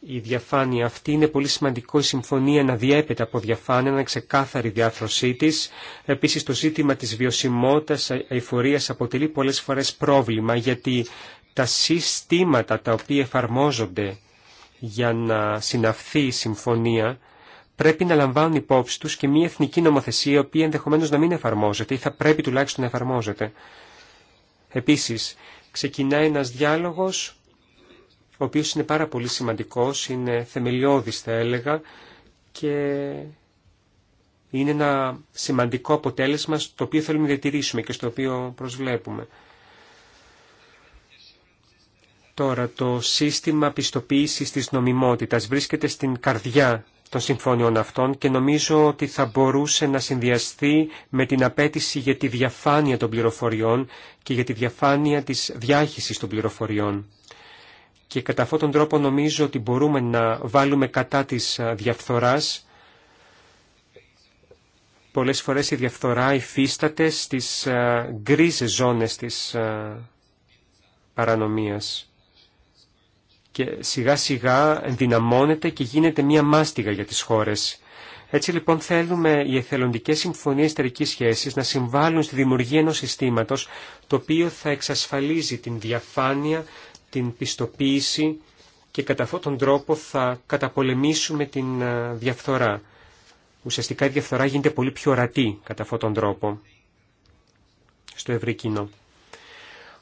η διαφάνεια αυτή. Είναι πολύ σημαντικό η συμφωνία να διέπεται από διαφάνεια, να ξεκάθαρη διάθρωσή τη. Επίσης το ζήτημα της βιωσιμότητας αηφορίας αποτελεί πολλέ φορέ πρόβλημα, γιατί τα συστήματα τα οποία εφαρμόζονται για να συναυθεί η συμφωνία πρέπει να λαμβάνουν υπόψη τους και μια εθνική νομοθεσία η οποία ενδεχομένως να μην εφαρμόζεται ή θα πρέπει τουλάχιστον να εφαρμόζεται. Επίσης, ξεκινάει ένας διάλογος ο οποίος είναι πάρα πολύ σημαντικός, είναι θεμελιώδης θα έλεγα και είναι ένα σημαντικό αποτέλεσμα στο οποίο θέλουμε να διατηρήσουμε και στο οποίο προσβλέπουμε. Τώρα το σύστημα πιστοποίησης της νομιμότητας βρίσκεται στην καρδιά των συμφώνιων αυτών και νομίζω ότι θα μπορούσε να συνδυαστεί με την απέτηση για τη διαφάνεια των πληροφοριών και για τη διαφάνεια της διάχυσης των πληροφοριών και κατά αυτόν τον τρόπο νομίζω ότι μπορούμε να βάλουμε κατά της διαφθοράς. Πολλές φορές η διαφθορά υφίσταται στις γκρίζες ζώνες της παρανομίας και σιγά σιγά ενδυναμώνεται και γίνεται μία μάστιγα για τις χώρες. Έτσι λοιπόν θέλουμε οι εθελοντικές συμφωνίες εταιρικής σχέσης να συμβάλλουν στη δημιουργία ενός συστήματος το οποίο θα εξασφαλίζει την διαφάνεια, την πιστοποίηση και κατά αυτόν τον τρόπο θα καταπολεμήσουμε την ε, διαφθορά. Ουσιαστικά η διαφθορά γίνεται πολύ πιο ορατή κατά αυτόν τον τρόπο στο ευρύ κοινό.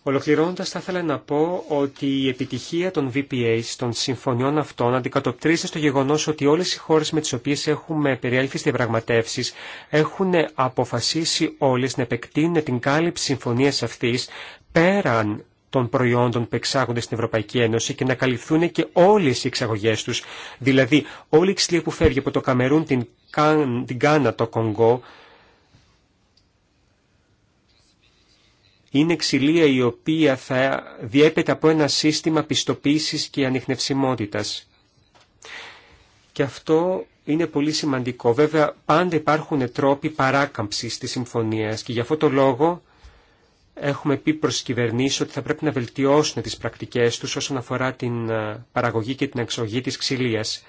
Ολοκληρώνοντας θα ήθελα να πω ότι η επιτυχία των VPA, των συμφωνιών αυτών, αντικατοπτρίζεται στο γεγονός ότι όλες οι χώρες με τις οποίες έχουμε περιέλθει στις διαπραγματεύσεις έχουν αποφασίσει όλες να επεκτείνουν την κάλυψη συμφωνίας αυτής πέραν των προϊόντων που εξάγονται στην Ευρωπαϊκή Ένωση και να καλυφθούν και όλες οι εξαγωγές τους. Δηλαδή, όλη η ξυλία που φεύγει από το Καμερούν, την, την Κάνα, το Κονγκό, είναι ξυλία η οποία θα διέπεται από ένα σύστημα πιστοποίησης και ανιχνευσιμότητας. Και αυτό είναι πολύ σημαντικό. Βέβαια, πάντα υπάρχουν τρόποι παράκαμψης της συμφωνίας και γι' αυτό το λόγο Έχουμε πει προς κυβερνήσεις ότι θα πρέπει να βελτιώσουν τις πρακτικές τους όσον αφορά την ε, παραγωγή και την εξογή της ξυλίας.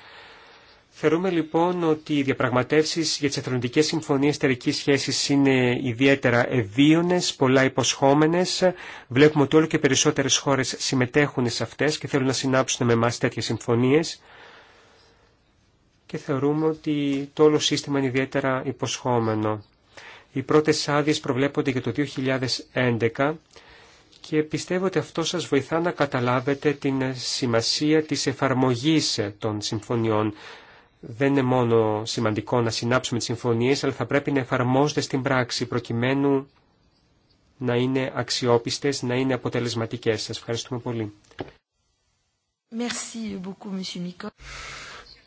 Θεωρούμε λοιπόν ότι οι διαπραγματεύσεις για τις εθνοντικές συμφωνίες τερικής σχέσης είναι ιδιαίτερα ευίωνες, πολλά υποσχόμενες. Βλέπουμε ότι όλο και περισσότερες χώρες συμμετέχουν σε αυτές και θέλουν να συνάψουν με εμά τέτοιες συμφωνίες. Και θεωρούμε ότι το όλο σύστημα είναι ιδιαίτερα υποσχόμενο. Οι πρώτες άδειες προβλέπονται για το 2011 και πιστεύω ότι αυτό σας βοηθά να καταλάβετε την σημασία της εφαρμογής των συμφωνιών. Δεν είναι μόνο σημαντικό να συνάψουμε τις συμφωνίες, αλλά θα πρέπει να εφαρμόζονται στην πράξη, προκειμένου να είναι αξιόπιστες, να είναι αποτελεσματικές. Σας ευχαριστούμε πολύ. Merci beaucoup,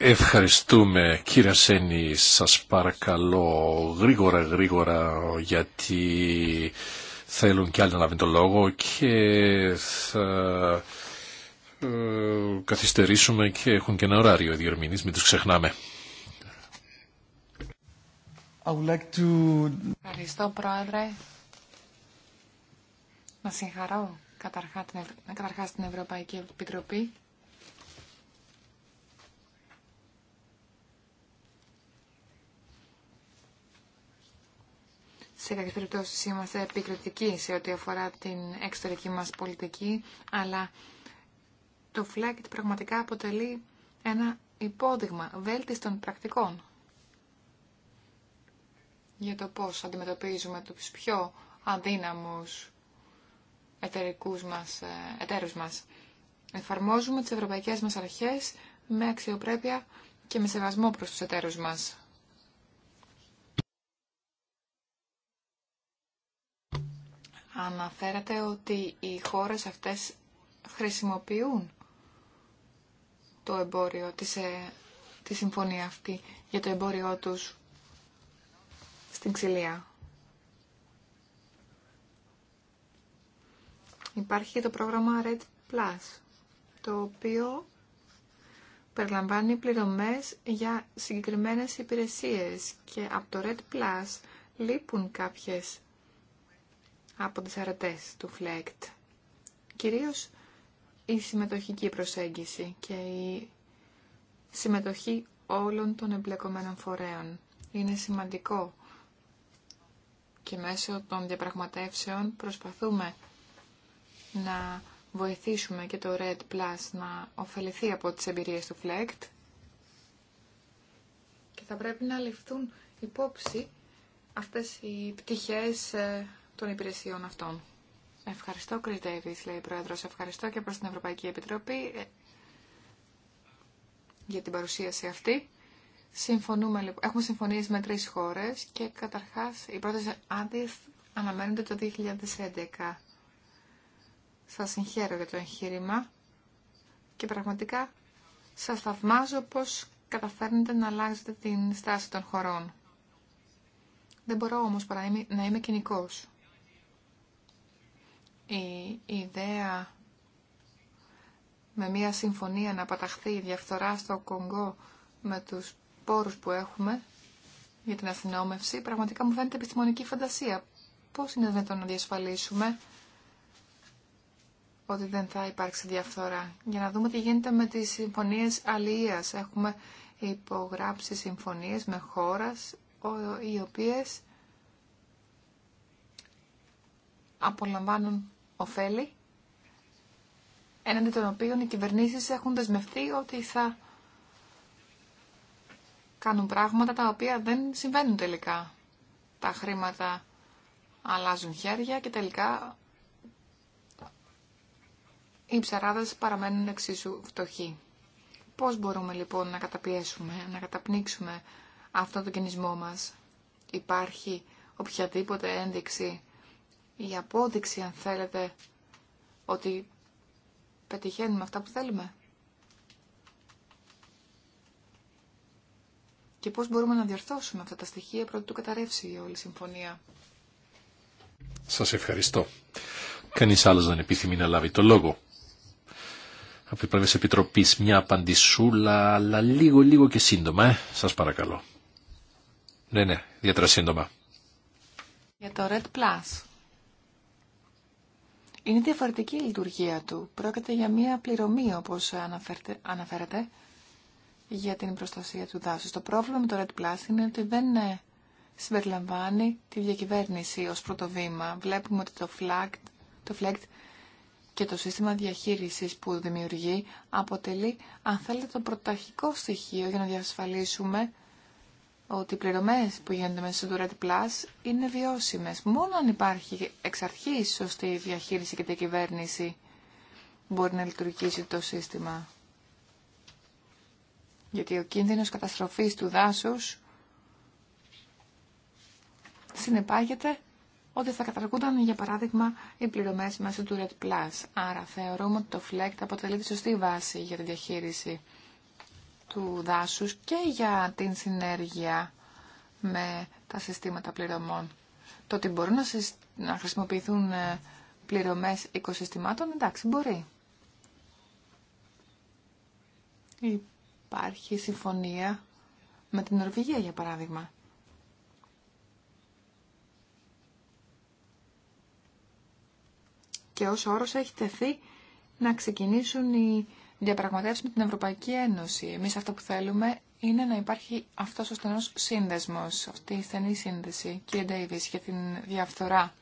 Ευχαριστούμε κύριε Σένη, σας παρακαλώ γρήγορα γρήγορα γιατί θέλουν και άλλοι να λάβουν το λόγο και θα ε, καθυστερήσουμε και έχουν και ένα ωράριο οι διερμηνείς, μην τους ξεχνάμε. I would Ευχαριστώ Πρόεδρε. Να συγχαρώ καταρχάς την, Ευρωπαϊκή Επιτροπή σε κάποιες περιπτώσεις είμαστε επικριτικοί σε ό,τι αφορά την εξωτερική μας πολιτική, αλλά το Flagit πραγματικά αποτελεί ένα υπόδειγμα βέλτιστων πρακτικών για το πώς αντιμετωπίζουμε τους πιο αδύναμους εταιρικούς μας, ε, εταίρους μας. Εφαρμόζουμε τις ευρωπαϊκές μας αρχές με αξιοπρέπεια και με σεβασμό προς τους εταίρους μας. Αναφέρατε ότι οι χώρες αυτές χρησιμοποιούν το εμπόριο, ε, τη, συμφωνία αυτή για το εμπόριό τους στην ξυλία. Υπάρχει το πρόγραμμα Red Plus, το οποίο περιλαμβάνει πληρωμές για συγκεκριμένες υπηρεσίες και από το Red Plus λείπουν κάποιες από τις αρετές του φλεκτ. Κυρίως η συμμετοχική προσέγγιση και η συμμετοχή όλων των εμπλεκομένων φορέων. Είναι σημαντικό και μέσω των διαπραγματεύσεων προσπαθούμε να βοηθήσουμε και το Red Plus να ωφεληθεί από τις εμπειρίες του FLECT και θα πρέπει να ληφθούν υπόψη αυτές οι πτυχές ε, των υπηρεσιών αυτών. Ευχαριστώ, Κρι Davis, λέει η Πρόεδρος. Ευχαριστώ και προς την Ευρωπαϊκή Επιτροπή ε, για την παρουσίαση αυτή. Συμφωνούμε, λοιπόν, έχουμε συμφωνίε με τρεις χώρες και καταρχάς οι πρόταση άδειες αναμένεται το 2011. Σας συγχαίρω για το εγχείρημα και πραγματικά σας θαυμάζω πώς καταφέρνετε να αλλάξετε την στάση των χωρών. Δεν μπορώ όμως παρά να είμαι κοινικός η ιδέα με μια συμφωνία να παταχθεί η διαφθορά στο Κονγκό με τους πόρους που έχουμε για την αθηνόμευση, πραγματικά μου φαίνεται επιστημονική φαντασία. Πώς είναι δυνατόν να διασφαλίσουμε ότι δεν θα υπάρξει διαφθορά. Για να δούμε τι γίνεται με τις συμφωνίες αλληλείας. Έχουμε υπογράψει συμφωνίες με χώρες οι οποίες απολαμβάνουν ωφέλη, έναντι των οποίων οι κυβερνήσεις έχουν δεσμευτεί ότι θα κάνουν πράγματα τα οποία δεν συμβαίνουν τελικά. Τα χρήματα αλλάζουν χέρια και τελικά οι ψαράδες παραμένουν εξίσου φτωχοί. Πώς μπορούμε λοιπόν να καταπιέσουμε, να καταπνίξουμε αυτόν τον κινησμό μας. Υπάρχει οποιαδήποτε ένδειξη η απόδειξη, αν θέλετε, ότι πετυχαίνουμε αυτά που θέλουμε. Και πώς μπορούμε να διορθώσουμε αυτά τα στοιχεία του καταρρεύσει η όλη συμφωνία. Σας ευχαριστώ. Κανείς άλλος δεν επιθυμεί να λάβει το λόγο. Από την Πραβές Επιτροπής μια απαντησούλα, αλλά λίγο λίγο και σύντομα, ε. σας παρακαλώ. Ναι, ναι, ιδιαίτερα σύντομα. Για το Red Plus. Είναι διαφορετική η λειτουργία του. Πρόκειται για μία πληρωμή, όπως αναφέρεται, για την προστασία του δάσους. Το πρόβλημα με το Red Plus είναι ότι δεν ε, συμπεριλαμβάνει τη διακυβέρνηση ως πρώτο βήμα. Βλέπουμε ότι το FLAG, το FLAGT και το σύστημα διαχείρισης που δημιουργεί αποτελεί, αν θέλετε, το πρωταρχικό στοιχείο για να διασφαλίσουμε ότι οι πληρωμές που γίνονται μέσα στο Red Plus είναι βιώσιμες. Μόνο αν υπάρχει εξ αρχής σωστή διαχείριση και διακυβέρνηση μπορεί να λειτουργήσει το σύστημα. Γιατί ο κίνδυνος καταστροφής του δάσους συνεπάγεται ότι θα καταργούνταν για παράδειγμα οι πληρωμές μέσα του Red Plus. Άρα θεωρούμε ότι το FLECT αποτελεί τη σωστή βάση για τη διαχείριση του δάσους και για την συνέργεια με τα συστήματα πληρωμών. Το ότι μπορούν να, χρησιμοποιηθούν ε, πληρωμές οικοσυστημάτων, εντάξει, μπορεί. Υπάρχει συμφωνία με την Νορβηγία, για παράδειγμα. Και ως όρος έχει τεθεί να ξεκινήσουν οι Διαπραγματεύσουμε την Ευρωπαϊκή Ένωση. Εμείς αυτό που θέλουμε είναι να υπάρχει αυτός ο στενός σύνδεσμος, αυτή η στενή σύνδεση, κύριε Ντέιβις, για την διαφθορά.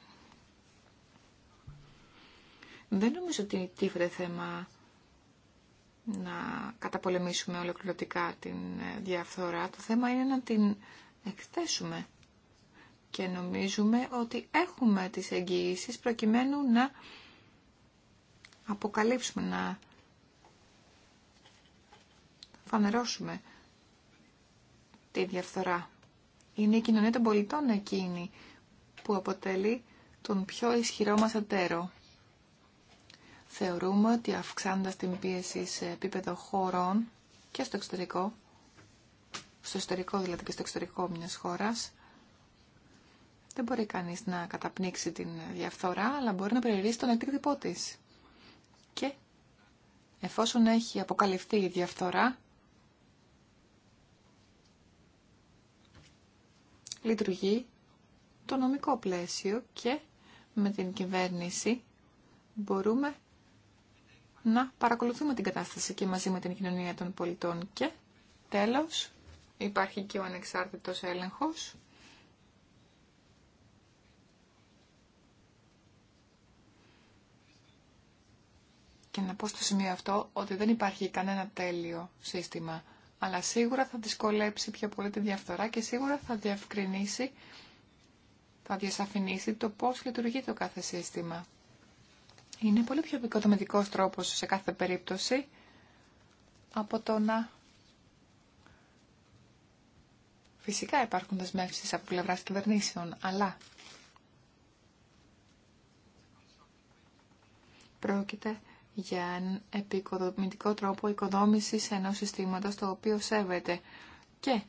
Δεν νομίζω ότι τίφερε θέμα να καταπολεμήσουμε ολοκληρωτικά την ε, διαφθορά. Το θέμα είναι να την εκθέσουμε. Και νομίζουμε ότι έχουμε τις εγγυήσει προκειμένου να αποκαλύψουμε, να φανερώσουμε τη διαφθορά. Είναι η κοινωνία των πολιτών εκείνη που αποτελεί τον πιο ισχυρό μας εταίρο. Θεωρούμε ότι αυξάνοντας την πίεση σε επίπεδο χωρών και στο εξωτερικό, στο εξωτερικό δηλαδή και στο εξωτερικό μιας χώρας, δεν μπορεί κανείς να καταπνίξει την διαφθορά, αλλά μπορεί να περιορίσει τον αντίκτυπό Και εφόσον έχει αποκαλυφθεί η διαφθορά, λειτουργεί το νομικό πλαίσιο και με την κυβέρνηση μπορούμε να παρακολουθούμε την κατάσταση και μαζί με την κοινωνία των πολιτών. Και τέλος υπάρχει και ο ανεξάρτητος έλεγχος. Και να πω στο σημείο αυτό ότι δεν υπάρχει κανένα τέλειο σύστημα αλλά σίγουρα θα δυσκολέψει πιο πολύ τη διαφθορά και σίγουρα θα διευκρινίσει, θα διασαφηνίσει το πώς λειτουργεί το κάθε σύστημα. Είναι πολύ πιο επικοδομητικός τρόπος σε κάθε περίπτωση από το να... Φυσικά υπάρχουν δεσμεύσεις από πλευρά κυβερνήσεων, αλλά πρόκειται για έναν επικοδομητικό τρόπο οικοδόμησης ενός συστήματος το οποίο σέβεται και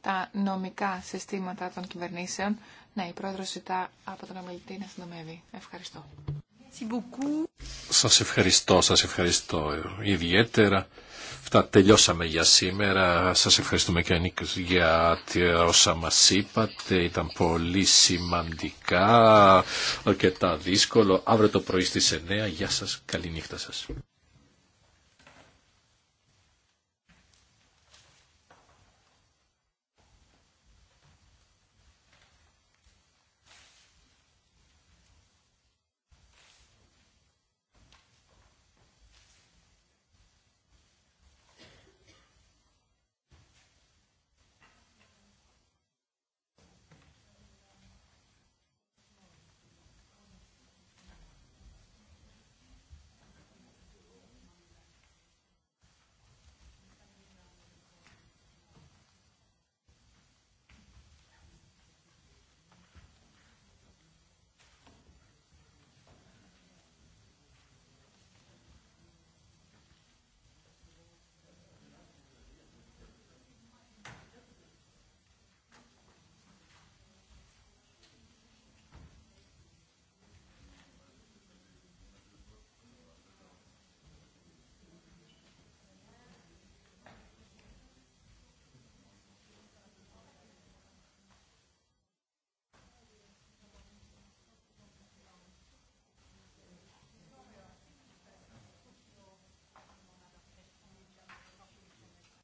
τα νομικά συστήματα των κυβερνήσεων. Ναι, η πρόεδρος ζητά από τον ομιλητή να συντομεύει. Ευχαριστώ. Σας ευχαριστώ, σας ευχαριστώ ιδιαίτερα. Αυτά τελειώσαμε για σήμερα. Σας ευχαριστούμε και Νίκος για όσα μας είπατε. Ήταν πολύ σημαντικά, αρκετά δύσκολο. Αύριο το πρωί στις 9. Γεια σας, καλή νύχτα σας.